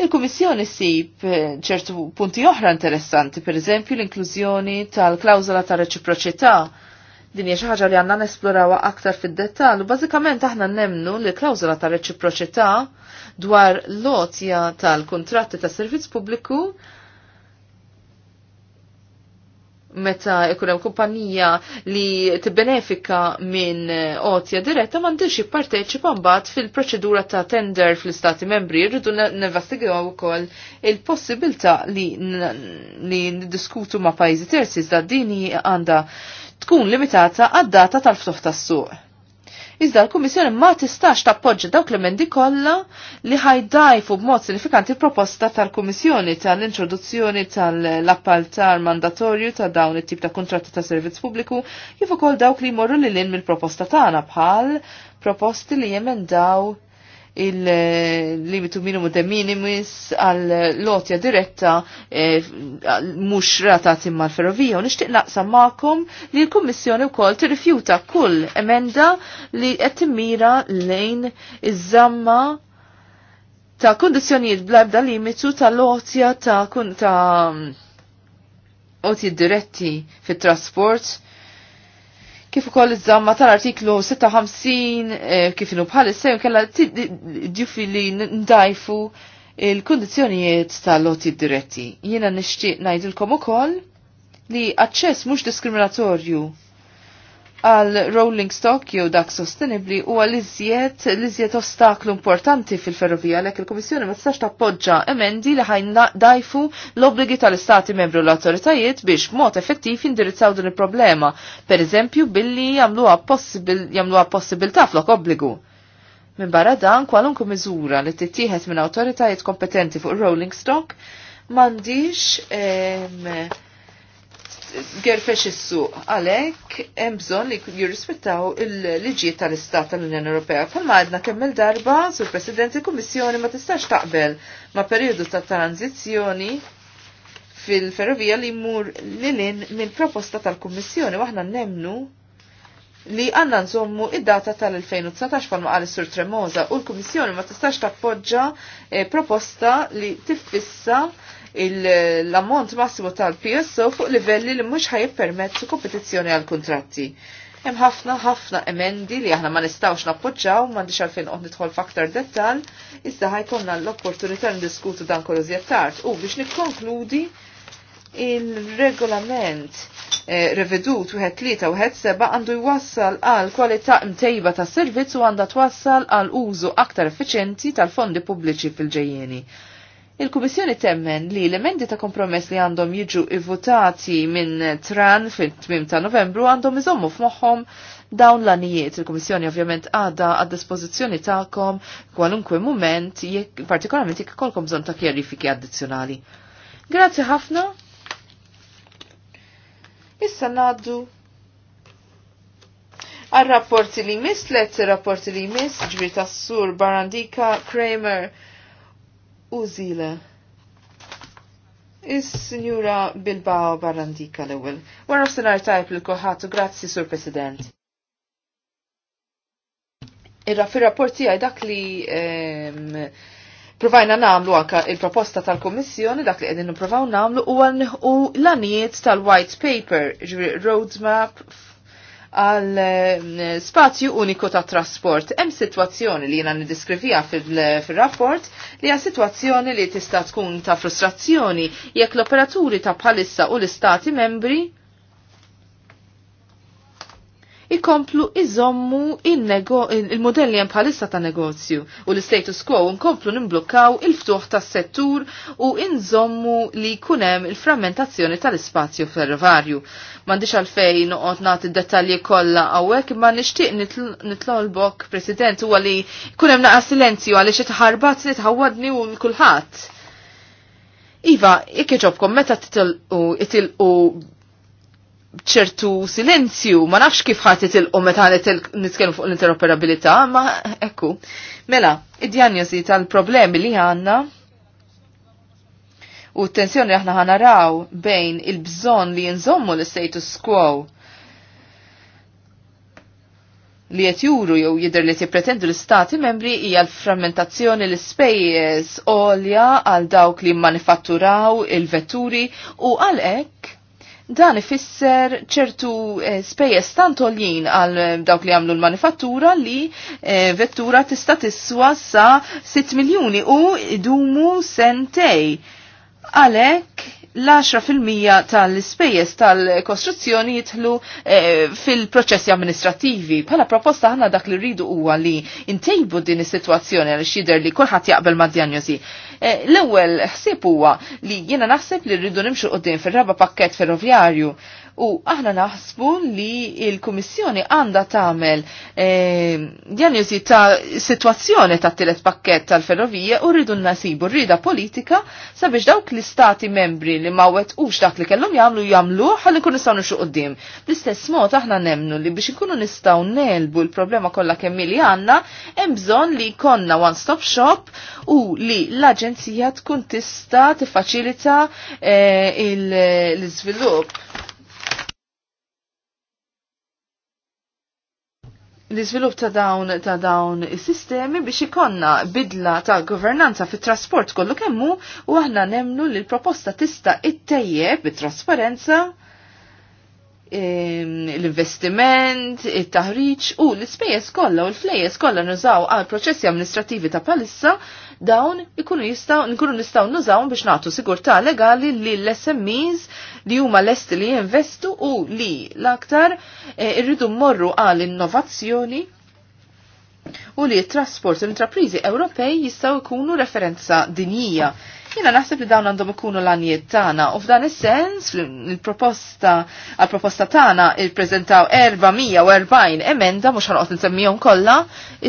Il-Kummissjoni sib eh, ċertu punti oħra interessanti, per eżempju l-inklużjoni tal-klawzola ta' reċiproċità. Din hija xi ħaġa li għandna nesplorawha aktar fid-dettall bażikament aħna nemnu li klawzola ta' reċiproċità dwar lotja tal-kuntratti ta' servizz pubbliku meta ikun hemm kumpanija li tibbenefika minn otja diretta m'għandix jipparteċipa mbagħad fil-proċedura ta' tender fl-istati membri rridu nevestigaw ukoll il possibilta li li niddiskutu ma' pajjiżi terzi iżda dini għandha tkun limitata għad-data tal-ftuħ tas-suq. Iżda l-Kummissjoni ma tistax tappoġġa dawk l-emendi kollha li ħajdajfu b'mod sinifikanti proposta tal-Kummissjoni tal-introduzzjoni tal-appaltar mandatorju ta' dawn it-tip ta' kontratti ta' servizz pubbliku kif ukoll dawk li jmorru lil mill-proposta tagħna bħal proposti li jemendaw il-limitu minimu de minimis għal lotja diretta e, mux ratati mal ferrovija u nishtiq naqsam ma'kom li l-Kommissjoni u kol tirrifjuta kull emenda li qed timmira lejn iż-żamma ta' kondizjonijiet blabda limitu ta' lotja ta' kun ta' oti diretti fit-trasport kif ukoll iż-żamma tal-artiklu 56 eh, kif inhu bħalissa jew kellha ġifi li ndajfu il-kundizzjonijiet tal-loti diretti. Jiena nixtieq ngħidilkom ukoll li aċċess mhux diskriminatorju għal rolling stock jew dak sostenibli u għal iżjed l-iżjed ostaklu importanti fil-ferrovija għalhekk il-Kummissjoni ma tistax tappoġġa emendi li ħajn dajfu l-obbligi tal-Istati membru l-autoritajiet biex b'mod effettiv jindirizzaw din il-problema, pereżempju billi jagħmluha possibil jagħmluha possibilità flok obbligu. Minn barra dan kwalunku miżura li tittieħed minn awtoritajiet kompetenti fuq rolling stock m'għandix gerfex is-suq għalhekk hemm bżonn li jirrispettaw il-liġijiet tal-Istat tal-Unjoni Ewropea. Palma għadna kemmel darba sur President il-Kummissjoni ma tistax taqbel ma' perjodu ta' tranzizzjoni fil-ferrovija li jmur lilin minn proposta tal-Kummissjoni waħna nemnu li għanna nżommu id-data tal-2019 palma għal sur Tremosa u l-Kummissjoni ma tistax tappoġġa eh, proposta li tiffissa l-ammont massimo tal-PSO fuq livelli li mhux ħajippermezzu kompetizzjoni għal kontratti. Hemm ħafna ħafna emendi li aħna ma nistgħux nappoġġaw m'għandix għalfejn qed nidħol f'aktar dettall, iżda ħajkonna l-opportunità ndiskutu dan kollu tard. U biex nikkonkludi il-regolament eh, revedut wieħed tlieta wieħed seba' għandu jwassal għal kwalità mtejba tas servizz u għandha twassal għal użu aktar effiċjenti tal-fondi pubbliċi fil ġejjieni Il-Kummissjoni temmen li l-emendi ta' kompromess li għandhom jiġu ivvutati minn Tran fil-tmim ta' Novembru għandhom iżommu f'moħħom dawn l-anijiet. Il-Kummissjoni ovvjament għadha għad dispożizzjoni tagħkom kwalunkwe mument, partikolarment jekk kolkom bżonn ta' kjerifiki addizzjonali. Grazzi ħafna. Issa ngħaddu għal rapporti li mis, letti rapporti li mis, ġbir tas-sur Barandika, Kramer, Użila, Is-Sinjura Bilbao Barandika l-ewel. Wara f'sinar tajb l u grazzi, Sur President. Irra fir rapporti għaj dak li ehm, provajna namlu anka il-proposta tal-Kommissjoni, dak li għedin provaw namlu u għan u l-anijiet tal-White Paper, ġviri Roadmap għal eh, spazju uniku ta' trasport. Hemm sitwazzjoni li jiena nidiskrivija fil-rapport li hija sitwazzjoni li tista' tkun ta' frustrazzjoni jekk l-operaturi ta' bħalissa u l-istati membri ikomplu iżommu il-modelli il hemm bħalissa ta' negozju u l-status quo nkomplu nimblukkaw il-ftuħ tas-settur u inżommu li jkun hemm il-frammentazzjoni tal-ispazju ferrovarju. M'għandix għalfej noqgħod nagħti dettalji kollha hawnhekk imma nixtieq nitlolbok President huwa li jkun hemm naqa' silenzju għaliex itħarbat tħawadni u kulħadd. Iva, ikke meta meta titilqu ċertu silenzju, ma nafx kif ħatit il-qom meta nitkellmu fuq l-interoperabilità, ma ekku. Mela, id-djanjosi tal-problemi li għanna u t-tensjoni aħna raw bejn il-bżon li jinżommu l-status quo li qed juru jew jidher li tippretendu l-istati membri hija l-frammentazzjoni l-ispejjeż għolja għal dawk li manifatturaw il-vetturi u għalhekk Dan ifisser ċertu eh, spejjeż tant tantoljin għal eh, dawk li għamlu l-manifattura li eh, vettura tista' tiswa sa 6 miljuni u idumu sentej. Għalhekk l-10% tal-ispejjeż tal-kostruzzjoni jitħlu eh, fil-proċessi amministrativi. Pala proposta ħanna dak li rridu huwa li intejbu din is-sitwazzjoni għal xider li kulħadd jaqbel ma' djanjosi. Eh, l-ewwel ħsieb huwa li jiena naħseb li rridu nimxu qudiem fir-raba pakkett ferroviarju U aħna naħsbu li il-Kummissjoni għandha tagħmel e, diagnosi ta' situazzjoni ta' tielet pakket tal-ferrovija u rridu nasibu rrida politika sabiex dawk l-istati membri li ma wetqux dak li kellhom jagħmlu jagħmlu ħalli nkunu nistgħu nixu qudiem. Bl-istess mod aħna nemnu li biex ikunu nistgħu nelbu l-problema kollha kemm li għandna hemm bżonn li jkollna one stop shop u li l-aġenzija tkun tista' tiffaċilita e, l-iżvilupp l-izvilup ta' dawn ta' dawn is-sistemi biex ikonna bidla ta' governanza fit trasport kollu kemmu u aħna nemnu li l-proposta tista' it-tejjeb bit-trasparenza ehm, l-investiment, it-taħriġ u l-ispejjeż kollha u l-flejjeż kollha nużaw għal proċessi amministrativi ta' palissa dawn ikunu jistaw, nkunu nistaw nużaw biex nagħtu sigurtà legali li l-SMEs li huma l-est li jinvestu u li l-aktar eh, irridu mmorru għal innovazzjoni u li t-trasport l-intraprizi Ewropej jistaw ikunu referenza dinjija Jena naħseb li dawn għandhom ikunu l-għanijiet tagħna u f'dan is-sens il-proposta għal-proposta tagħna ippreżentaw 440 emenda mhux ħanqod nsemmihom kollha,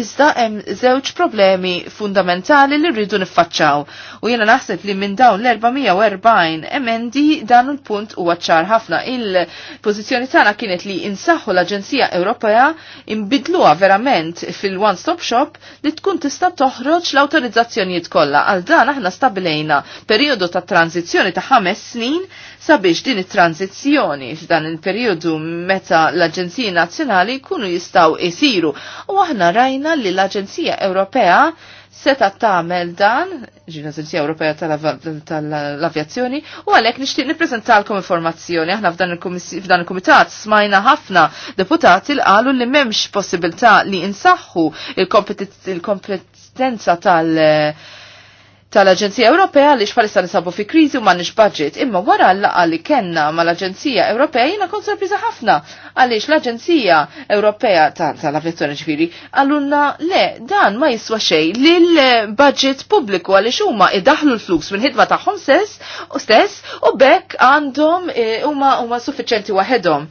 iżda hemm żewġ problemi fundamentali li rridu niffaċċaw. U jiena naħseb li minn dawn l-440 emendi dan il-punt huwa ċar ħafna. Il-pożizzjoni tagħna kienet li insaħħu l-Aġenzija Ewropea imbidluha verament fil-one-stop shop li tkun tista' toħroġ l-awtorizzazzjonijiet kollha. Għal dan aħna stabilejna għanna periodu ta' tranzizjoni ta' ħames snin sabiex din it-tranzizjoni f'dan il-periodu meta l-Aġenziji Nazzjonali kunu jistaw isiru. U aħna rajna li l-Aġenzija Ewropea seta tagħmel dan, ġin-Aġenzija Ewropea tal-Avjazzjoni, u għalhekk nixtieq nippreżentalkom informazzjoni. Aħna f'dan il-kumitat smajna ħafna deputati li qalu li m'hemmx possibilità li insaħħu il-kompetenza tal- tal-Aġenzija Ewropea li xfalissa nisabu fi krizi u m'għandniex budget, imma wara l-laqa li kenna mal-Aġenzija Ewropea jina kont sorpriza ħafna għaliex l-Aġenzija Ewropea tal-Avjazzjoni ġifieri għallunna le dan ma jiswa xejn lill-budget pubbliku għaliex huma idaħlu l-flus minn ħidma tagħhom stess u stess u bekk għandhom eh, huma suffiċenti waħedhom.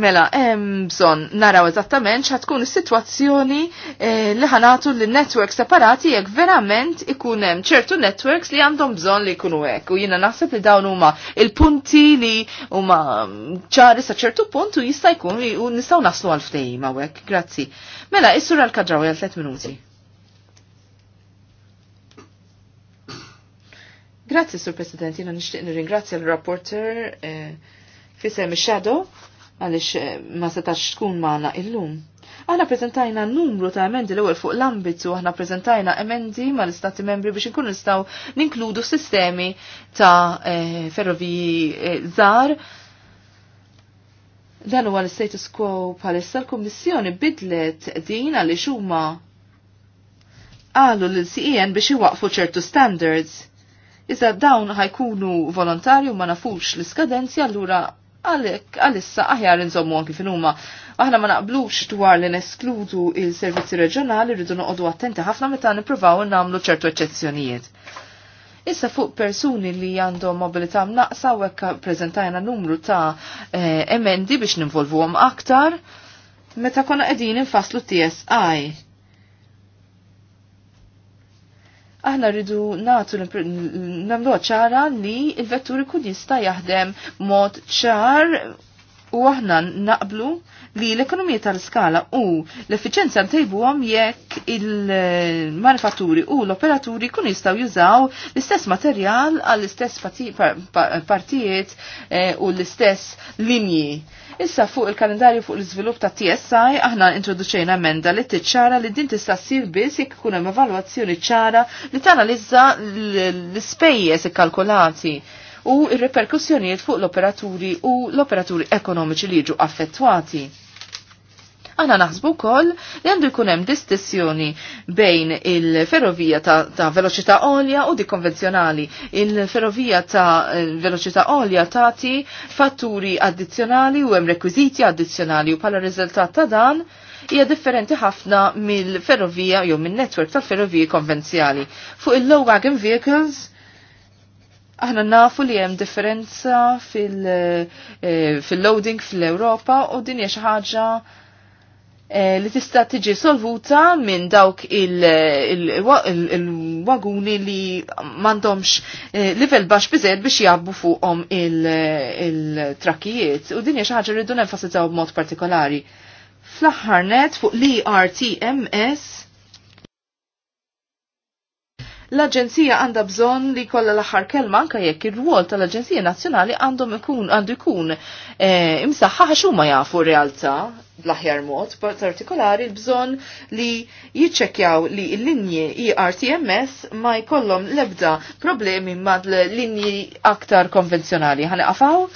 Mela, hemm bżonn naraw eżattament xa tkun is-sitwazzjoni eh, li ħanatu li networks separati jekk verament ikun hemm ċertu networks li għandhom bżonn li jkunu hekk. U jiena naħseb li dawn huma il-punti li huma ċari sa ċertu punt u jista' jkun li nistgħu naslu għal ftehim hawnhekk. Grazzi. Mela, is għal-kadraw għal tliet minuti. Grazzi, Sur President, jiena nixtieq nirringrazzja l-rapporter eh, fisem ix-shadow għalix eh, ma setax tkun maħna illum. Aħna prezentajna numru ta' emendi l-ewwel fuq l-ambitu, aħna prezentajna emendi mal-istati membri biex nkunu nistgħu ninkludu sistemi ta' eh, ferroviji eh, żgħar. Dan huwa l-status quo bħalissa l-Kummissjoni bidlet din għaliex huma għalu l-CEN biex iwaqfu ċertu standards. Iżda dawn ħajkunu volontarju ma nafux l-iskadenzja allura għalek għalissa aħjar nżommu għanki finuma. Aħna ma naqblux dwar li neskludu il-servizzi reġjonali rridu noqogħdu attenti ħafna meta nippruvaw nagħmlu ċertu eċċezzjonijiet. Issa fuq persuni li għandhom mobilità mnaqsa u hekk preżentajna numru ta' eh, emendi biex ninvolvuhom aktar meta konna qegħdin infaslu TSI aħna rridu natu namlu ċara li il-vetturi kun jista' jaħdem mod ċar u aħna naqblu li l-ekonomija tal-skala u l-effiċenza ntejbuhom jekk il-manifatturi u l-operaturi kun jistgħu jużaw l-istess materjal għall-istess partijiet eh, u l-istess linji Issa fuq il-kalendarju fuq l-iżvilupp ta' TSI aħna introduċejna emenda li tiċċara li din tista' ssir biss jekk ikun hemm evalwazzjoni ċara li tanalizza l-ispejjeż ikkalkulati u r reperkussjonijiet fuq l-operaturi u l-operaturi ekonomiċi li jiġu affettwati. Aħna naħsbu wkoll li għandu jkun hemm bejn il-ferrovija ta', ta veloċità olja u dik konvenzjonali. Il-ferrovija ta' veloċità olja tagħti fatturi addizzjonali u hemm rekwiżiti addizzjonali u bħala riżultat ta' dan hija differenti ħafna mill-ferrovija jew min-netwerk tal-ferroviji konvenzjali. Fuq il-low wagon vehicles aħna nafu li hemm differenza eh, fil-loading fil fl-Ewropa u din hija xi ħaġa Eh, li tista' tiġi solvuta minn dawk il-waguni li m'għandhomx eh, livell baxx biżgħet biex jabbu fuqhom il-trakkijiet. U din hija xi ħaġa rridu nenfasizzaw b'mod partikolari. Fl-aħħar net fuq l-RTMS L-Aġenzija għandha bżonn li kollha l-aħħar kelma anke jekk ir-rwol tal-Aġenzija Nazzjonali għandhom ikun għandu jkun eh, imsaħħa għax huma jafu realtà bl-aħjar mod, partikolari bżonn li jiċċekkjaw li l-linji IRTMS e ma jkollhom l-ebda problemi mad l-linji aktar konvenzjonali. Ħanqafaw?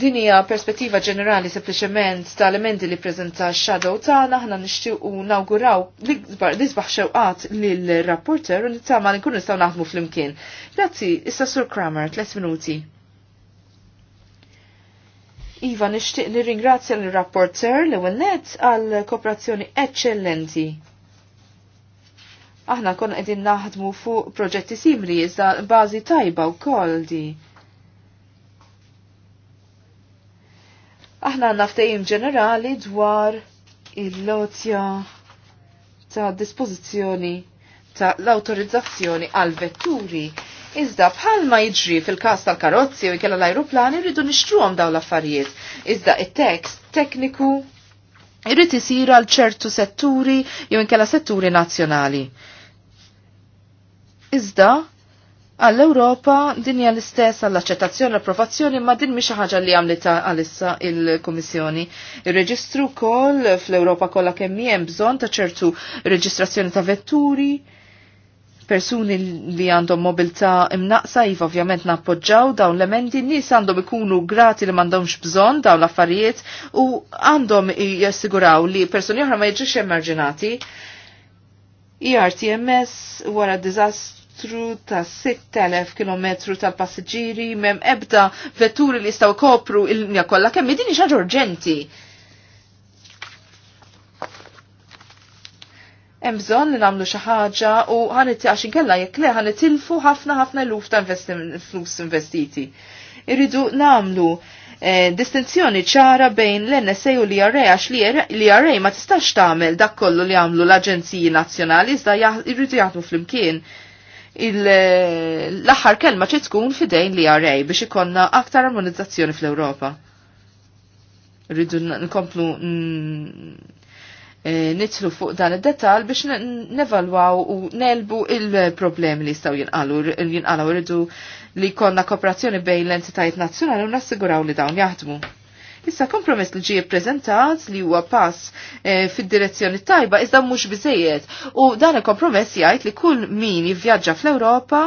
Din hija perspettiva ġenerali sempliċement tal elementi li preżenta x-shadow tagħna aħna nixtiequ nawguraw l-isbaħ xewqat lill-rapporter u nittama li nkunu nistgħu naħdmu flimkien. Grazzi, issa Sur Kramer, tliet minuti. Iva, nixtieq nirringrazzja l-rapporter l-ewwel nett għal kooperazzjoni eċċellenti aħna kon qegħdin naħdmu fuq proġetti simili iżda bażi tajba wkoll di. Aħna naftajim ġenerali dwar il-lotja ta' dispozizjoni ta' l-autorizzazzjoni għal vetturi. Iżda bħalma jiġri fil-kas tal-karozzi u jkella l-ajruplani rridu nixtruhom daw l-affarijiet. Iżda il tekst tekniku irrid isir għal ċertu setturi jew inkella setturi nazzjonali. Iżda Għall-Europa din hija l-istess għall-aċċettazzjoni l-approvazzjoni ma din mhix ħaġa li għamlet għalissa il-Kummissjoni. Ir-reġistru wkoll fl-Ewropa kollha kemm hemm bżonn ta' ċertu reġistrazzjoni ta' vetturi, persuni li għandhom mobilità imnaqsa jiva ovvjament nappoġġaw dawn l-emendi nies għandhom ikunu grati li m'għandhomx bżonn dawn l-affarijiet u għandhom jassiguraw li persuni oħra ma jiġux emarġinati. IRTMS e wara dizastru kilometru ta' 6000 kilometru tal-passiġġieri mem ebda vetturi li jistgħu kopru il-linja kollha kemm din xi urġenti. Hemm bżonn li nagħmlu xi ħaġa u ħaniti għax inkella jekk le ħanitilfu ħafna ħafna eluf ta' flus investiti. Irridu nagħmlu eh, distinzjoni ċara bejn l-NSA u l-IRA għax l-IRA ma tistax tagħmel dak kollu li għamlu l-Aġenziji Nazzjonali iżda jridu jaħdmu flimkien l-aħħar kelma ċi tkun fidejn li għarej biex ikonna aktar armonizzazzjoni fl-Ewropa. Rridu nkomplu eh, nitlu fuq dan id-detal biex nevalwaw u nelbu il-problemi li staw jinqalu, jinqalu rridu li konna kooperazzjoni bejn l-entitajiet nazzjonali u nassiguraw li dawn jaħdmu. Issa kompromess li ġie prezentat li huwa pass e, fid-direzzjoni tajba iżda mhux biżejjed u dan il-kompromess jgħid li kull min jivvjaġġa fl-Ewropa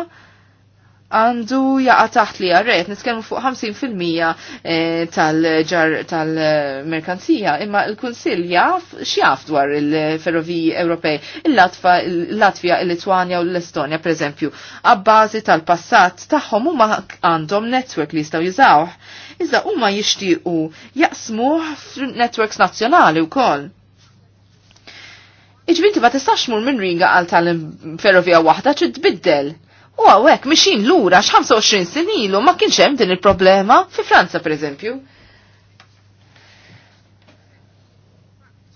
għandu jaqa taħt li għarret, nitkellmu fuq 50% eh, tal-ġar tal-merkanzija, imma il-Kunsill jaf x'jaf dwar il-ferroviji Ewropej, il-Latvija, il il-Litwania u l-Estonja eżempju, għabbażi tal-passat tagħhom huma għandhom netwerk li jistgħu jizawħ. Iżda huma jixtiequ jaqsmuh nazjonali nazzjonali wkoll. Iġbinti ma tistax mur minn ringa għal tal-ferrovija waħda ċi tbiddel U għawek, miexin l-ura, x-25 sinilu, ma kienx hemm din il-problema, fi Franza per eżempju.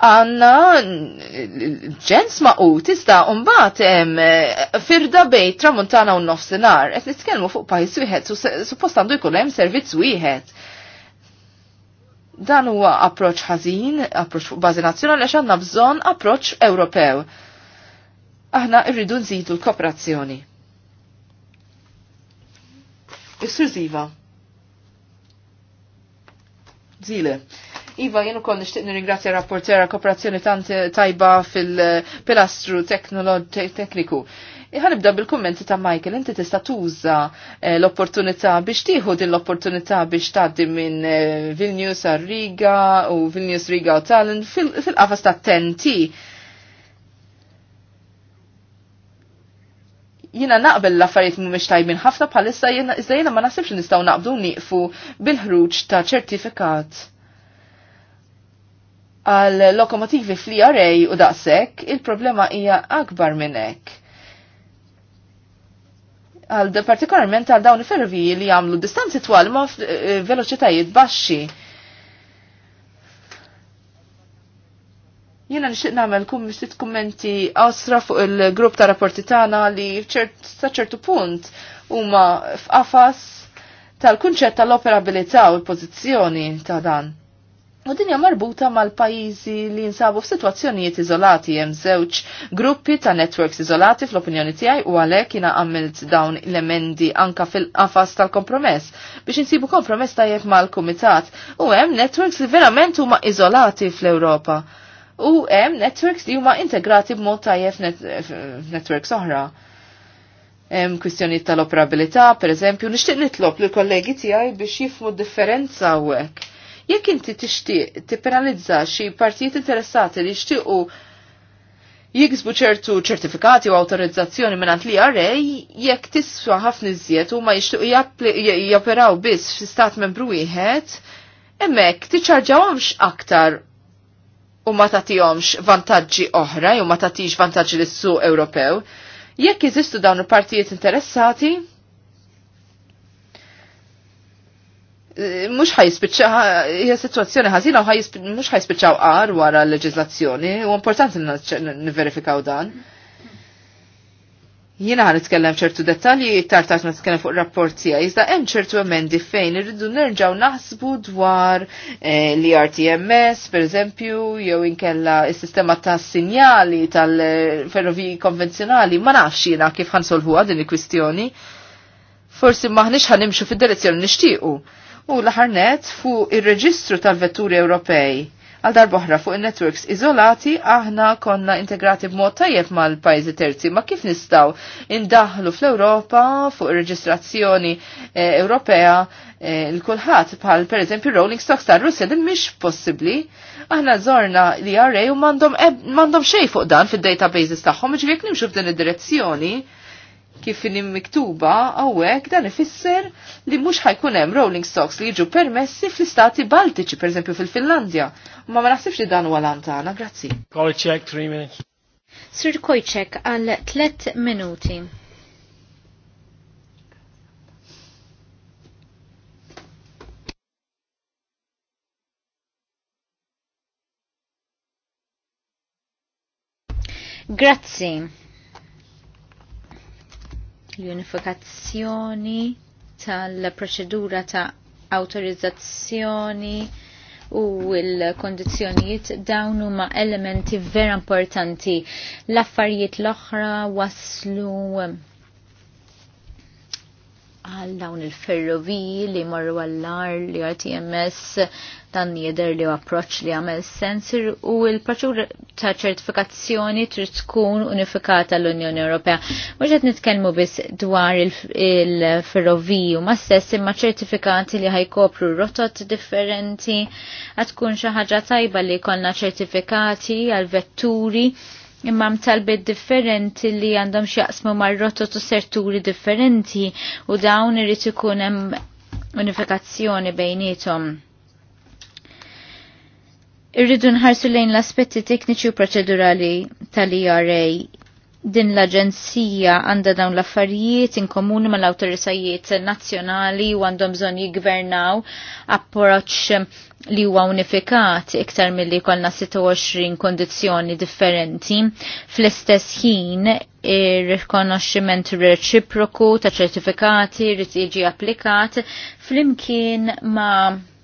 Għanna ġens ma' u tista' umbat eh, firda bej tramuntana u nofsenar, et nitkelmu fuq pajis wieħed, suppost għandu jkun hemm servizz wieħed. Dan huwa approċ ħażin, approċ fuq bażi nazzjonali għax għandna bżonn approċ Ewropew. Aħna rridu nżidu l-kooperazzjoni. Is-sur Ziva. Zile. Iva, jenu kol nishtiq nirringrazzja rapportera kooperazzjoni tant tajba fil-pilastru tekniku. nibda bil-kommenti ta' Michael, inti tista' tuża eh, l-opportunità biex tieħu din l-opportunità biex tgħaddi minn eh, Vilnius għal Riga u Vilnius Riga u Tallinn fil-qafas ta' TNT jina naqbel l-affarijiet mhumiex tajbin ħafna bħalissa jiena iżda jiena ma nasibx nistgħu naqbdu nieqfu bil-ħruġ ta' ċertifikat għal lokomotivi fl-IRA u daqshekk il-problema hija akbar minn hekk għal partikolarment għal dawn il-ferroviji li jagħmlu distanzi twal ma eh, eh, veloċitajiet baxxi. Jena nixtieq nagħmel kum mistit kummenti qasra fuq il-grupp ta' rapporti tagħna li sa ċertu punt huma f'qafas tal-kunċett tal-operabilità u l-pożizzjoni ta' dan. U dinja marbuta mal-pajjiżi li jinsabu f'sitwazzjonijiet iżolati hemm żewġ gruppi ta' networks iżolati fl-opinjoni tiegħi u għalhekk jiena għamilt dawn l-emendi anka fil-qafas tal-kompromess biex insibu kompromess tajjeb mal-kumitat u hemm networks li verament huma iżolati fl-Ewropa u hemm networks li huma integrati b'mod tajjeb networks oħra. Hemm kwistjoni tal-operabilità, pereżempju, nixtieq nitlob lill kollegi tiegħi biex jifmu differenza hawnhekk. Jekk inti tixtieq tippenalizza xi partijiet interessati li jixtiequ jiksbu ċertu ċertifikati u autorizzazzjoni minn li għarrej, jekk tiswa ħafna iżjed u ma jixtiequ joperaw biss fi stat membru wieħed, emmek tiċċarġawhomx aktar u ma tatijomx vantaġġi oħra, u ma tatijx vantaġġi l-suq Ewropew, jekk jeżistu dawn il-partijiet interessati, mux ħajspiċċa, hija situazzjoni ħażina u mux ħajspiċċaw qar wara l-leġiżlazzjoni, u importanti niverifikaw dan. Mm Jina għan itkellem ċertu dettalji, tartat ma nitkellem fuq rapport tiegħi, iżda hemm ċertu emendi fejn irridu nerġgħu naħsbu dwar eh, li RTMS pereżempju jew inkella s-sistema ta' sinjali tal-ferroviji konvenzjonali, ma nafx jiena kif solvu din il-kwistjoni. Forsi maħniex ħanimxu fid-direzzjoni nixtiequ. U l-ħarnet fuq ir-reġistru tal-vetturi Ewropej Għal darboħra fuq il-networks izolati, aħna konna integrati b'mod tajjeb mal-pajzi terzi, ma kif nistaw indaħlu fl-Europa fuq il-reġistrazzjoni eh, Ewropea eh, l-kulħat bħal per eżempju Rolling Stocks ta' Russia, din mhix possibbli. Aħna żorna li għarrej u m'għandhom xej fuq dan fid-databases tagħhom, ġifiek nimxu f'din id-direzzjoni kif miktuba għawek dan ifisser li mhux ħajkun hemm rolling stocks li jiġu permessi fl-istati Baltiċi, perempju fil-Finlandja. Ma ma naħsibx li dan huwa antana grazzi. Kojċek, 3 minuti. Sir Kojċek għal 3 minuti. Grazzi l-unifikazzjoni tal-proċedura ta' autorizzazzjoni u l-kondizjonijiet dawn huma elementi vera importanti. L-affarijiet l-oħra waslu għal dawn il ferrovi li marru għallar li RTMS dan jeder li approċ li għamel sensor u il-proċur ta' ċertifikazzjoni trid tkun unifikata l-Unjoni Ewropea. Mhux qed nitkellmu biss dwar il u ma stess imma ċertifikati li ħajkopru rotot differenti, għad tkun xi ħaġa tajba li jkollna ċertifikati għal vetturi imma mtalbet differenti li għandhom xjaqsmu marrotot u serturi differenti u dawn irrit ikun hemm unifikazzjoni bejnietom. Irridu nħarsu lejn l-aspetti tekniċi u proċedurali tal ira din l-aġenzija għandha dawn l-affarijiet inkomuni mal awtoritajiet nazzjonali u għandhom bżonn jiggvernaw approċċ li huwa unifikat iktar milli kollna 26 kondizzjoni differenti. Fl-istess ħin ir-rikonoxximent reċiproku ta' ċertifikati rrid jiġi applikat flimkien ma'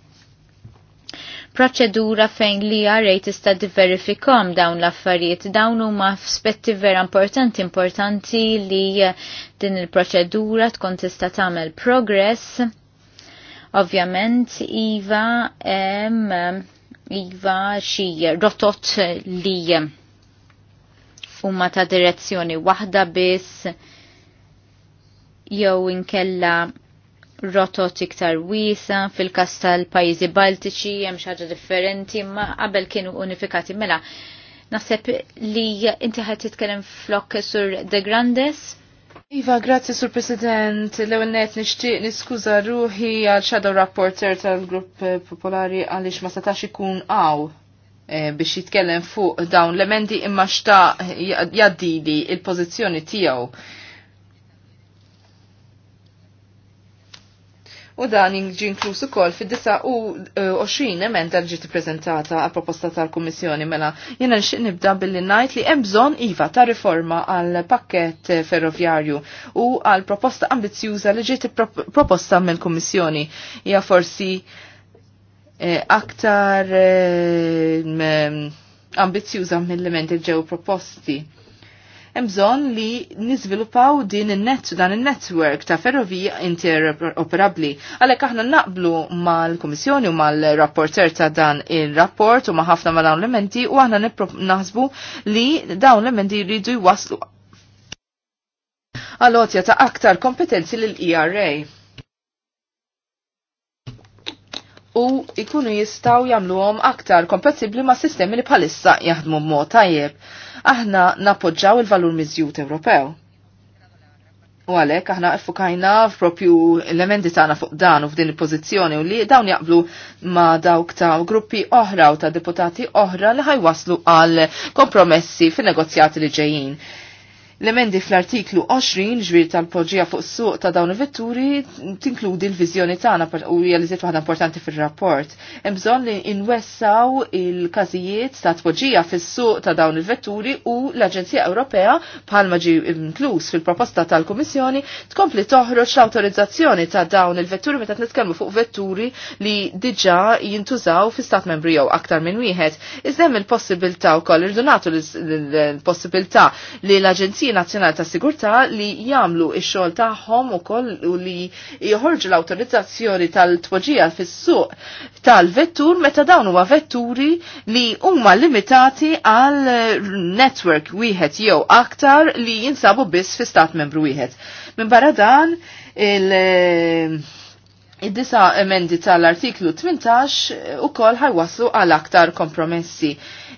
proċedura fejn li għarrej tista' diverifikom dawn l-affarijiet. Dawn huma f'spetti vera importanti importanti li din il-proċedura tkun tista' tagħmel progress. Ovvjament, Iva, em, Iva, xi rotot li huma ta' direzzjoni waħda biss jew inkella rotot iktar wisa fil kastal tal-pajjiżi Baltiċi hemm xi ħaġa differenti imma qabel kienu unifikati mela. Naħseb li inti ħat titkellem flok sur De Grandes. Iva, grazie sur President. L-ewwel net nixtieq niskuża ruħi għal Shadow Rapporter tal-Grupp Popolari għaliex ma setax ikun għaw eh, biex jitkellem fuq dawn l-emendi imma xta jaddili il-pożizzjoni tiegħu u dan ġi inklusu ukoll fid-29 e, emenda li ġiet ippreżentata għal proposta tal-Kummissjoni mela jiena nixtieq nibda billi ngħid li hemm bżonn iva ta' riforma għal pakkett ferroviarju u għal proposta ambizzjuża li ġiet proposta mill-Kummissjoni hija forsi e, aktar e, ambizzjuża mill-elementi ġew proposti hemm bżonn li niżviluppaw din il net dan in-network ta' ferrovija interoperabbli. Għalhekk aħna naqblu mal-Kummissjoni u mal-rapporter ta' dan ir-rapport u ma' ħafna ma' dawn l-elementi u aħna naħsbu li dawn l-elementi jridu jwaslu għal ta' aktar kompetenzi l-ERA u ikunu jistaw jamluhom aktar kompatibli ma' sistemi li bħalissa jaħdmu b'mod tajjeb aħna napoġġaw il-valur mizjut Ewropew. U għalek, aħna effukajna f'propju elementi tagħna fuq dan u f'din il-pożizzjoni u li dawn jaqblu ma' dawk ta' gruppi oħra u ta' deputati oħra li ħajwaslu għal kompromessi fin-negozjati li ġejjin. L-emendi fl-artiklu 20 ġbir tal-poġija fuq suq ta' dawn il-vetturi tinkludi l-vizjoni tagħna u hija li waħda importanti fir-rapport. Hemm bżonn li inwessaw il-każijiet ta' tpoġija fis-suq ta' dawn il-vetturi u l-Aġenzija Ewropea bħalma ġi inkluż fil-proposta tal-Kummissjoni tkompli toħroġ l-awtorizzazzjoni ta' dawn il-vetturi meta nitkellmu fuq vetturi li diġà jintużaw fi stat membri jew aktar minn wieħed. Iżda hemm il-possibilità wkoll irdu nagħtu l-possibilità li l-Aġenzija l Nazzjonali ta' Sigurtà li jagħmlu x-xogħol tagħhom ukoll u li joħorġu l-awtorizzazzjoni tal-tpoġija fis-suq tal-vettur meta dawn huwa vetturi li huma limitati għal network wieħed jew aktar li jinsabu biss fi stat membru wieħed. Minn barra dan il- Id-disa emendi tal-artiklu 18 u kol ħajwaslu għal aktar kompromessi.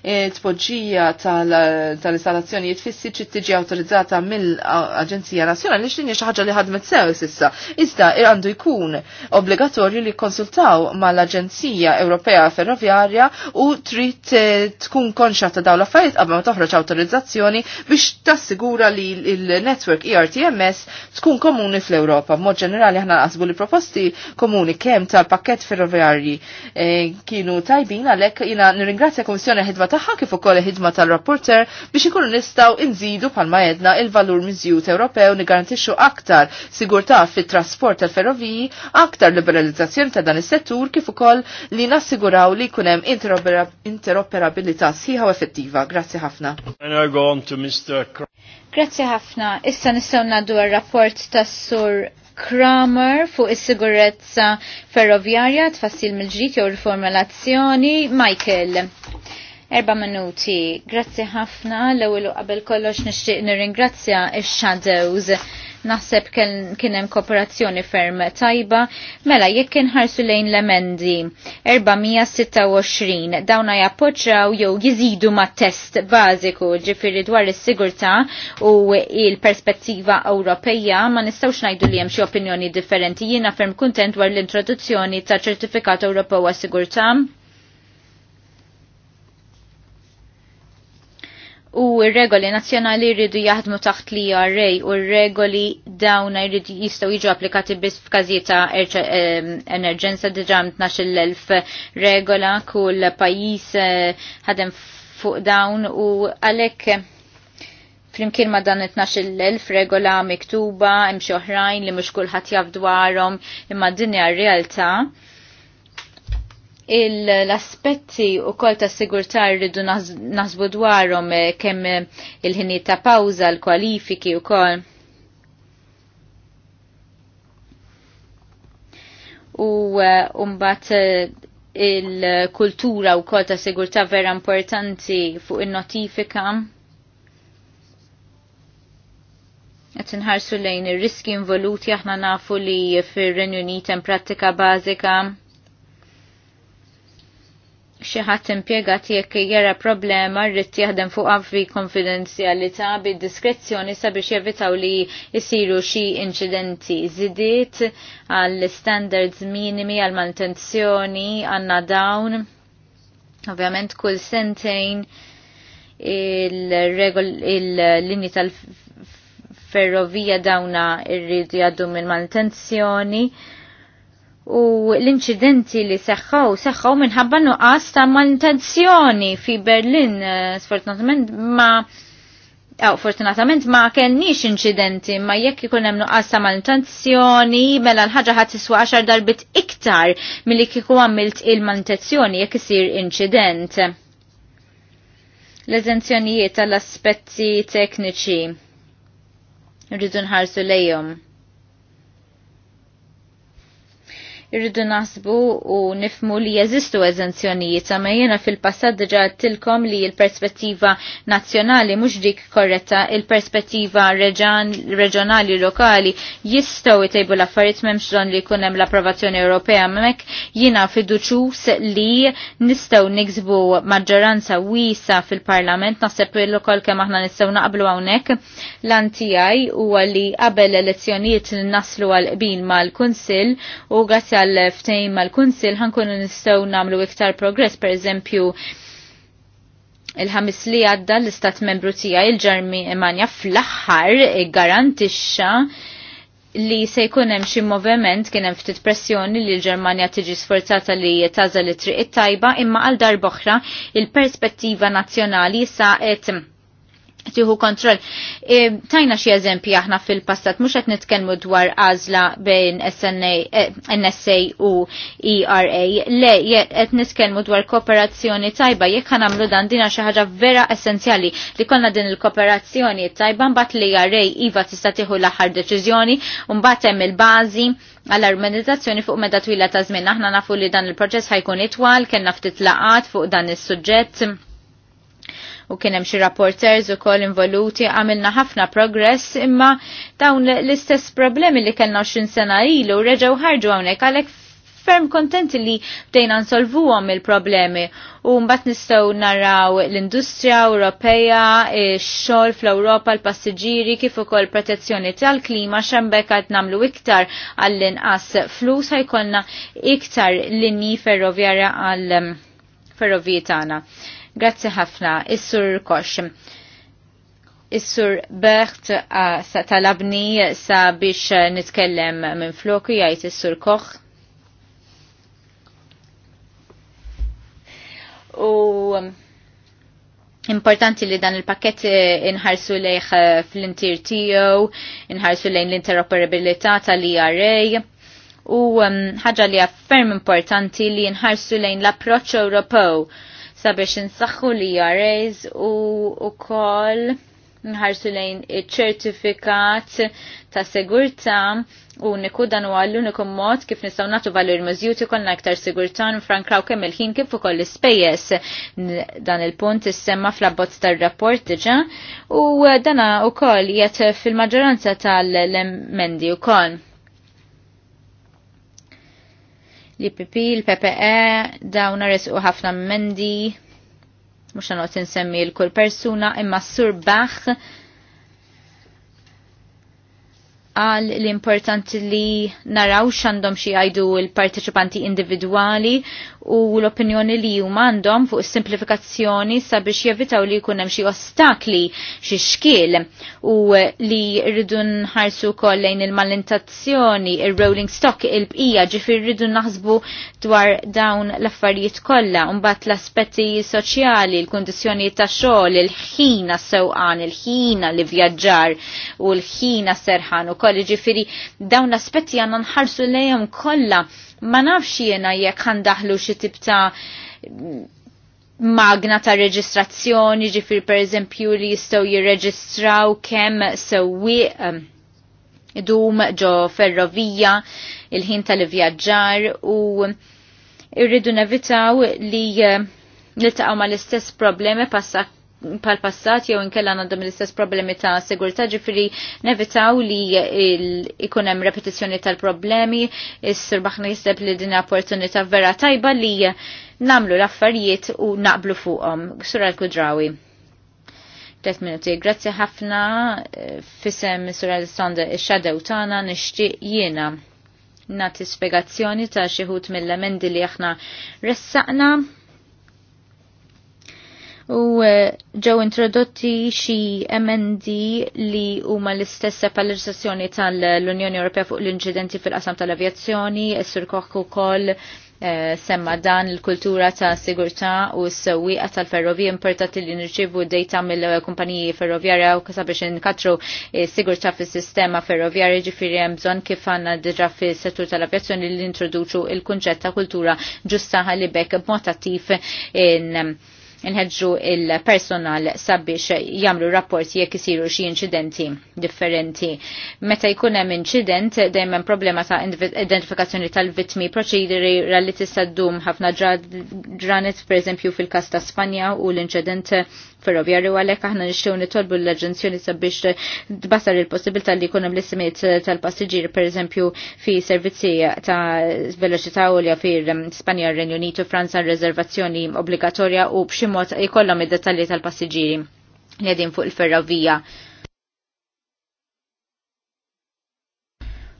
E, tpoġġija tal-installazzjonijiet fissi ċi tiġi autorizzata mill-Aġenzija Nazzjonali li xi ħaġa li ħadmet sew issa. Iżda għandu jkun obbligatorju li konsultaw mal-Aġenzija Ewropea Ferrovjarja u trid e, tkun konxa ta' dawn l-affarijiet qabel ma toħroġ awtorizzazzjoni biex tassigura li l-network ERTMS tkun komuni fl-Ewropa. Mod ġenerali aħna naqsbu li proposti komuni kemm tal-pakket ferroviarji e, kienu tajbin għalhekk jiena nirringrazzja Kummissjoni ħidba taħħa kif ukoll il-ħidma tal-rapporter biex ikunu nistgħu inżidu bħalma jedna il-valur miżjut Ewropew nigarantixxu aktar sigurtà fit-trasport tal-ferroviji, aktar liberalizzazzjoni ta' dan is-settur kif ukoll li nassiguraw li jkun hemm interoperabilità sħiħa u effettiva. Grazzi ħafna. Grazzi ħafna. Issa nistgħu ngħaddu r rapport tas-sur Kramer fuq is-sigurezza ferroviarja tfassil mill-ġrid jew riformulazzjoni Michael. Erba minuti. Grazzi ħafna. L-ewwel qabel kollox nixtieq nirringrazzja ix-Shadows naħseb kien hemm kooperazzjoni ferm tajba, mela jekk inħarsu lejn l-emendi 426 dawna jappoġġaw jew jiżidu ma' test bażiku ġifieri dwar is-sigurtà u l-perspettiva Ewropeja ma nistgħux ngħidu li hemm xi opinjoni differenti. Jiena ferm kuntent dwar l-introduzzjoni ta' ċertifikat Ewropew għas-sigurtà u r-regoli nazzjonali jridu jaħdmu taħt li jarrej u r-regoli dawna jridu jistaw jiġu applikati biss f'każijiet ta' emerġenza diġà elf regola kull pajjiż eh, ħadem fuq dawn u għalhekk eh, flimkien ma dan 12,000 regola miktuba hemm xi oħrajn li mhux kulħadd jaf dwarhom imma dinja r-realtà l-aspetti u kol ta' sigurtà rridu nasbu dwarhom eh, kemm eh, il-ħini ta' pawza, l-kwalifiki u kol. U eh, mbagħad il-kultura u kol ta' sigurtà vera importanti fuq in-notifika. Qed inħarsu lejn ir-riski involuti aħna nafu li fir-Renju Unit hemm prattika bażika xi ħadd impjegat jekk jara problema rrid jaħdem fuq avvi konfidenzjalità bid-diskrezzjoni sabiex jevitaw li jsiru xi inċidenti. Żidiet għall standards minimi għal manutenzjoni għandna dawn. Ovvjament kull sentejn il-linji il tal-ferrovija dawna irridu jgħaddu mill mantenzjoni u l-inċidenti li seħħaw seħħaw minħabba nuqqas ta' mal-intenzjoni fi Berlin eh, sfortunatament ma Aw, fortunatament ma kenniex inċidenti, ma jekk ikun hemm nuqqas ta' malintenzjoni, mela l-ħaġa ħadd tiswa għaxar darbit iktar milli kieku għamilt il-malintenzjoni jekk isir inċident. L-eżenzjonijiet tal-aspetti tekniċi rridu nħarsu lejhom. irridu nasbu u nifmu li jeżistu eżenzjonijiet, ma jena fil-passat diġa tilkom li il-perspettiva nazjonali mhux dik korretta, il-perspettiva reġjonali lokali jistgħu jtejbu l-affarijiet m'hemmx don li jkun hemm l-approvazzjoni Ewropea m'hemmhekk jiena fiduċus li nistgħu nixbu maġġoranza wisa fil-Parlament, naħseb il-lokal kem aħna nistgħu naqblu hawnhekk l-antijaj huwa li qabel elezzjonijiet naslu għal bin mal-Kunsill u għasja tal-ftejn mal-Kunsil ħankunu nistgħu nagħmlu iktar progress, pereżempju il-ħamis li għadda l-istat membru tiegħi il ġarmi Emanja fl-aħħar garantisċa li se jkun hemm xi moviment kien hemm ftit pressjoni li l-Ġermanja tiġi sforzata li tażel it-triq it-tajba imma għal darba oħra il-perspettiva nazzjonali sa qed tiħu kontroll. E, tajna xie eżempi aħna fil-passat, mux għet nitkenmu dwar għazla bejn SNA, eh, NSA u ERA, le għet nitkenmu dwar kooperazzjoni tajba, jekk għanamlu dan dina xaħġa vera essenzjali li konna din il-kooperazzjoni tajba, mbat li ERA iva tista tiħu laħar deċizjoni, mbat hemm il-bazi għall-armonizzazzjoni fuq meda twila ta' żmien. Aħna nafu li dan il-proċess ħajkun itwal, kena ftit laqat fuq dan is-suġġett u kien hemm xi rapporters ukoll involuti għamilna ħafna progress imma dawn l-istess problemi li kellna 20 sena ilu reġgħu ħarġu hawnhekk għalhekk ferm kontenti li bdejna nsolvuhom il-problemi u mbagħad nistgħu naraw l-industrija Ewropea, ix-xogħol fl-Ewropa, l-passiġġieri kif ukoll protezzjoni tal-klima x'hemmhekk qed nagħmlu iktar għall-inqas flus ħajkollna iktar linji ferrovjarja għal mm, ferrovji tagħna. Grazzi ħafna, Is-Sur Kosh. Is-Sur Bert sa talabni sa biex nitkellem minn floku jgħid Is-Sur Koch. U um, importanti li dan il-pakket eh, inħarsu lejh eh, fl-intir tiegħu, inħarsu lejn l-interoperabilità tal-IRA u um, ħaġa li affermi importanti li nħarsu lejn l-approċċ Ewropew sabiex insaxħu li jarrejz u wkoll nħarsu lejn iċ-ċertifikat ta' sigurtà u niku dan huwa l-uniku mod kif nistgħu nagħtu valur miżjuti konna iktar sigurtà nfrankraw kemm il-ħin kif ukoll l-ispejjeż dan il-punt issemma fl-abbozz tar-rapport diġà u dana wkoll qiegħed fil-maġġoranza tal-emendi wkoll. l-IPP, l-PPE, dawna resqu ħafna mendi, mux għanot insemmi l-kull persuna, imma s-sur Bach għal l-importanti li naraw xandom xie għajdu l-partiċipanti individuali u l-opinjoni li huma għandhom fuq simplifikazzjoni sabiex jevitaw li jkun hemm xi ostakli xi xkiel u li rridu nħarsu wkoll lejn il-malintazzjoni, ir-rolling stock, il-bqija, ġifi rridu naħsbu dwar dawn l-affarijiet kollha, mbagħad l-aspetti soċjali, l kondizjoni ta' xogħol, il ħina sewqan il ħina li vjaġġar u l ħina s serħan u ukoll ġifiri dawn l-aspetti għanna nħarsu lejhom kollha. Ma nafx jiena jekk għandaħlu xi tip ta' magna ta' reġistrazzjoni, ġifir per eżempju li jistgħu jirreġistraw kemm sewwieq um, dum ġo ferrovija, il-ħin tal-vjaġġar u irridu nevitaw li uh, niltaqgħu mal istess problemi passa pal passat jew inkella għandhom l-istess problemi ta' sigurtà ġifieri nevitaw li ikun hemm repetizzjoni tal-problemi, is baħna jisseb li din opportunità vera tajba li namlu l-affarijiet u naqblu fuqhom. Sura l-Kudrawi. 3 minuti. Grazzi ħafna eh, fisem Sura Alessandra ix xadew tagħna nixtieq jiena nagħti spjegazzjoni ta' xi ħut mill-emendi li aħna ressaqna u eh, ġew introdotti xi MND li huma l-istess polarizzazzjoni tal-Unjoni Ewropea fuq l-inċidenti fil-qasam tal-avjazzjoni, is-Sur Koch ukoll eh, semma dan il-kultura ta' sigurtà u s-sewwieqa tal-ferrovija importati li nirċivu dejta mill-kumpaniji ferrovjarja u kasa biex nkatru eh, sigurtà fis-sistema ferrovjarja ġifieri hemm bżonn kif għandna diġà fis-settur tal-avjazzjoni li introduċu il-kunċett ta' kultura ġusta li bekk b'mod attiv in inħedġu il-personal sabiex jamlu rapport jekk isiru xi inċidenti differenti. Meta jkun hemm inċident dejjem problema ta' identifikazzjoni tal-vittmi proċeduri ralli tista' ddum ħafna ġranet pereżempju fil-każ ta' Spanja u l-inċident ferroviarju għalhekk aħna nixtiew nitolbu l-aġenzjoni sabiex tbassar il-possibilità li jkun hemm l-istimiet tal-passiġġieri pereżempju fi servizzi ta' veloċità għolja fir Spanja, Renju u Franza, rezervazzjoni obbligatorja u b'xi mod jkollhom id-dettalji tal-passiġġieri li qegħdin fuq il-ferrovija.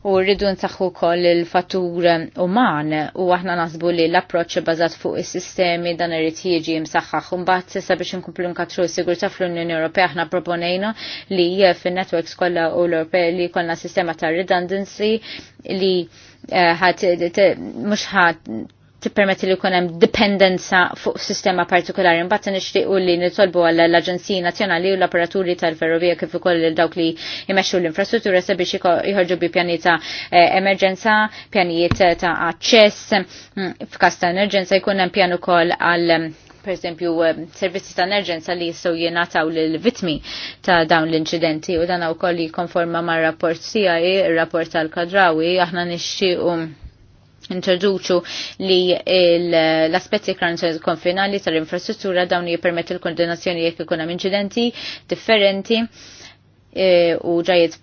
u rridu nsaħħu koll il-fattur uman u aħna nasbu li l-approċ bazat fuq is-sistemi dan irid jiġi msaħħaħ. Mbagħad sabiex biex nkatru s-sigurtà fl-Unjoni Ewropea aħna proponejna li fin-networks kollha u l Ewropea li jkollna sistema ta' redundancy li eh, ħadd mhux ħadd tippermetti li jkun hemm dipendenza fuq sistema partikolari. Imbagħad nixtiequ li nitolbu għall l-Aġenziji Nazzjonali u l operaturi tal-Ferrovija kif ukoll il dawk li jmexxu l-infrastruttura sabiex jħorġu bi pjani ta' eh, emerġenza, pjanijiet ta' aċċess mm, f'kas ta' emerġenza jkun hemm pjan ukoll għal mm, per esempio eh, servizzi ta' emerġenza li jistgħu jingħataw lil vittmi ta' dawn l-inċidenti u dan wkoll jikkonforma mar-rapport CIA, ir-rapport tal-Kadrawi, aħna nixtiequ introduċu li l-aspetti konfinali tal-infrastruttura dawn jippermettu l-koordinazzjoni jekk ikun hemm inċidenti differenti e, u ġajet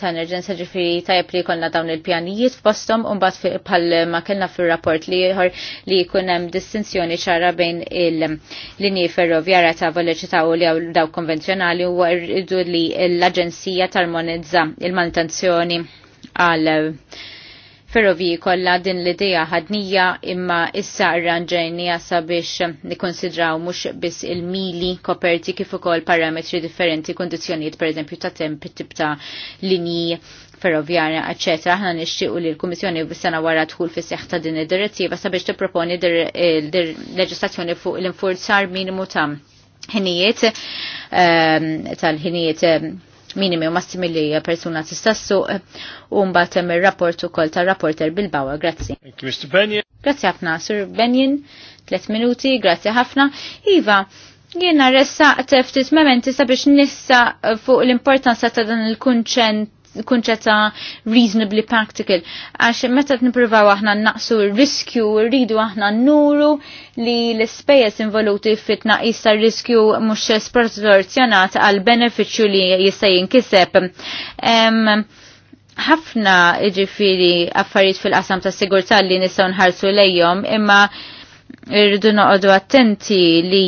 ta' emergenza ġifiri ta' li konna dawn il-pjanijiet f'postom un bat pal ma kellna fil-rapport li jħor li kunem distinzjoni ċara bejn il-linji ferrovjara ta' veloċità u li daw konvenzjonali u rridu li l-Aġenzija tal-Monizza il-Manutenzjoni għal ferroviji kollha din l-idea ħadnija imma issa arranġajnija sabiex nikkonsidraw mhux biss il-mili koperti kif ukoll parametri differenti, kondizzjonijiet pereżempju ta' temp tip ta' linji ferrovjarja, eccetera. Aħna nixtiequ li l-Kummissjoni sena wara tħul fis seħħ ta' din id-direttiva sabiex tipproponi leġislazzjoni fuq l-infurzar minimu ta' ħinijiet ehm, tal-ħinijiet ehm, minimi u massimi li persuna t u mbagħad hemm ir-rapport ukoll tar-rapporter bil-bawa. Grazzi. Grazzi ħafna, Sur Benjen, tliet minuti, grazzi ħafna. Iva, jiena t ftit mementi sabiex nissa fuq l-importanza ta' dan il-kunċent kunċetta reasonably practical. Għax meta t-nipruvaw aħna naqsu riskju, rridu aħna nuru li l-spejjeż involuti fit naqis ta' riskju mhux sproporzjonat għal beneficju li jista' jinkiseb. Ħafna ġifiri affarijiet fil-qasam ta' sigurtà li nistgħu nħarsu lejhom, imma rridu noqogħdu attenti li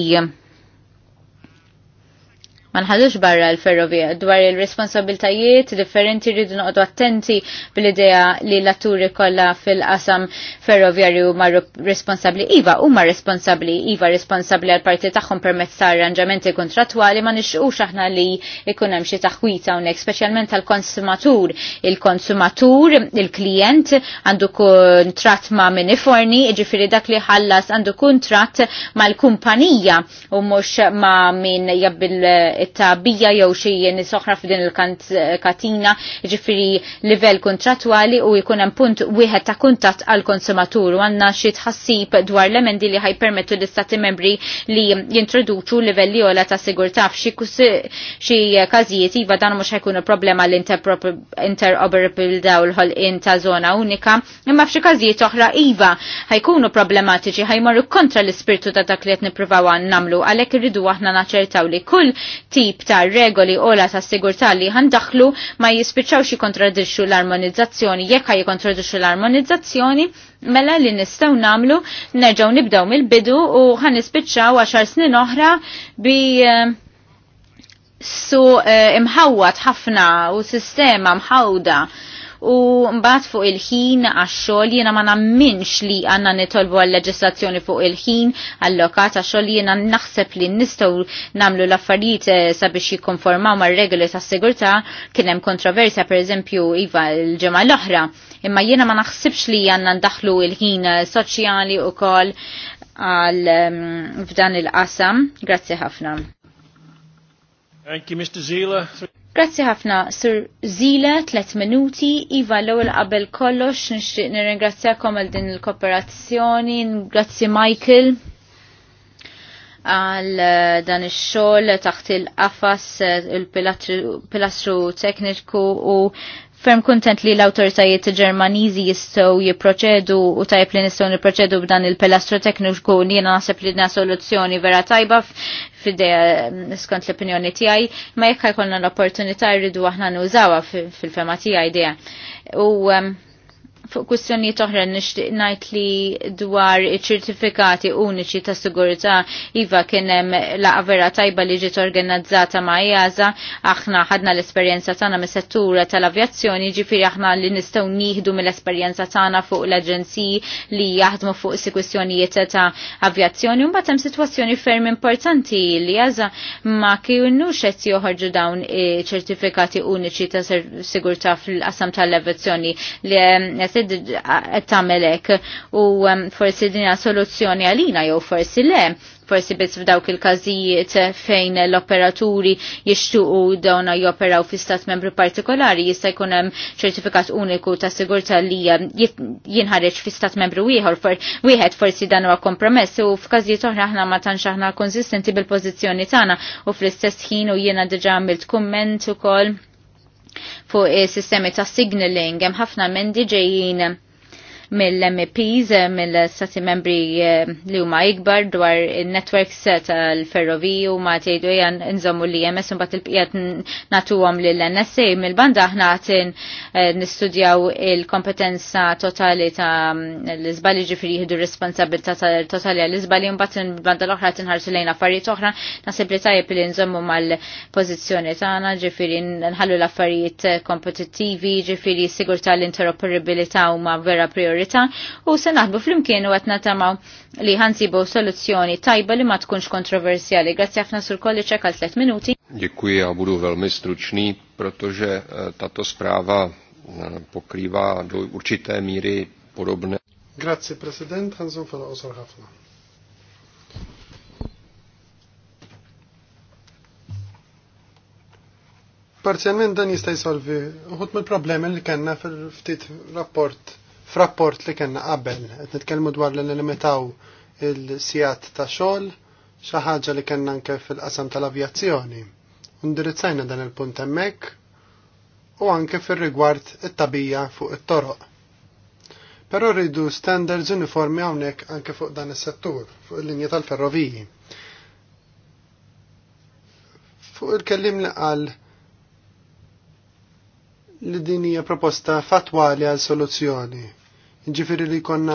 ma nħadux barra l-ferrovija dwar il-responsabiltajiet differenti rridu noqdu attenti bil-idea li l-atturi kollha fil-qasam ferrovjarju ma responsabli iva huma responsabli iva responsabli għal parti tagħhom permezz ta' arranġamenti kontrattwali ma nixqux aħna li ikunem hemm xi taħwita hawnhekk speċjalment tal-konsumatur il-konsumatur il-klient għandu kuntratt ma' miniforni iġifiri dak li ħallas għandu kuntratt mal-kumpanija u mhux ma' min jabbil ta' tabija jew xi nisoħra f'din il-katina ġifiri livell kontratwali u jkun hemm punt wieħed ta' kuntatt għal konsumatur u għandna xi tħassib dwar l-emendi li ħajpermettu l-istati membri li jintroduċu livelli ola ta' sigurtà f'xi każijiet iva dan mhux ħajkunu problema l-interoperabil daw l-ħolqien ta' zona unika, imma f'xi każijiet oħra iva ħajkunu problematiċi ħajmorru kontra l-ispirtu ta' dak li qed nippruvaw nagħmlu għalhekk irridu aħna naċċertaw li kull tip ta' regoli la ta' sigurtà li ħandaħlu ma jispiċċawx jikontradixxu l-armonizzazzjoni. Jekk ħaj jikontradixxu l-armonizzazzjoni, mela li nistgħu nagħmlu nerġgħu nibdaw mill-bidu u ħan jispiċaw għaxar snin oħra bi eh, su eh, imħawwat ħafna u sistema mħawda u mbagħad fuq il-ħin għax-xogħol jiena ma namminx li għandna nitolbu għal-leġislazzjoni fuq il-ħin allokat għax-xogħol jiena naħseb li nistgħu nagħmlu l-affarijiet eh, sabiex jikkonformaw mar-regoli tas-sigurtà kien hemm kontroversja pereżempju iva l-ġimgħa l-oħra. Imma jiena ma naħsibx li għandna ndaħlu il-ħin eh, soċjali wkoll għal ehm, f'dan il-qasam. Grazzi ħafna. Thank you, Mr. Zila. Grazzi ħafna, Sir Zila, tlet minuti, Iva l-ewel qabel kollox, nixtieq nirringrazzjakom għal din il-kooperazzjoni, grazzi Michael għal eh, dan ix-xogħol taħt il-qafas eh, il-pilastru tekniku u ferm kontent li l-autoritajiet ġermaniżi jistgħu jipproċedu u tajb li nistgħu nipproċedu b'dan il-pilastru tekniku li jiena naħseb li dna soluzzjoni vera tajba fideja mm, skont l-opinjoni tiegħi, ma jekk jkollna l-opportunità rridu aħna nużawha fil-fema tiegħi dejja. U um, Fuq kwistjonijiet oħra nixtieq najt li dwar iċertifikati ċertifikati uniċi ta' sigurtà iva kien hemm vera tajba li ġiet organizzata ma' jaza e aħna ħadna l-esperjenza tagħna mis-settura tal-avjazzjoni, ġifiri aħna li nistgħu nieħdu mill-esperjenza tagħna fuq l-aġenziji li jaħdmu fuq si kwistjonijiet ta' avjazzjoni, un hemm sitwazzjoni ferm importanti li jaza e ma kienu qed joħorġu dawn ċertifikati uniċi ta' sigurtà fil-qasam tal-avjazzjoni li inti qed tagħmel hekk u forsi dinja soluzzjoni għalina jew forsi le forsi biss f'dawk il-każijiet fejn l-operaturi jixtuqu dawna joperaw fi stat membru partikolari jista' jkun hemm ċertifikat uniku ta' sigurtà li jinħareġ fi stat membru ieħor for wieħed forsi dan huwa kompromess u f'każijiet oħra aħna ma tantx aħna konsistenti bil-pożizzjoni tagħna u fl-istess ħin u jiena diġà għamilt kumment ukoll fuq is-sistemi ta' signaling hemm ħafna mendi ġejjin mill-MPs, mill-stati membri eh, li huma ikbar dwar il-networks tal-ferroviju ma tgħidu jan eh, nżommu li jemes imbagħad il-bqiegħed nagħtuhom lill-NSA mill-banda aħna għatin eh, nistudjaw il-kompetenza totali ta' l-iżbali ġifieri jieħdu responsabilità totali għall-iżbali mbagħad il-banda l-oħra tinħarsu lejn affarijiet oħra naħseb li tajjeb li nżommu mal-pożizzjoni tagħna ġifieri nħallu l-affarijiet kompetittivi ġifieri sigurtà l-interoperabilità huma vera priorità priorità u se naħbu fl-imkien u qed natamaw li ħansibu soluzzjoni tajba li ma tkunx kontroversjali. Grazzi ħafna sur kolliċa għal 3 minuti. Děkuji, já budu velmi stručný, protože e, tato sprava e, pokriva do určité míry porobne. Grazie, President. għanżum Fala Osar Hafna. Parzjalment dan jista' jsolvi uħut mill-problemi li kellna fil-ftit rapport Frapport li kena qabel, qed nitkellmu dwar li nilimitaw il-sijat ta' xogħol, xi ħaġa li kellna anke fil-qasam tal-avjazzjoni. Ndirizzajna dan il-punt hemmhekk u anke fir-rigward it-tabija fuq it-toroq. Però rridu standards uniformi hawnhekk anke fuq dan is-settur, fuq il-linja tal-ferroviji. Fuq il-kellim li qal li din hija proposta fatwali għal soluzzjoni. Ġifiri li konna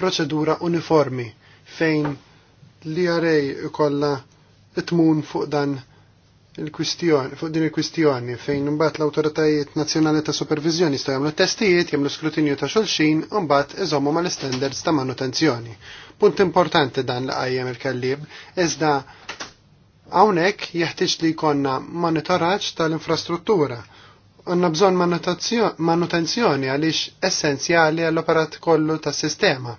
proċedura uniformi fejn li għarej ikolla tmun fuq dan il-kwistjoni, fuq din il-kwistjoni fejn mbagħad l-awtoritajiet nazzjonali ta' supervizjoni sta jagħmlu testijiet, jagħmlu skrutinju ta' xulxin u mbagħad iżommu mal standards ta' manutenzjoni. Punt importanti dan li qajjem il-kellib, iżda hawnhekk jeħtieġ li jkollna monitoraġġ tal-infrastruttura għanna bżon manutenzjoni għalix essenzjali għall-operat kollu tas sistema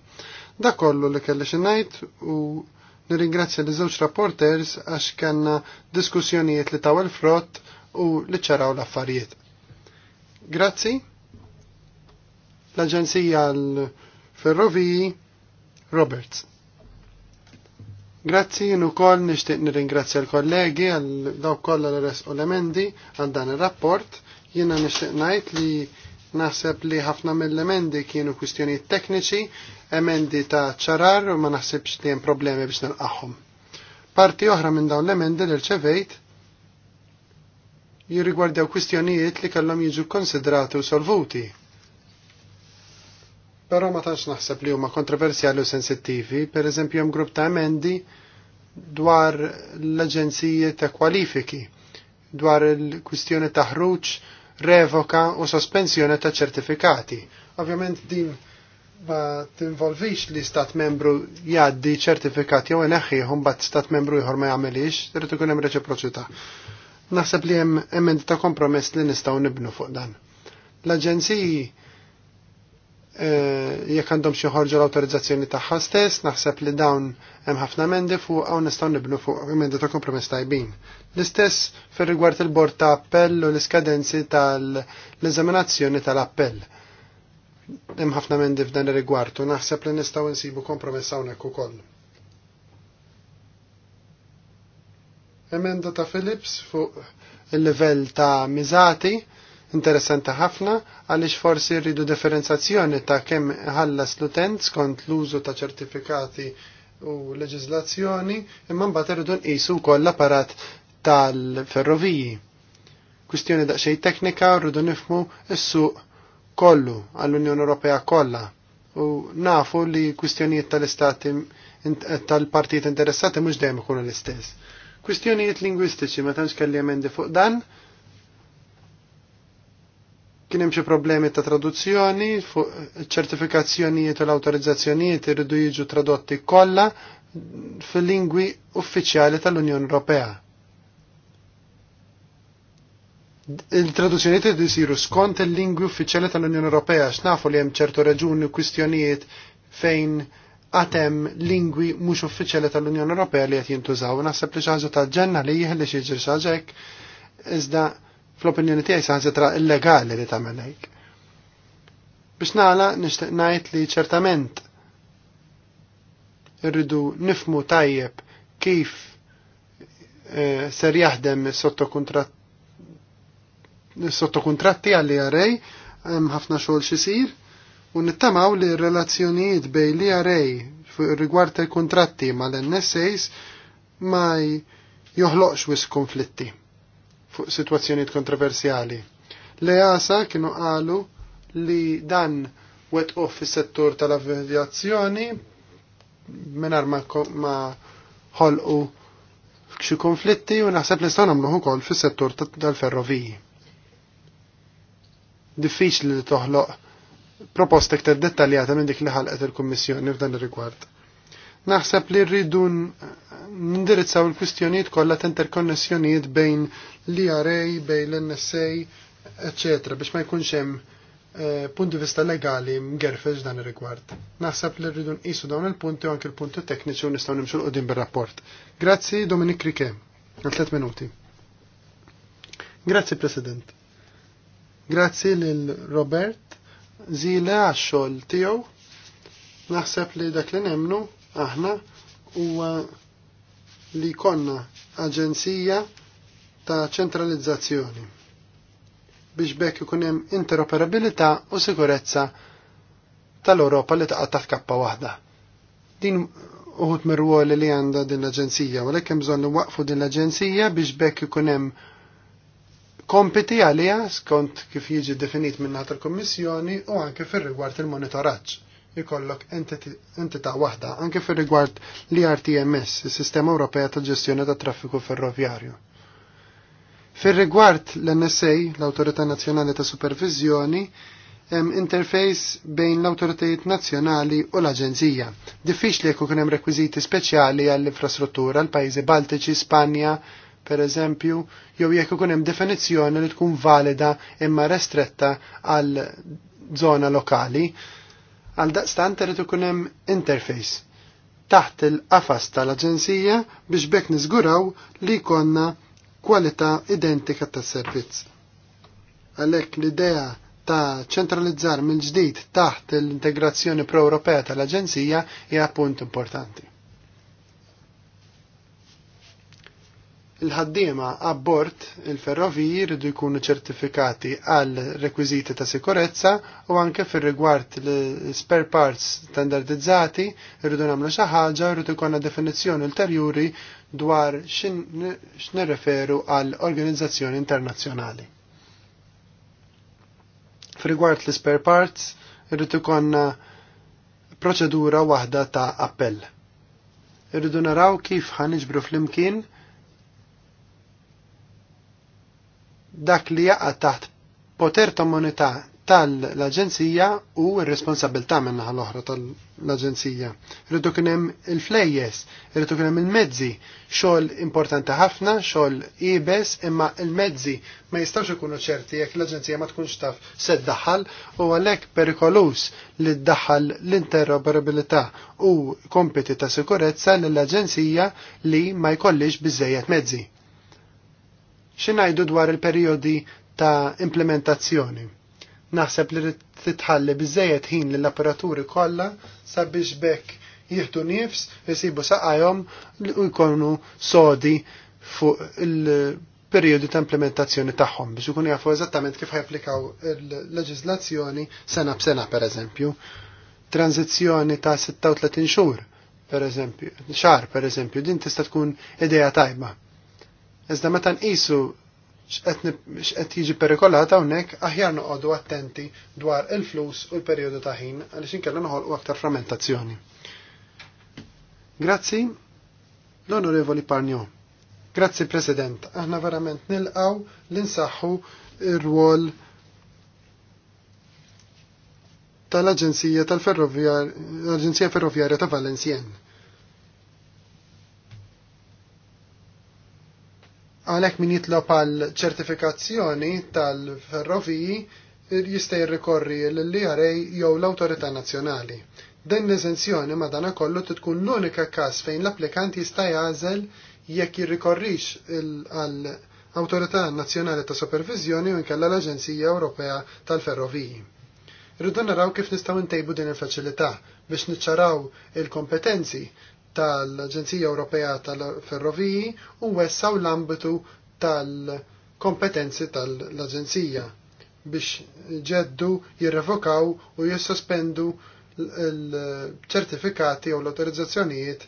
Da kollu li kelli xinajt u nirringrazzja li żewġ rapporters għax kanna diskussjonijiet li taw il-frott u li ċaraw l-affarijiet. Grazzi. L-Aġenzija l-Ferroviji Roberts. Grazzi, jenu kol nixtieq nirringrazzja l-kollegi għal daw kollha l-res u l-emendi għal dan il-rapport. Jiena nixtieq ngħid li naħseb li ħafna mill-emendi kienu kwistjonijiet tekniċi, emendi ta' ċarar u ma naħsebx li hemm problemi biex nilqaħħom. Parti oħra minn dawn l-emendi li rċevejt jirrigwardjaw kwistjonijiet li kellhom jiġu konsidrati u solvuti. Però ma tantx naħseb li huma kontroversjali u sensittivi, per eżempju hemm grupp ta' emendi dwar l aġenzijiet ta' kwalifiki, dwar il-kwistjoni ta' ħruġ revoka u sospensjoni ta' ċertifikati. Ovvjament din ma tinvolvix li stat membru jaddi ċertifikati jew neħħieħum bat stat membru jħor ma jgħamilix, irid ikun hemm reċiproċità. Naħseb li hemm emend ta' kompromess li nistgħu nibnu fuq dan. L-aġenziji Eh, jekk għandhom xi ħorġu l-awtorizzazzjoni tagħha stess, naħseb li dawn hemm ħafna emendi fuq hawn nistgħu nibnu fuq emendi ta' kompromess tajbin. L-istess fir-rigward il-bord ta' appell u l-iskadenzi tal-eżaminazzjoni tal-appell. Hemm ħafna emendi f'dan ir-rigward u naħseb li nistgħu nsibu kompromess hawnhekk ukoll. Emenda ta' Philips fuq il-livell ta' miżati interessanti ħafna għaliex forsi rridu differenzjazzjoni ta' kemm ħallas l-utent skont l-użu ta' ċertifikati u leġiżlazzjoni imma mbagħad irridu nqisu wkoll l-apparat tal-ferroviji. Kwistjoni daqsxejn teknika rridu nifmu s-suq kollu għall-Unjoni Ewropea kollha u nafu li kwistjonijiet tal-istati tal-partijiet interessati mhux dejjem ikunu l-istess. Kwistjonijiet lingwistiċi ma tantx kelli emendi fuq dan, Kien hemm xi problemi ta' traduzzjoni fuq ċertifikazzjonijiet u l-awtorizzazzjonijiet iridu jiġu tradotti kollha fil-lingwi uffiċjali tal-Unjoni Ewropea. Il-traduzzjonijiet irridu jsiru skont il-lingwi uffiċjali tal-Unjoni Ewropea x'nafu li hemm ċertu raġuni u kwistjonijiet fejn għatem lingwi mhux uffiċjali tal-Unjoni Ewropea li qed jintużaw. Naħseb li xi ħaġa tal-ġenna li jieħli xi jiġri xi iżda fl-opinjoni tiegħi saħansitra illegali li tagħmel hekk. Biex nagħla nixtieq ngħid li ċertament irridu nifmu tajjeb kif eh, ser jaħdem sottokuntratti għalli għarej, hemm ħafna xogħol xisir, u nittamaw li r relazzjonijiet bej li għarej rigward il-kontratti mal-NSAs ma joħloqx wis konflitti fuq situazzjoniet kontroversjali. L-EASA kienu qalu li dan wet off fis settur tal-avjazzjoni minar ma, ma ħolqu xi konflitti u naħseb li nistgħu nagħmluh kol fis-settur tal-ferroviji. Diffiċli li toħloq proposta iktar dettaljata minn dik li ħalqet il-Kummissjoni f'dan ir-rigward. Naħseb li rridu nindirizzaw il-kwistjonijiet kollha ta' interkonnessjonijiet bejn l-IRA, bejn l-NSA, eċetera, biex ma jkunx hemm eh, punti vista legali mgerfeġ dan ir-rigward. Naħseb li rridu nqisu dawn il-punti u anke l-punti tekniċi u nistgħu nimxu l-qudiem bir-rapport. Grazzi Dominik Rike, għal tliet minuti. Grazzi President. Grazzi lil Robert Zile għax-xogħol tiegħu. Naħseb li dak li nemnu aħna huwa li konna aġenzija ta' ċentralizzazzjoni biex bekk ikun hemm interoperabilità u sikurezza tal europa li taqa' taħt kappa waħda. Din uħut mir-ruol li għandha din l-aġenzija, u lekk bżonn waqfu din l-aġenzija biex bekk ikun hemm kompiti għalija skont kif jiġi definit minn naħta l-Kommissjoni u anke fir rigward il-monitoraġġ jikollok entità waħda anke fir rigward l-IRTMS, is-Sistema Ewropea ta' Ġestjoni ta' Traffiku Ferroviarju. Fir rigward l-NSA, l-Awtorità Nazzjonali ta' Supervizjoni, hemm interface bejn l-awtoritajiet nazzjonali u l-Aġenzija. Diffiċli jekk ikun hemm rekwiżiti speċjali għall-infrastruttura l pajjiżi Baltiċi, Spanja, per eżempju, jew jekk ikun hemm definizzjoni li tkun valida imma restretta għal zona lokali Għal daqstan irid ikun hemm interface taħt il-qafas tal-Aġenzija biex bekk niżguraw li konna kwalità identika tas-servizz. Għalhekk l-idea ta' ċentralizzar mill-ġdid taħt l-integrazzjoni pro-Ewropea tal-Aġenzija hija punt importanti. il-ħaddiema abbord il-ferroviji jridu jkunu ċertifikati għal rekwiżiti ta' sikurezza u anke fir-rigward l-spare parts standardizzati rridu nagħmlu xi ħaġa rridu jkollna definizzjoni ulterjuri dwar x'nirreferu għal organizzazzjoni internazzjonali. Fir-rigward l-spare parts rridu jkollna proċedura waħda ta' appell. Irridu naraw kif ħaniġbru fl-imkien dak li jaqa taħt poter ta' moneta tal-Aġenzija u r-responsabilta minna l-oħra tal-Aġenzija. Rridu kienem il-flejjes, rridu kienem il-mezzi, xogħol importanti ħafna, xogħol ibes, imma il-mezzi ma jistawx ikunu ċerti jekk l-Aġenzija ma tkunx taf se ddaħħal u għalhekk perikolus li ddaħħal l-interoperabilità u kompeti ta' sikurezza lill-Aġenzija li ma jkollix bizzejet mezzi xinajdu dwar il-periodi ta' implementazzjoni. Naħseb li titħalli bizzejet ħin l-apparaturi kollha sabiex bekk jieħdu nifs, jisibu saqajhom u jkunu sodi fuq il-periodi ta' implementazzjoni tagħhom biex ikunu jafu eżattament kif ħajapplikaw il-leġiżlazzjoni sena b'sena pereżempju. Tranzizzjoni ta' 36 xhur eżempju, xar pereżempju, din tista' tkun idea tajba Iżda meta nqisu x'qed jiġi perikolata hawnhekk aħjar noqogħdu attenti dwar il-flus u l-perjodu ta' ħin għaliex inkella noħolqu aktar frammentazzjoni. Grazzi, l-Onorevoli Parnio. Grazzi President, aħna verament nilqaw l-insaħħu ir-rwol tal-Aġenzija tal-Ferrovjarja ta' Valencien għalhekk min jitlob għal ċertifikazzjoni tal-ferroviji jista' rikorri l-IRA jew l-Awtorità Nazzjonali. Din l-eżenzjoni kollu tkun l-unika każ fejn l-applikant jista' għazel jekk jirrikorrix għal Awtorità Nazzjonali ta' Supervizjoni u nkella l-Aġenzija Ewropea tal-Ferroviji. Rridu naraw kif nistgħu ntejbu din il-faċilità biex niċċaraw il-kompetenzi tal-Aġenzija Ewropea tal-Ferroviji u wessaw l-ambitu tal-kompetenzi tal-Aġenzija biex ġeddu jirrevokaw u jissospendu l-ċertifikati u l-autorizzazzjonijiet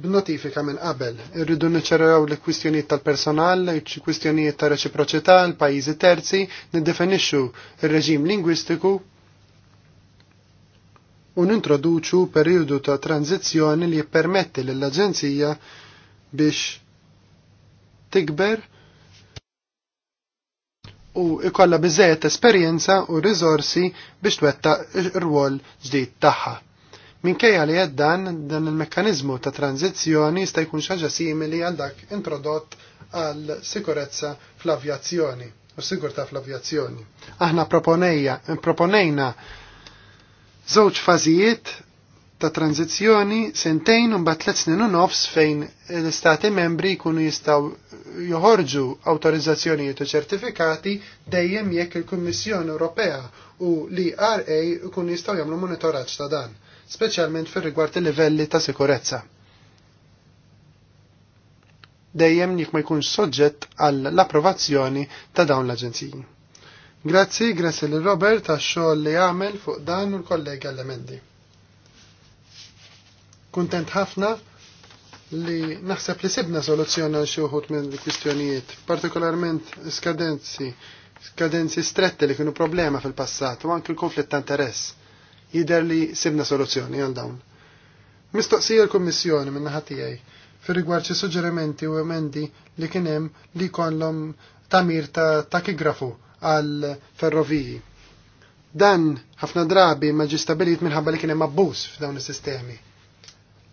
b'notifika minn qabel. Irridu niċċaraw l kwistjonijiet tal-personal, kwistjonijiet tal reċiproċità, l-pajjiżi terzi, niddefinixxu ir-reġim lingwistiku u nintroduċu periodu ta' tranzizzjoni li jippermetti l-Aġenzija biex tikber u ikolla biżejjed esperjenza u riżorsi biex twettaq r rwol ġdid tagħha. Minkejja li qed dan dan il-mekkaniżmu ta' tranzizzjoni jista' jkun xaġa simili għal dak introdott għal sikurezza fl-avjazzjoni u sigurtà fl-avjazzjoni. Aħna proponejja proponejna Żewġ fażijiet ta' tranzizjoni sentejn un bat tlet snin u nofs fejn l-istati membri jkunu jistaw joħorġu autorizzazzjonijiet u ċertifikati dejjem jekk il-Kummissjoni Ewropea u l-IRA jkunu jistaw jagħmlu monitoraġġ ta' dan, speċjalment fir-rigward il-livelli ta' sikurezza. Dejjem jekk ma jkunx soġġett għall-approvazzjoni ta' dawn l-aġenziji. Grazzi, grazzi li Robert għax xogħol li għamel fuq dan u l-kollega l-emendi. Kuntent ħafna li naħseb li sibna soluzzjoni għal xi wħud minn kwistjonijiet, partikolarment skadenzi, skadenzi strette li kienu problema fil-passat u anke l-konflitt ta' interess. Jider li sibna soluzzjoni għal dawn. Mistoqsija l-Kummissjoni minn naħa tiegħi fir-rigward xi suġġerimenti u emendi li kien hemm li jkollhom tamir ta' takigrafu għal ferroviji. Dan ħafna drabi ma ġistabiliet minħabba li kien hemm abbuż f'dawn is-sistemi.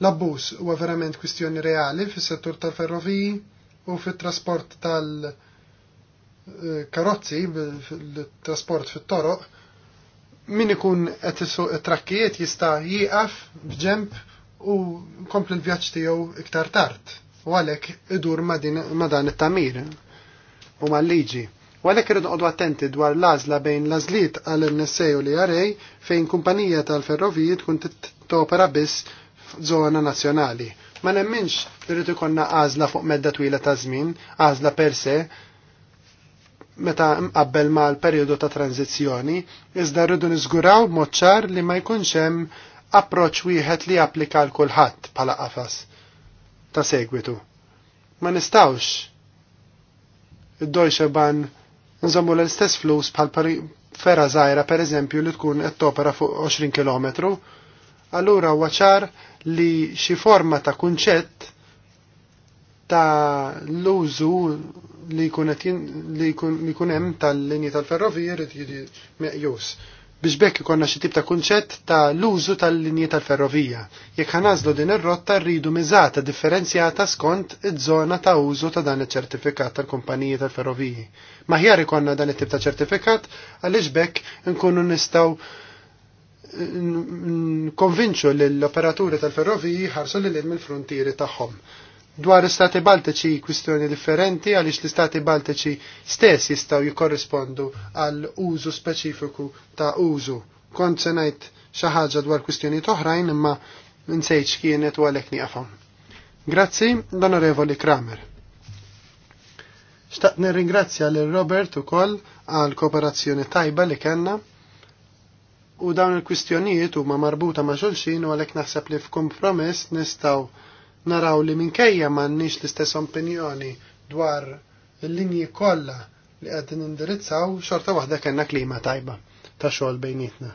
L-abbuż huwa verament kwistjoni reali fis-settur tal-ferroviji u fit-trasport tal-karozzi, eh, trasport fit-toroq, min ikun qed isuq trakkijiet jista' jieqaf b'ġemp u kompli l-vjaġġ tiegħu iktar tard. U għalhekk idur ma dan it-tamir u mal-liġi. Walek għalhekk irridu attenti dwar l-għażla bejn l għal nsej u li għarej fejn kumpanija tal-ferroviji tkun topera biss f'żona nazzjonali. Ma nemminx irrid konna għażla fuq medda twila ta' żmien, għażla per se, meta mqabbel ma' l-perjodu ta' tranzizjoni, iżda rridu niżguraw moċċar li ma jkunx hemm approċċ wieħed li applika l kulħadd bħala qafas ta' segwitu. Ma nistawx id-Deutsche Bahn nżommu l-istess flus bħal ferra zaħira per eżempju li tkun qed topera fuq 20 km, allura waċar li xi forma ta' kunċett ta' l-użu li jkun hemm tal-linji tal-ferrovija jrid jiġi meqjus biex bekk ikonna xi tip ta' kunċett ta' l-użu tal-linji tal-ferrovija. Jekk ħanażlu din ir-rotta rridu miżata differenzjata skont iż-żona ta' użu ta' dan iċ-ċertifikat tal-kumpaniji tal-ferroviji. Maħjar ikonna dan it-tip ta' ċertifikat għaliex bekk nkunu nistgħu konvinċu l-operaturi tal-ferroviji ħarsu l mill-frontieri tagħhom. Dwar istati baltiċi kwistjoni differenti għaliex l-istati baltiċi stess jistgħu jikorrispondu għal użu speċifiku ta' użu. Kont se ngħid xi ħaġa dwar kwistjoni oħrajn imma nsejċ kienet u għalhekk nieqafhom. Grazzi, l-Onorevoli Kramer. Xtaqt nirringrazzja lil Robert ukoll għal kooperazzjoni tajba li kellna u dawn il-kwistjonijiet huma marbuta ma' xulxin u għalhekk naħseb li f'kompromess nistgħu naraw li minkejja m'għandniex l-istess opinjoni dwar il-linji kollha li qed nindirizzaw xorta waħda kena klima tajba ta' xogħol bejnietna.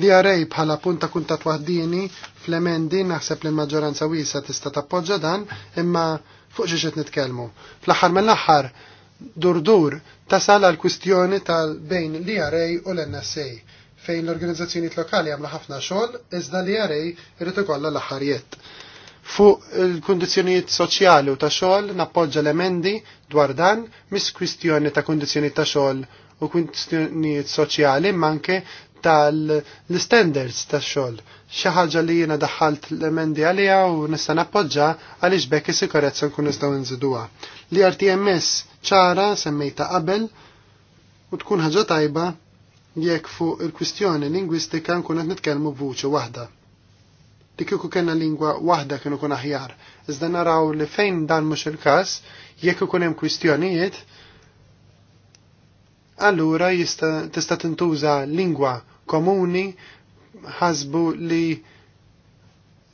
Li għarej bħala punta kuntat waħdini fl-emendi naħseb li l-maġġoranza wiesa tista' tappoġġa dan imma fuq xi qed nitkellmu. Fl-aħħar mill-aħħar durdur tasal għal kwistjoni tal-bejn li għarej u l-NSA fejn l-organizzazzjoni lokali għamla ħafna xogħol iżda li għarej irrid ikollha l-aħħarijiet. Fuq il kondizjoniet soċjali u ta' xogħol nappoġġa l-emendi dwar dan mis kwistjoni ta' kondizjoniet ta' xogħol u kwistjonijiet soċjali manke tal-standards ta' xogħol. Xi ħaġa li jiena daħħalt l-emendi għaliha u nista' nappoġġa għaliex bekk is-sikurezza nkun nistgħu nżiduha. Li RTMS ċara semmejta qabel u tkun ħaġa tajba jekk fuq il-kwistjoni lingwistika nkun qed nitkellmu b'vuċi waħda li kieku kena lingwa wahda kienu kun aħjar. Iżda naraw li fejn dan mux il-kas, jekk ikun hemm kwistjonijiet, allura jista' tista' tintuża lingwa komuni ħasbu li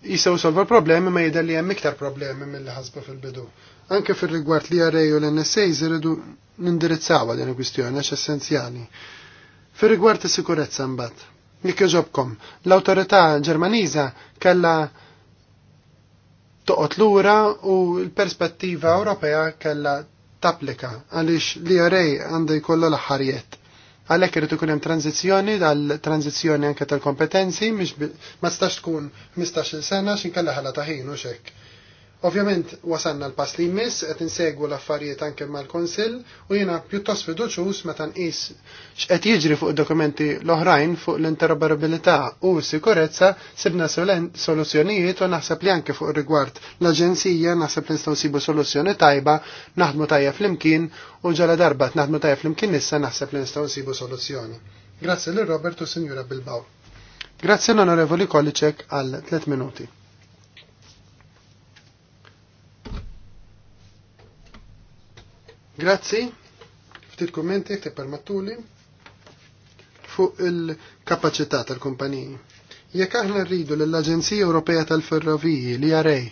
jisew solva problemi ma jidher li hemm iktar problemi mill ħasbu fil-bidu. Anke fil-rigward li għarej u l-NSA jiridu nindirizzawa din il-kwistjoni għax essenzjali. Fil-rigward is-sikurezza mbagħad jekk L-autorità ġermaniża kellha toqgħod lura u l-perspettiva Ewropea kellha taplika għaliex li għarej għandu jkollu l-ħarjet. Għalhekk irid ikun hemm tranzizzjoni dal tranzizjoni anke tal-kompetenzi ma stax tkun 15-il sena x'inkella ħala taħin u xek. Ovvjament wasanna l-pass li jmiss qed insegwu l-affarijiet anke mal-Konsill u jiena pjuttost fiduċjuż meta nqis x'qed jiġri fuq dokumenti l-oħrajn fuq l-interoperabilità u s-sikurezza sibna soluzzjonijiet u naħseb li anke fuq rigward l-Aġenzija naħseb li nistgħu nsibu soluzzjoni tajba, naħdmu tajja flimkien u ġala darba naħdmu tajja flimkien issa naħseb li nistgħu nsibu soluzzjoni. Grazzi lil Robertu Sinjura Bilbaw. Grazzi l-Onorevoli Kolicek għal 3 minuti. Grazzi, ftit kummenti ftit permattuli fuq il-kapacità tal-kumpaniji. Jekk aħna rridu l-Aġenzija Ewropea tal-Ferroviji li jarej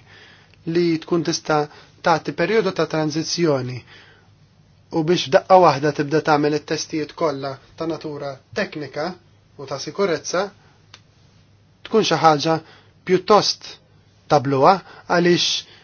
li tkun tista' tagħti perjodu ta' tranzizzjoni u biex daqqa waħda tibda tagħmel it-testijiet kollha ta' natura teknika u ta' sikurezza tkun xi ħaġa pjuttost tabluha għaliex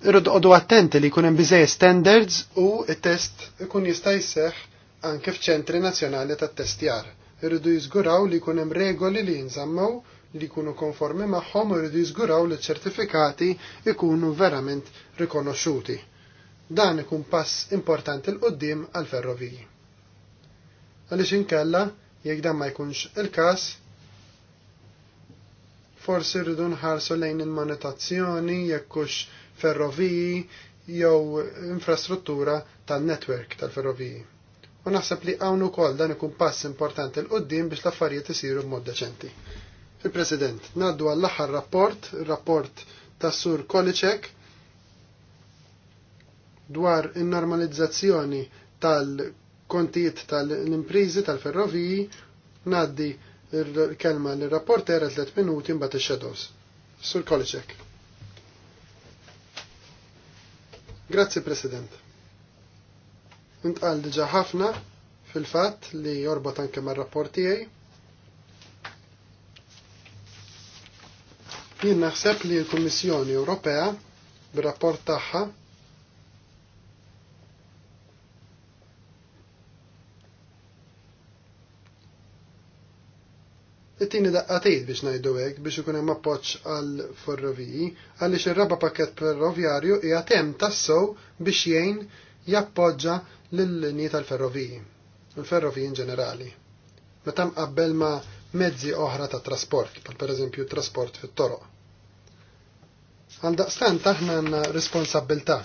irrid qodu attenti li jkun hemm standards u t-test ikun jista' jseħħ anke f'ċentri nazzjonali tat-testjar. Irridu jiżguraw li jkun hemm regoli li jinżammaw li jkunu konformi magħhom u jridu jiżguraw li ċ-ċertifikati jkunu verament rikonoxxuti. Dan ikun pass importanti l-qoddim għal ferroviji. Għaliex inkella jekk dan ma jkunx il-każ, forsi rridu nħarsu lejn il-monetazzjoni jekk hux ferroviji jew infrastruttura tal-netwerk tal-ferroviji. U naħseb li hawn ukoll dan ikun pass importanti l-qoddim biex l-affarijiet isiru b'mod deċenti. Il-President, naddu għall-aħħar rapport, rapport tas Sur Kolicek dwar in-normalizzazzjoni tal-kontijiet tal-imprizi tal-ferroviji naddi il-kelma l era 3 minuti mbagħad ix-shadows. Sur Kolicek. Grazzi President. Intqal diġa ħafna fil-fatt li jorbot anke mar-rapport tiegħi. Jien naħseb li l-Kummissjoni Ewropea bir-rapport tagħha it-tieni daqqatit biex ngħidu hekk biex ikun hemm appoġġ għal ferroviji għaliex ir-raba pakkett ferroviarju hija temm tassow biex jgħin jappoġġa lill-linji tal-ferroviji, l ferroviji in ġenerali. Meta mqabbel ma' mezzi oħra ta' trasport, pal pereżempju trasport fit-toroq. Għal daqstant aħna għandna responsabilta'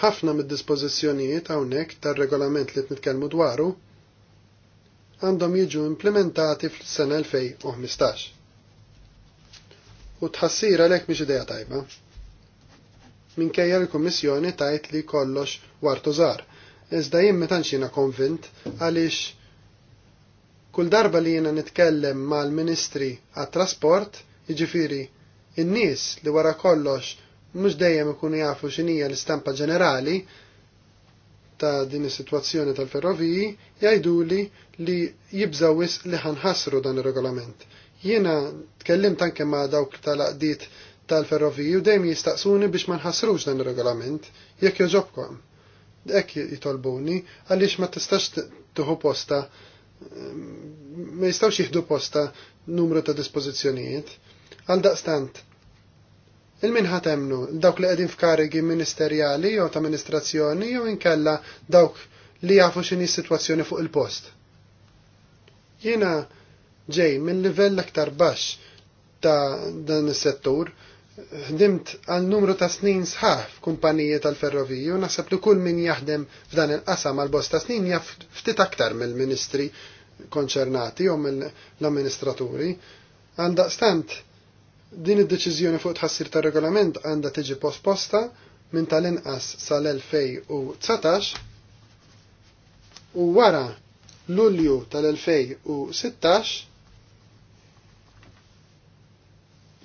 ħafna mid-dispożizzjonijiet hawnhekk tar-regolament li nitkellmu dwaru għandhom jiġu implementati fl-sena 2015. U tħassira lek miex ideja tajba. Minkejja l-Kummissjoni tajt li kollox wartu żgħar, iżda jien meta jiena konvint għaliex kull darba li jiena nitkellem mal-Ministri għat-Trasport, jiġifieri in-nies li wara kollox mhux dejjem ikunu jafu x'inija l-istampa ġenerali ta' din is-sitwazzjoni tal-ferroviji jgħiduli li jibżawis li ħanħasru dan ir-regolament. Jiena tkellimt anke ma' dawk tal-qdiet tal-ferroviji u dejjem jistaqsuni biex ma nħassrux dan ir-regolament jekk joġobkom. Ek jitolbuni għaliex ma tistax tuħu posta ma jistawx jieħdu posta numru ta' dispożizzjonijiet. Għal daqstant, Il-minħat emnu, dawk li għedin f'karigi ministerjali jew ta' amministrazzjoni jew inkella dawk li jafu xini situazzjoni fuq il-post. Jina ġej minn livell aktar baxx ta' dan is-settur, ħdimt għal numru ta' snin sħaħ f'kumpaniji tal-ferroviju, naħseb li kull min jaħdem f'dan il-qasam għal bosta snin jaf ftit aktar mill-ministri konċernati jew mill-amministraturi. Għandaqstant, Din id-deċiżjoni fuq tħassir ta' regolament għandha tiġi posposta minn tal-inqas sal-2019 u wara Lulju tal-2016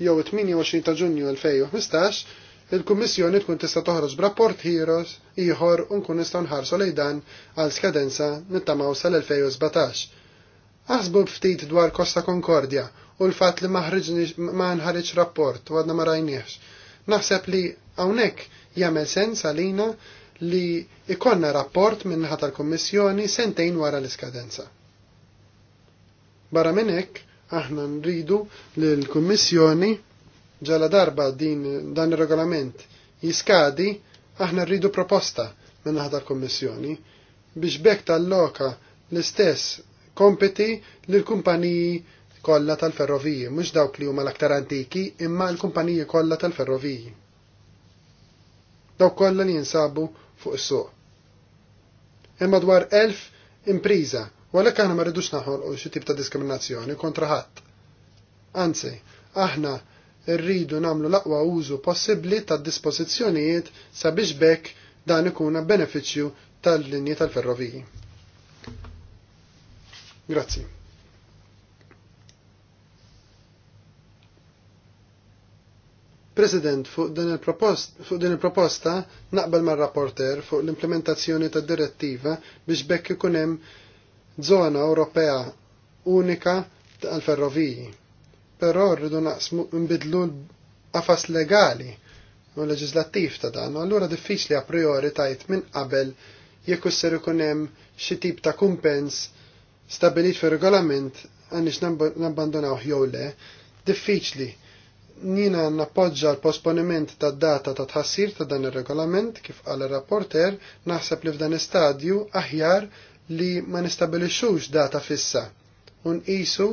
jew 28 ta' Ġunju 2015 il-Kummissjoni tkun tista' toħroġ b'rapport ħieros ieħor u nkun nistgħu nħarsu dan għal skadenza nittamaw sal-2017. Aħsbu ftit dwar Kosta Konkordja u l-fat li ma nħarġ rapport u għadna ma rajniex. Naħseb li għawnek jagħmel sens għalina li ikonna rapport minnaħat tal-Kommissjoni sentejn wara l-iskadenza. Barra minnek, aħna nridu li l-Kommissjoni ġala darba din dan il-regolament jiskadi, aħna rridu proposta minnaħat tal-Kommissjoni biex bekk tal-loka l-istess kompeti l-kumpaniji kollha tal-ferroviji, mhux dawk li huma l-aktar antiki imma l-kumpaniji kollha tal-ferroviji. Dawk kollha li jinsabu fuq is-suq. Imma dwar elf impriża, u għalhekk aħna ma rridux naħolqu xi tip ta' diskriminazzjoni kontra ħadd. Anzi, aħna rridu namlu l-aqwa użu possibbli tad dispożizzjonijiet sabiex bekk dan ikuna beneficju tal-linji tal-ferroviji. Grazie. President, fuq din il-proposta il naqbel mar rapporter fuq l-implementazzjoni ta' direttiva biex bekk ikun hemm żona Ewropea unika għal ferroviji. Però rridu naqsmu nbidlu l-qafas legali u leġislattiv ta' dan, allura diffiċli a priori tajt minn qabel jekk isser ikun hemm xi tip ta' kumpens stabilit fir regolament għandix nabbandonaw jew le, diffiċli nina nappoġġa l-posponiment tad data ta' tħassir ta' dan ir-regolament kif għal rapporter naħseb li f'dan istadju aħjar li ma nistabilixux data fissa u nqisu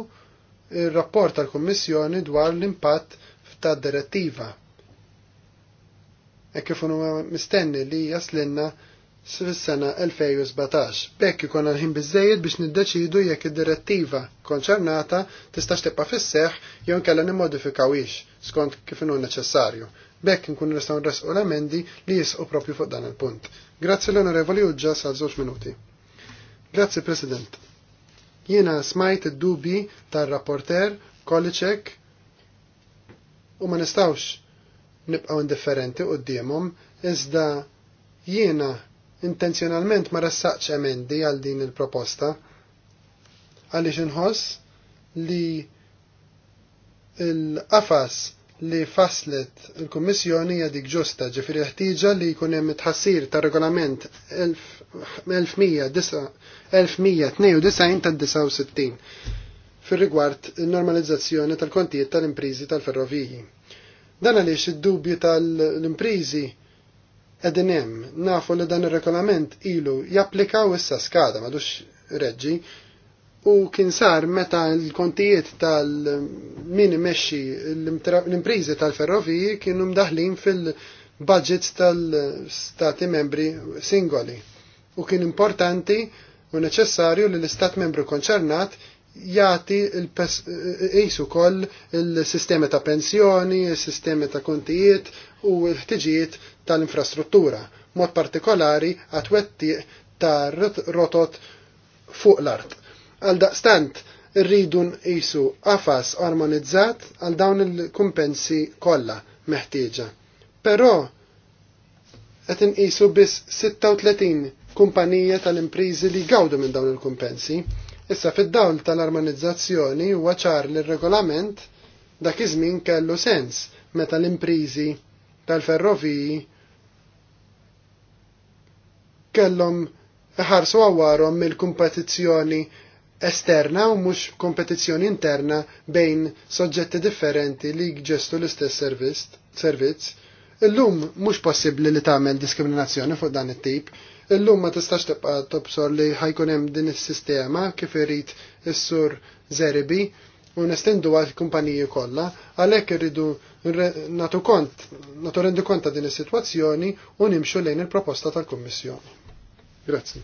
il rapport tal-Kummissjoni dwar l-impatt ta' direttiva. E kif unu mistenni li jaslinna fis-sena 2017. Bekk ikun ħin biżżejjed biex niddeċidu jekk id-direttiva konċernata tista' tibqa' fis-seħħ jew inkella ix skont kif inhu neċessarju. Bekk nkunu nistgħu nresqu l-emendi li jisqu propju fuq dan il-punt. Grazzi l-Onorevoli Uġġa sa' żewġ minuti. Grazzi President. Jiena smajt id-dubi tar-rapporter Kolicek u ma nistawx nibqgħu indifferenti qudiemhom iżda jiena intenzjonalment ma rassaqx emendi għal din il-proposta għaliex inħoss li il-qafas li faslet il-Kommissjoni hija dik ġusta ġifieri ħtieġa li jkun hemm tħassir ta' regolament 1192 ta' 69 fir-rigward il-normalizzazzjoni tal-kontijiet tal-imprizi tal-ferroviji. Dan għaliex id-dubju tal-imprizi edinem, hemm nafu li dan ir-regolament ilu japplikaw issa skada madux reġġi u kien sar meta l-kontijiet tal-min imexxi l-imprizi tal-ferroviji kienu mdaħlin fil-budgets tal-stati membri singoli u kien importanti u neċessarju li l-istat membru konċernat jati jisu koll il-sistemi ta' pensjoni, il-sistemi ta' kontijiet u l-ħtiġijiet tal-infrastruttura, mod partikolari għatwetti ta' rotot fuq l-art. Għal daqstant, rridun jisu għafas armonizzat għal dawn il-kumpensi kollha meħtieġa. Però qed inqisu biss 36 kumpanija tal-imprizi li gawdu minn dawn il-kumpensi. Issa fid-dawl tal-armonizzazzjoni huwa ċar l regolament dak iż-żmien kellu sens meta l-imprizi tal-ferroviji kellhom ħarsu għawarhom mill-kompetizzjoni esterna u mhux kompetizzjoni interna bejn soġġetti differenti li jġestu l-istess servizz. Illum mhux possibbli li tagħmel diskriminazzjoni fuq dan it-tip. Illum ma tistax tibqa' tobsor li ħajkun hemm din is-sistema kif irid is-sur Zeribi u nestendu għal kumpaniji kollha, għalhekk irridu natu kont, natu rendu kont ta' din is-sitwazzjoni u nimxu lejn il-proposta tal-Kummissjoni. Grazzi.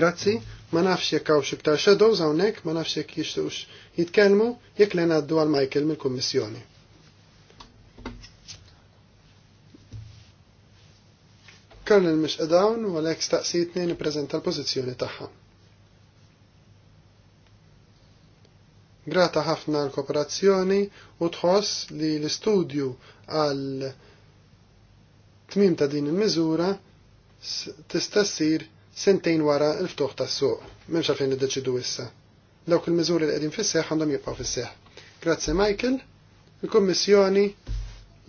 Grazzi, ma nafx jekk hawnx iktar shadows hawnhekk, ma nafx jekk jixtux jitkellmu jekk le ngħaddu għal Michael mill-Kummissjoni. Colonel mhux qedawn u għalhekk staqsitni nippreżenta l-pożizzjoni tagħha. Grata ħafna l-kooperazzjoni u tħoss li l-istudju għal tmim ta' din il-miżura tista' sentejn wara l-ftuħ tas-suq, m'hemmx id-deċidu issa. Dawk il-miżuri li qegħdin fis-seħħ għandhom jibqgħu fis-seħħ. Grazzi Michael, il-Kummissjoni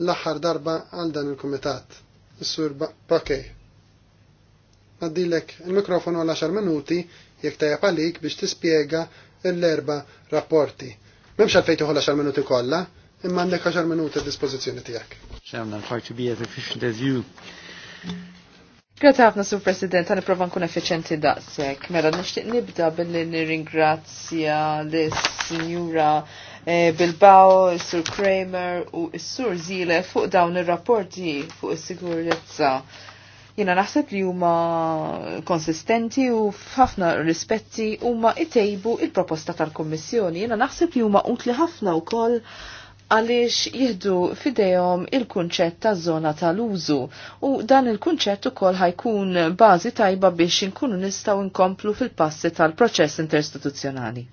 l-aħħar darba għal dan il-Kumitat, is-Sur Bakej. Naddilek il mikrofon għal 10 minuti jekk tajab għalik biex tispjega l-erba rapporti. Memx għalfejtu għal 10 minuti kollha, imma għandek 10 minuti a dispozizjoni tiegħek. Chairman, I'll try to be as efficient as you. Grazie ħafna, Sur President, għan iprofa nkun effiċenti daqsek. Mela, nishtiq nibda billi nirringrazzja l-Sinjura eh, Bilbao, Sur Kramer u Sur Zile fuq dawn ir-rapporti fuq is-sigurezza. Jena naħseb li huma konsistenti u f'ħafna rispetti huma itejbu il-proposta tal-Kommissjoni. Jena naħseb li huma utli ħafna wkoll koll għaliex jihdu fidejhom il-kunċett ta' zona tal-użu u dan il-kunċett ukoll ħajkun bażi tajba biex inkunu nistgħu nkomplu fil-passi tal-proċess interstituzzjonali.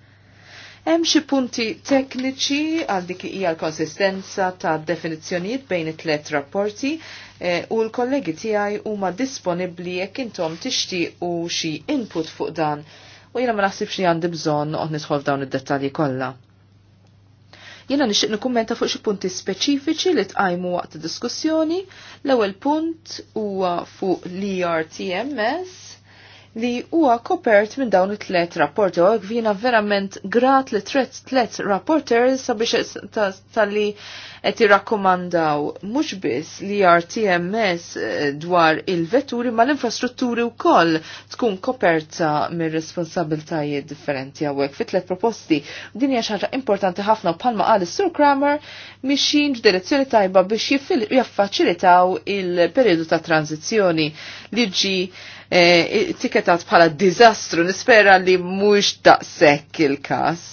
Hemm xi punti tekniċi għal dik hija l-konsistenza ta' definizzjonijiet bejn it tlet rapporti e, u l-kollegi tiegħi huma disponibbli jekk intom tixtiequ xi input fuq dan u jiena ma naħsibx li għandi bżonn noqgħod nidħol dawn id-dettalji kollha. Jena nixtieq nikkummenta fuq xi punti speċifiċi li tqajmu waqt diskussjoni. L-ewwel punt huwa fuq l-ERTMS li huwa kopert minn dawn it-tlet rapporti u għvina verament grat li tret tlet rapporters sabiex tal-li ta qed jirrakkomandaw mhux biss li RTMS eh, dwar il-vetturi ma l-infrastrutturi wkoll tkun koperta mir responsabiltajiet differenti għawek fitlet proposti. Din hija xi ħaġa importanti ħafna bħalma qal is-Sur Kramer mixin f'direzzjoni tajba biex jaffaċilitaw il periodu ta' tranzizjoni li ġi eh, tiketat bħala dizastru nispera li mhux daqshekk il-każ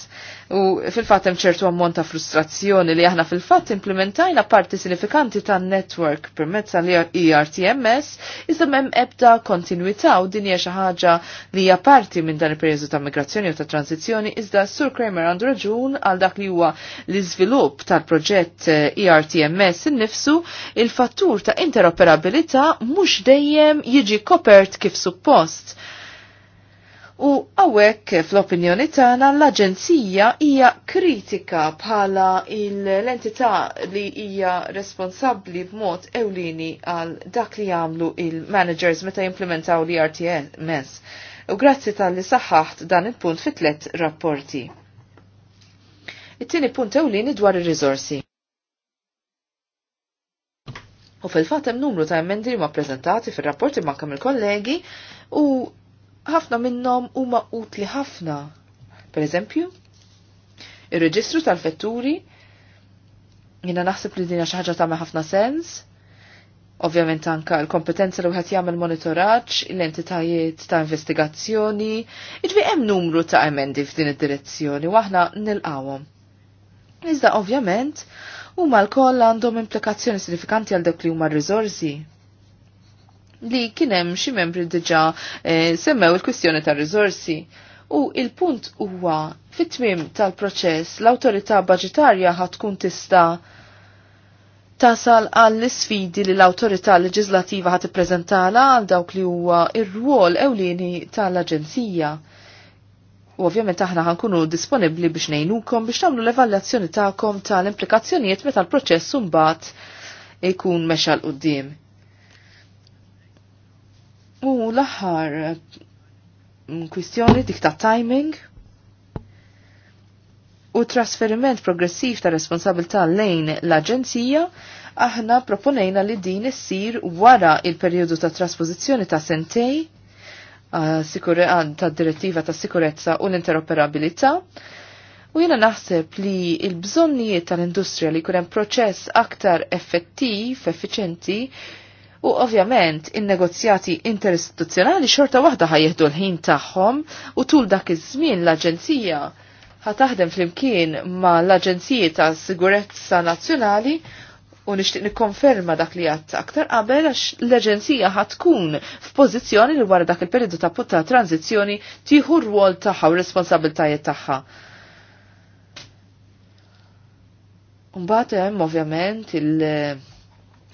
U fil-fat hemm ċertu ammont ta' frustrazzjoni li aħna fil-fatt implementajna parti sinifikanti ta' network permezz tal ERTMS iżda hemm ebda kontinwità u din hija xi ħaġa li hija parti minn dan il-perjeżu ta' migrazzjoni u ta' tranzizzjoni iżda Sur Kramer għandu raġun għal dak li huwa l-iżvilupp tal-proġett ERTMS eh, e innifsu il-fattur ta' interoperabilità mhux dejjem jiġi kopert kif suppost U għawek fl-opinjoni tagħna l-Aġenzija hija kritika bħala l-entità li hija responsabbli b'mod ewlieni għal dak li jagħmlu il-managers meta jimplementaw li RTMS. U grazzi tal-li saħħaħt dan il-punt fit tlet rapporti. It-tieni punt ewlieni dwar ir-riżorsi. U fil-fatem numru ta' emendi ma' prezentati fil-rapporti ma' kam il-kollegi u ħafna minnhom huma utli ħafna. Per eżempju, ir-reġistru tal-vetturi jina naħseb li dina xi ħaġa tagħmel ħafna sens. Ovvjament anka l-kompetenza li wieħed jagħmel monitoraġġ, l-entitajiet ta' investigazzjoni, jiġri hemm numru ta' emendi f'din id-direzzjoni u aħna nilqawhom. Iżda ovvjament huma l-koll għandhom implikazzjoni sinifikanti għal dak li huma r-riżorsi li kienem xi membri diġa eh, semmew il-kwistjoni tar rizorsi. U il-punt huwa fit-tmim tal-proċess l-awtorità budgetarja ħatkun tista' tasal għall sfidi li l-autorità leġislativa ħat ippreżentala għal dawk li huwa ir-rwol ewlieni tal-Aġenzija. U ovvjament aħna ħankunu disponibbli biex ngħinukom biex tagħmlu l-evaljazzjoni tagħkom tal-implikazzjonijiet meta l-proċess mbagħad ikun mexa l qudiem U l-aħħar mm, kwistjoni dik ta' timing u trasferiment progressiv ta' responsabilità lejn l-Aġenzija aħna proponejna li din issir wara il-perjodu ta' traspożizzjoni ta' sentej ta' direttiva ta' sikurezza u l-interoperabilità. U jena naħseb li il-bżonnijiet tal-industrija li kunem proċess aktar effettiv, effiċenti, U ovvjament, in-negozjati interistituzzjonali xorta waħda ħajjeħdu l-ħin tagħhom u tul dak iż-żmien l-Aġenzija ħataħdem flimkien ma l-Aġenziji ta' Sigurezza Nazzjonali u nixtieq nikkonferma dak li għadt aktar qabel għax l-Aġenzija ħatkun f'pożizzjoni li wara dak il-periodu ta' putta tranzizzjoni tieħu r-rwol tagħha u responsabiltajiet tagħha. Mbagħad hemm ovvjament il-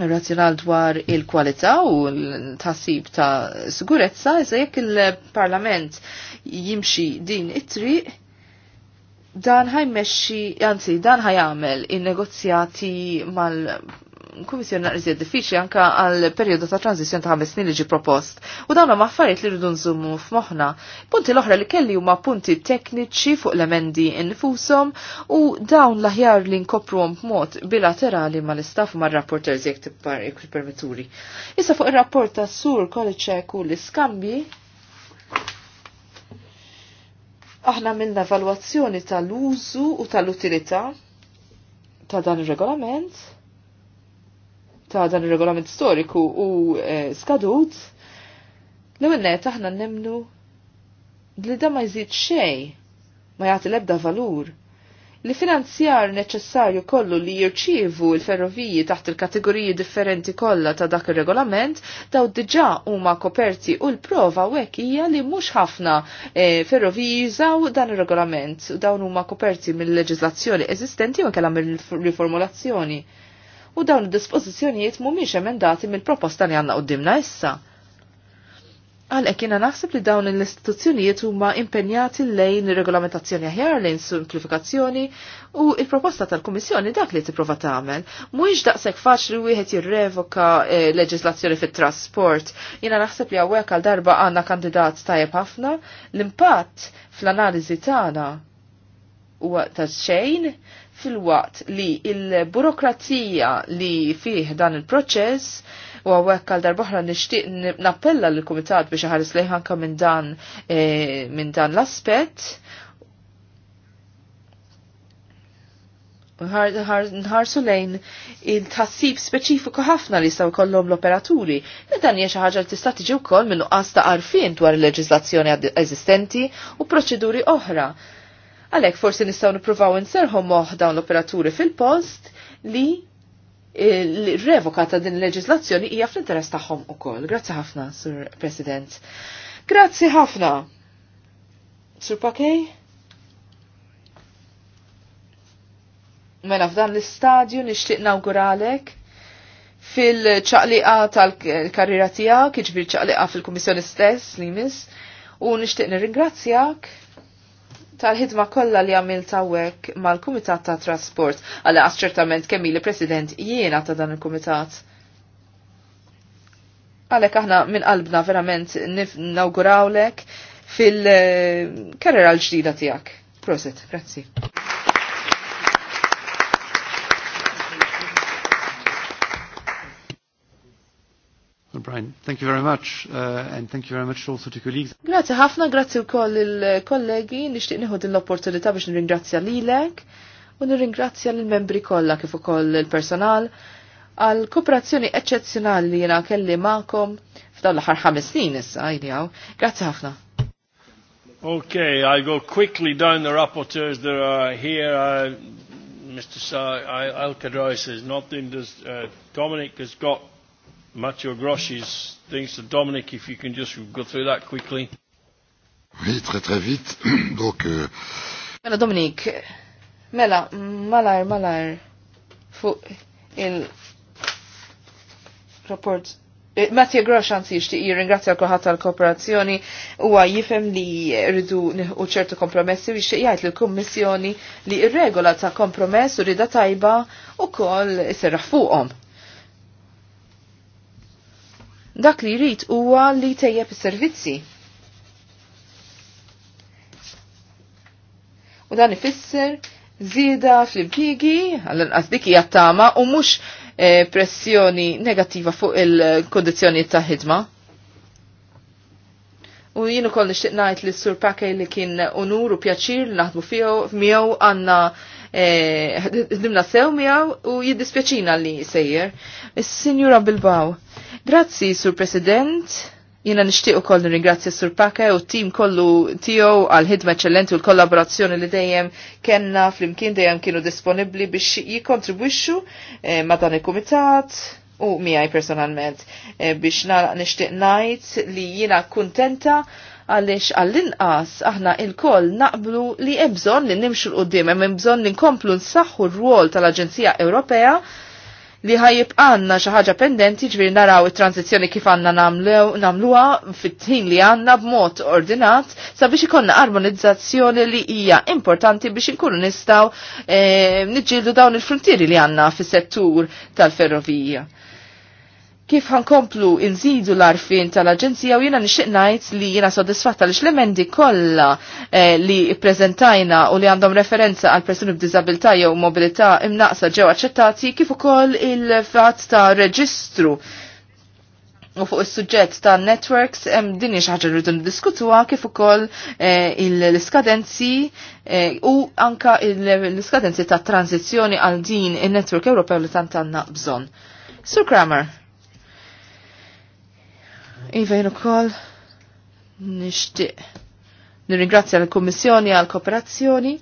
razzjonal dwar il-kwalità u l-tasib ta' sigurezza, iżda jekk il-Parlament jimxi din it-triq, dan ħajmexxi, anzi, dan ħajamel in-negozjati mal kummissjoni naqrizja diffiċli anka għal periodu ta' tranzizjon ta' ħames snin li ġi propost. U dawn huma affarijiet li rridu nżummu f'moħħna. Punti l-oħra li kelli huma punti tekniċi fuq l-emendi infushom u dawn l-aħjar li nkopruhom b'mod bilaterali mal-istaff mar-rapporters jekk permetturi. Issa fuq ir-rapport ta' Sur Kolicek u l-iskambji aħna minn evalwazzjoni tal-użu u tal-utilità ta' dan ir-regolament ta' dan il-regolament storiku u eh, skadut, l-ewwel aħna nemnu li da ma jżid xejn ma jagħti l-ebda valur. Li finanzjar neċessarju kollu li jirċievu l-ferroviji taħt il-kategoriji differenti kollha ta' dak ir-regolament daw diġà huma koperti u l-prova hekk hija li mhux ħafna e, ferroviji jużaw dan ir-regolament dawn huma koperti mill-leġiżlazzjoni eżistenti u kellha mill-riformulazzjoni u dawn id-dispożizzjonijiet mhumiex emendati mill-proposta li għandna qudiemna issa. Għalhekk jiena naħseb li dawn l-istituzzjonijiet huma impenjati lejn ir-regolamentazzjoni aħjar lejn simplifikazzjoni u il-proposta tal-Kummissjoni dak li tipprova tagħmel. Mhuwiex daqshekk faċli wieħed jirrevoka eh, leġislazzjoni fit-trasport. Jiena naħseb li hawnhekk għal darba għandna kandidat tajjeb ħafna, l-impatt fl-analiżi tagħna huwa ta' xejn fil-waqt li il-burokrazija li fih dan il-proċess u għawek għal darbohra nishtiq nappella l-Komitat biex ħaris lejħanka minn dan, e, eh, min dan l-aspet. Nħarsu lejn il-tassib speċifiku ħafna li staw kollom l-operaturi. Dan hija xi ħaġa li tista' tiġi wkoll minn nuqqas ta' arfien dwar il leġizlazzjoni eżistenti u proċeduri oħra Għalek forsi nistaw nipruvaw inserħu moħ dawn l-operaturi fil-post li l revoka ta' din il-leġislazzjoni hija fl-interess tagħhom ukoll. Grazzi ħafna, Sur President. Grazzi ħafna. Sur Pakej? Mela f'dan l-istadju nixtieq nawguralek fil-ċaqliqa tal-karriera tiegħek, iġbir ċaqliqa fil-Kummissjoni stess li miss, u nixtieq nirringrazzjak tal-ħidma kollha li għamilt hawnhekk mal-Kumitat ta' Trasport għal ċertament kemm li President jiena ta' dan il-Kumitat. Għalhekk aħna minn qalbna verament nawgurawlek fil-karriera eh, l-ġdida tiegħek. Proset, grazzi. And thank you very much, uh, and thank you very much also to colleagues. Grazie ħafna, grazie u koll il-kollegi, nishtiq neħod l-opportunità biex nirringrazzja lilek, u nirringrazzja l-membri kollha kif ukoll il-personal, għal kooperazzjoni eccezzjonali li jena kelli ma'kom f'dawn l-aħħar ħames snin issa jgħidijaw. Grazzi ħafna. Okay, I go quickly down the rapporteurs that are here. Uh, Mr. Sa Al Alcadrois is not in. this, uh, Dominic has got Matteo Grossi's things to Dominic, if you can just go through that quickly. Oui, très très vite. Donc, euh... Mela Dominic, mela, malar, malar, fuq il-rapport eh, Mattia Grosh għanzi jishtiq jirringrazzja kulħadd tal-kooperazzjoni huwa jifhem li rridu u ċertu kompromessi u jixtieq jgħid lill-Kummissjoni li ir regola ta' kompromess u rida tajba ukoll isserraħ fuqhom. Dak li jrid huwa li tejjeb is-servizzi. U dan ifisser zida fl-impjigi, għall-inqas dik hija u mhux e, pressjoni negattiva fuq il kondizjoni ta' ħidma. U jien ukoll nixtieq ngħid li sur Pakej li kien unur u pjaċir li naħdmu fih miegħu għandna ħdimna eh, sew miegħu u jiddispjaċina li sejjer. Signora sinjura Grazzi, Sur President. Jina nishtiq u koll ringrazzja Sur Paka u tim kollu tiegħu għal ħidma eċċellenti u l-kollaborazzjoni li dejjem kellna flimkien dejjem kienu disponibbli biex jikontribwixxu eh, ma dan il-kumitat u miaj personalment eh, biex nixtieq ngħid li jina kontenta għaliex għall-inqas aħna il-koll naqblu li hemm bżonn li nimxu l qoddim hemm bżonn li nkomplu nsaħħu r-rwol tal-Aġenzija Ewropea li ħajib għanna xaħġa pendenti ġviri naraw il-tranzizjoni kif għanna namluwa fit tħin li għanna b'mod ordinat sabiex ikonna armonizzazzjoni li hija importanti biex inkunu nistaw e, eh, nġildu dawn il-frontieri li għanna fis settur tal-ferrovija kif ħankomplu inżidu l-arfin tal-Aġenzija u jina nixtieq ngħid li jiena sodisfatta li xlemendi emendi kollha eh, li prezentajna u li għandhom referenza għal persuni b'diżabilità jew mobilità imnaqsa ġew aċċettati kif ukoll il-fatt ta' reġistru u fuq is-suġġett ta' networks hemm din hija xi ħaġa rridu niddiskutuha kif ukoll eh, l-iskadenzi eh, u anka l-iskadenzi ta' tranzizzjoni għal din in-network Ewropew li tant għandna bżonn. Sur Kramer. Ivejn u kol nishtiq. Nirringrazzja l-Kommissjoni għal-Kooperazzjoni.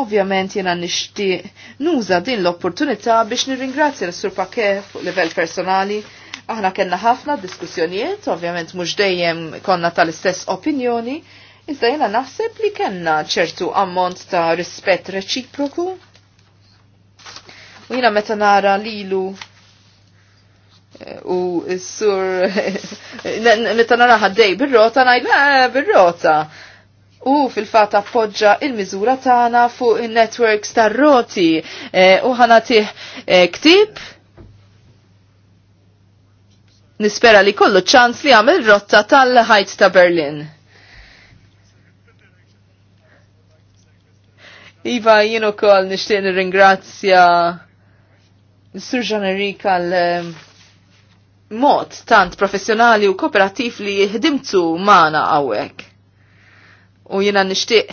Ovvjament jena nishtiq nuża din l-opportunità biex nirringrazzja l-Sur Pake fuq livell personali. Aħna kena ħafna diskussjonijiet, ovvjament mhux dejjem konna tal-istess opinjoni, iżda jena naħseb li kena ċertu ammont ta' rispett reċiproku. U jena meta nara lilu u s-sur meta nara ħaddej bir-rota ngħidla eh, bir-rota. U fil-fat appoġġa il-miżura tagħna fuq in-networks tar-roti eh, u tiħ eh, ktib nispera li kollu ċans li għamil rotta tal-ħajt ta' Berlin. Iva, jino kol nishtiq nir ingrazzja Sur Ġanerika l- mod tant professjonali u kooperattiv li jihdimtu maħna għawek. U jina nishtiq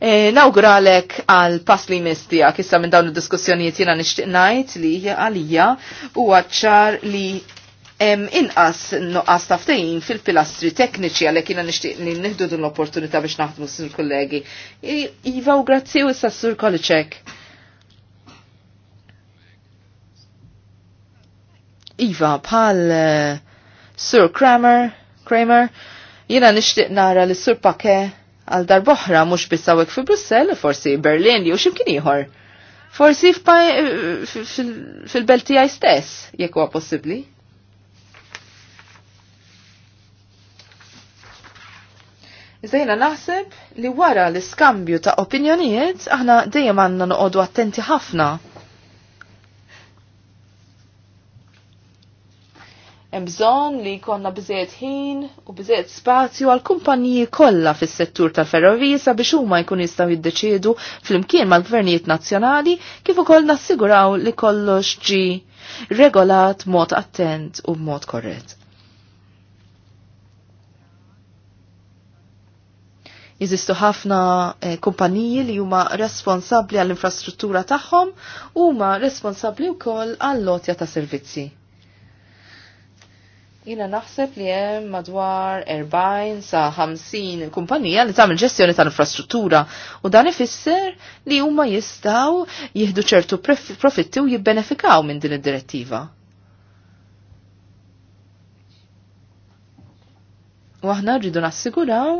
e, nawguralek għal pass li mistija, kissa minn dawn il-diskussjonijiet jina nishtiq najt li għalija u għacċar li em, inqas nuqqas taftajin fil-pilastri tekniċi għalek jina nishtiq li nihdudu l-opportunita biex naħdmu s-sur kollegi. Iva u grazzi u s-sur kolliċek. Iva, uh, Sir Kramer, Kramer, jina nishtiq nara li Sir Pake għal darboħra mux bissawek fi Brussel, forsi Berlin li u ximkien iħor. Forsi fil-belti għaj stess, jekk huwa possibli. Iżdejna naħseb li wara l-iskambju ta' opinjonijiet aħna dejjem għandna noqogħdu attenti ħafna Mbżon li konna bżiet ħin u bżiet spazju għal kumpaniji kollha fis-settur tal-ferrovija sabiex huma jkun jistgħu jiddeċiedu flimkien mal-gvernijiet nazzjonali kif ukoll nassiguraw li kollox ġi regolat mod attent u b'mod korrett. Jizistu ħafna eh, kumpaniji li huma responsabbli għall-infrastruttura tagħhom u huma responsabbli wkoll għall-lotja ta' servizzi Jina naħseb li hemm madwar 40 sa 50 kumpanija li tagħmel ġestjoni tal-infrastruttura u dan ifisser li huma jistgħu jieħdu ċertu profitti u jibbenefikaw minn din id-direttiva. U aħna rridu nassiguraw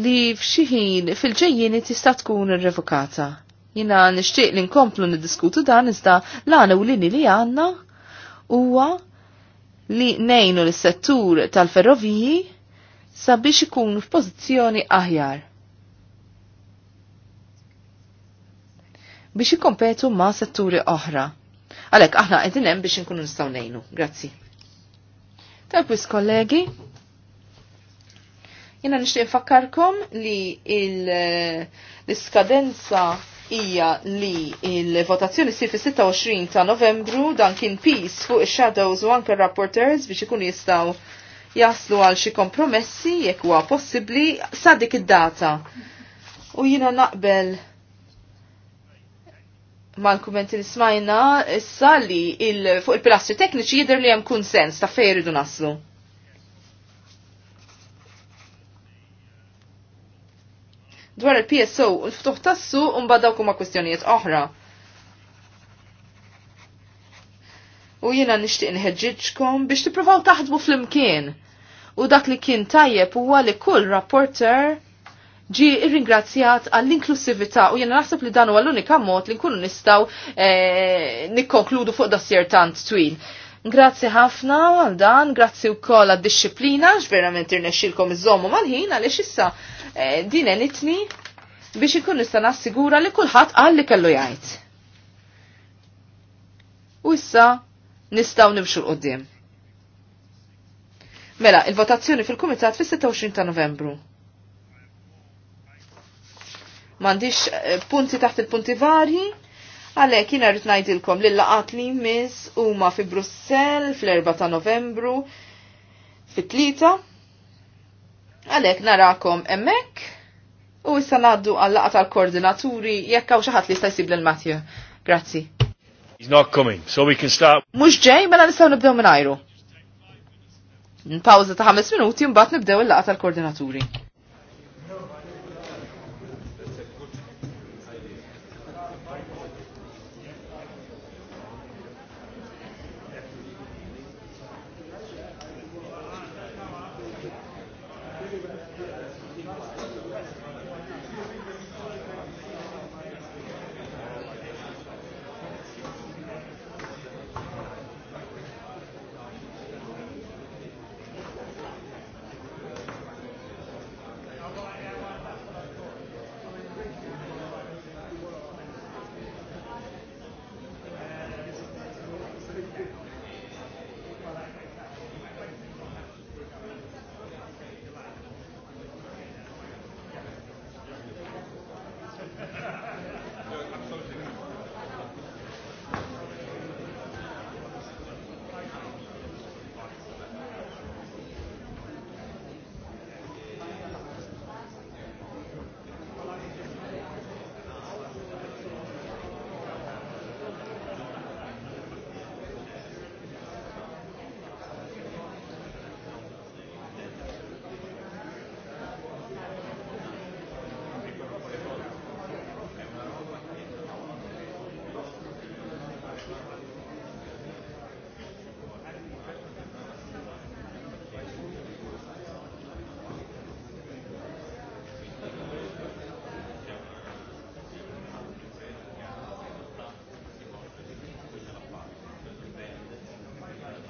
li f'xi ħin fil-ġejjieni tista' tkun irrevokata. Jina nixtieq li nkomplu niddiskutu dan iżda l-għana u l-ini li għandna huwa li nejnu l-settur tal-ferroviji sabiex ikunu f'pożizzjoni aħjar. biex ikompetu ma' setturi oħra. Għalek, aħna għedinem hemm biex inkunu nistgħu ngħinu. Grazzi. Tawbis, kollegi, jena nixtieq nfakkarkom li l-iskadenza hija li il-votazzjoni ssir fis-26 ta' Novembru dan kien pis fuq ix-shadows u anke rapporteurs biex ikun jistgħu jaslu għal xi kompromessi jekk huwa possibbli sa dik id-data. U jiena naqbel mal-kumenti li smajna issa li il fuq il-pilastri tekniċi jidher li hemm kunsens ta' fejn iridu naslu. dwar il-PSO u l-ftuħ tassu un badaw kuma kwestjonijiet oħra. U jiena nixtieq nħeġġiġkom biex tippruvaw taħdmu fl-imkien. U dak li kien tajjeb huwa li kull rapporter ġi ir-ringrazzjat għall-inklusivita u jena naħseb li dan huwa l-unika mod li nkunu nistaw eh, nikkonkludu fuq dossier tant twil. Grazzi ħafna għal dan, grazzi u koll għad disċiplina, ġverament irnexxilkom iż-żommu mal-ħin għaliex issa eh, din elitni biex ikun nista' nassigura li kulħadd qal li kellu jgħid. U issa nistgħu nimxu l-qoddim. Mela, il-votazzjoni fil-Kumitat fis-26 ta' Novembru. M'għandix eh, punti taħt il-punti varji, Għalek, jina rrit najdilkom li laqat li mis u ma fi Brussel fl-4 ta' novembru fit-tlita. Għalek, narakom emmek u issa naddu għall-laqat tal-koordinaturi jekk hawn xi ħadd li jista' jsib Matthew. Grazzi. He's not coming, so we can start. Mhux ġej, mela nistgħu nibdew minn ajru. Pawza ta' ħames minuti mbagħad nibdew il laqat tal-koordinaturi.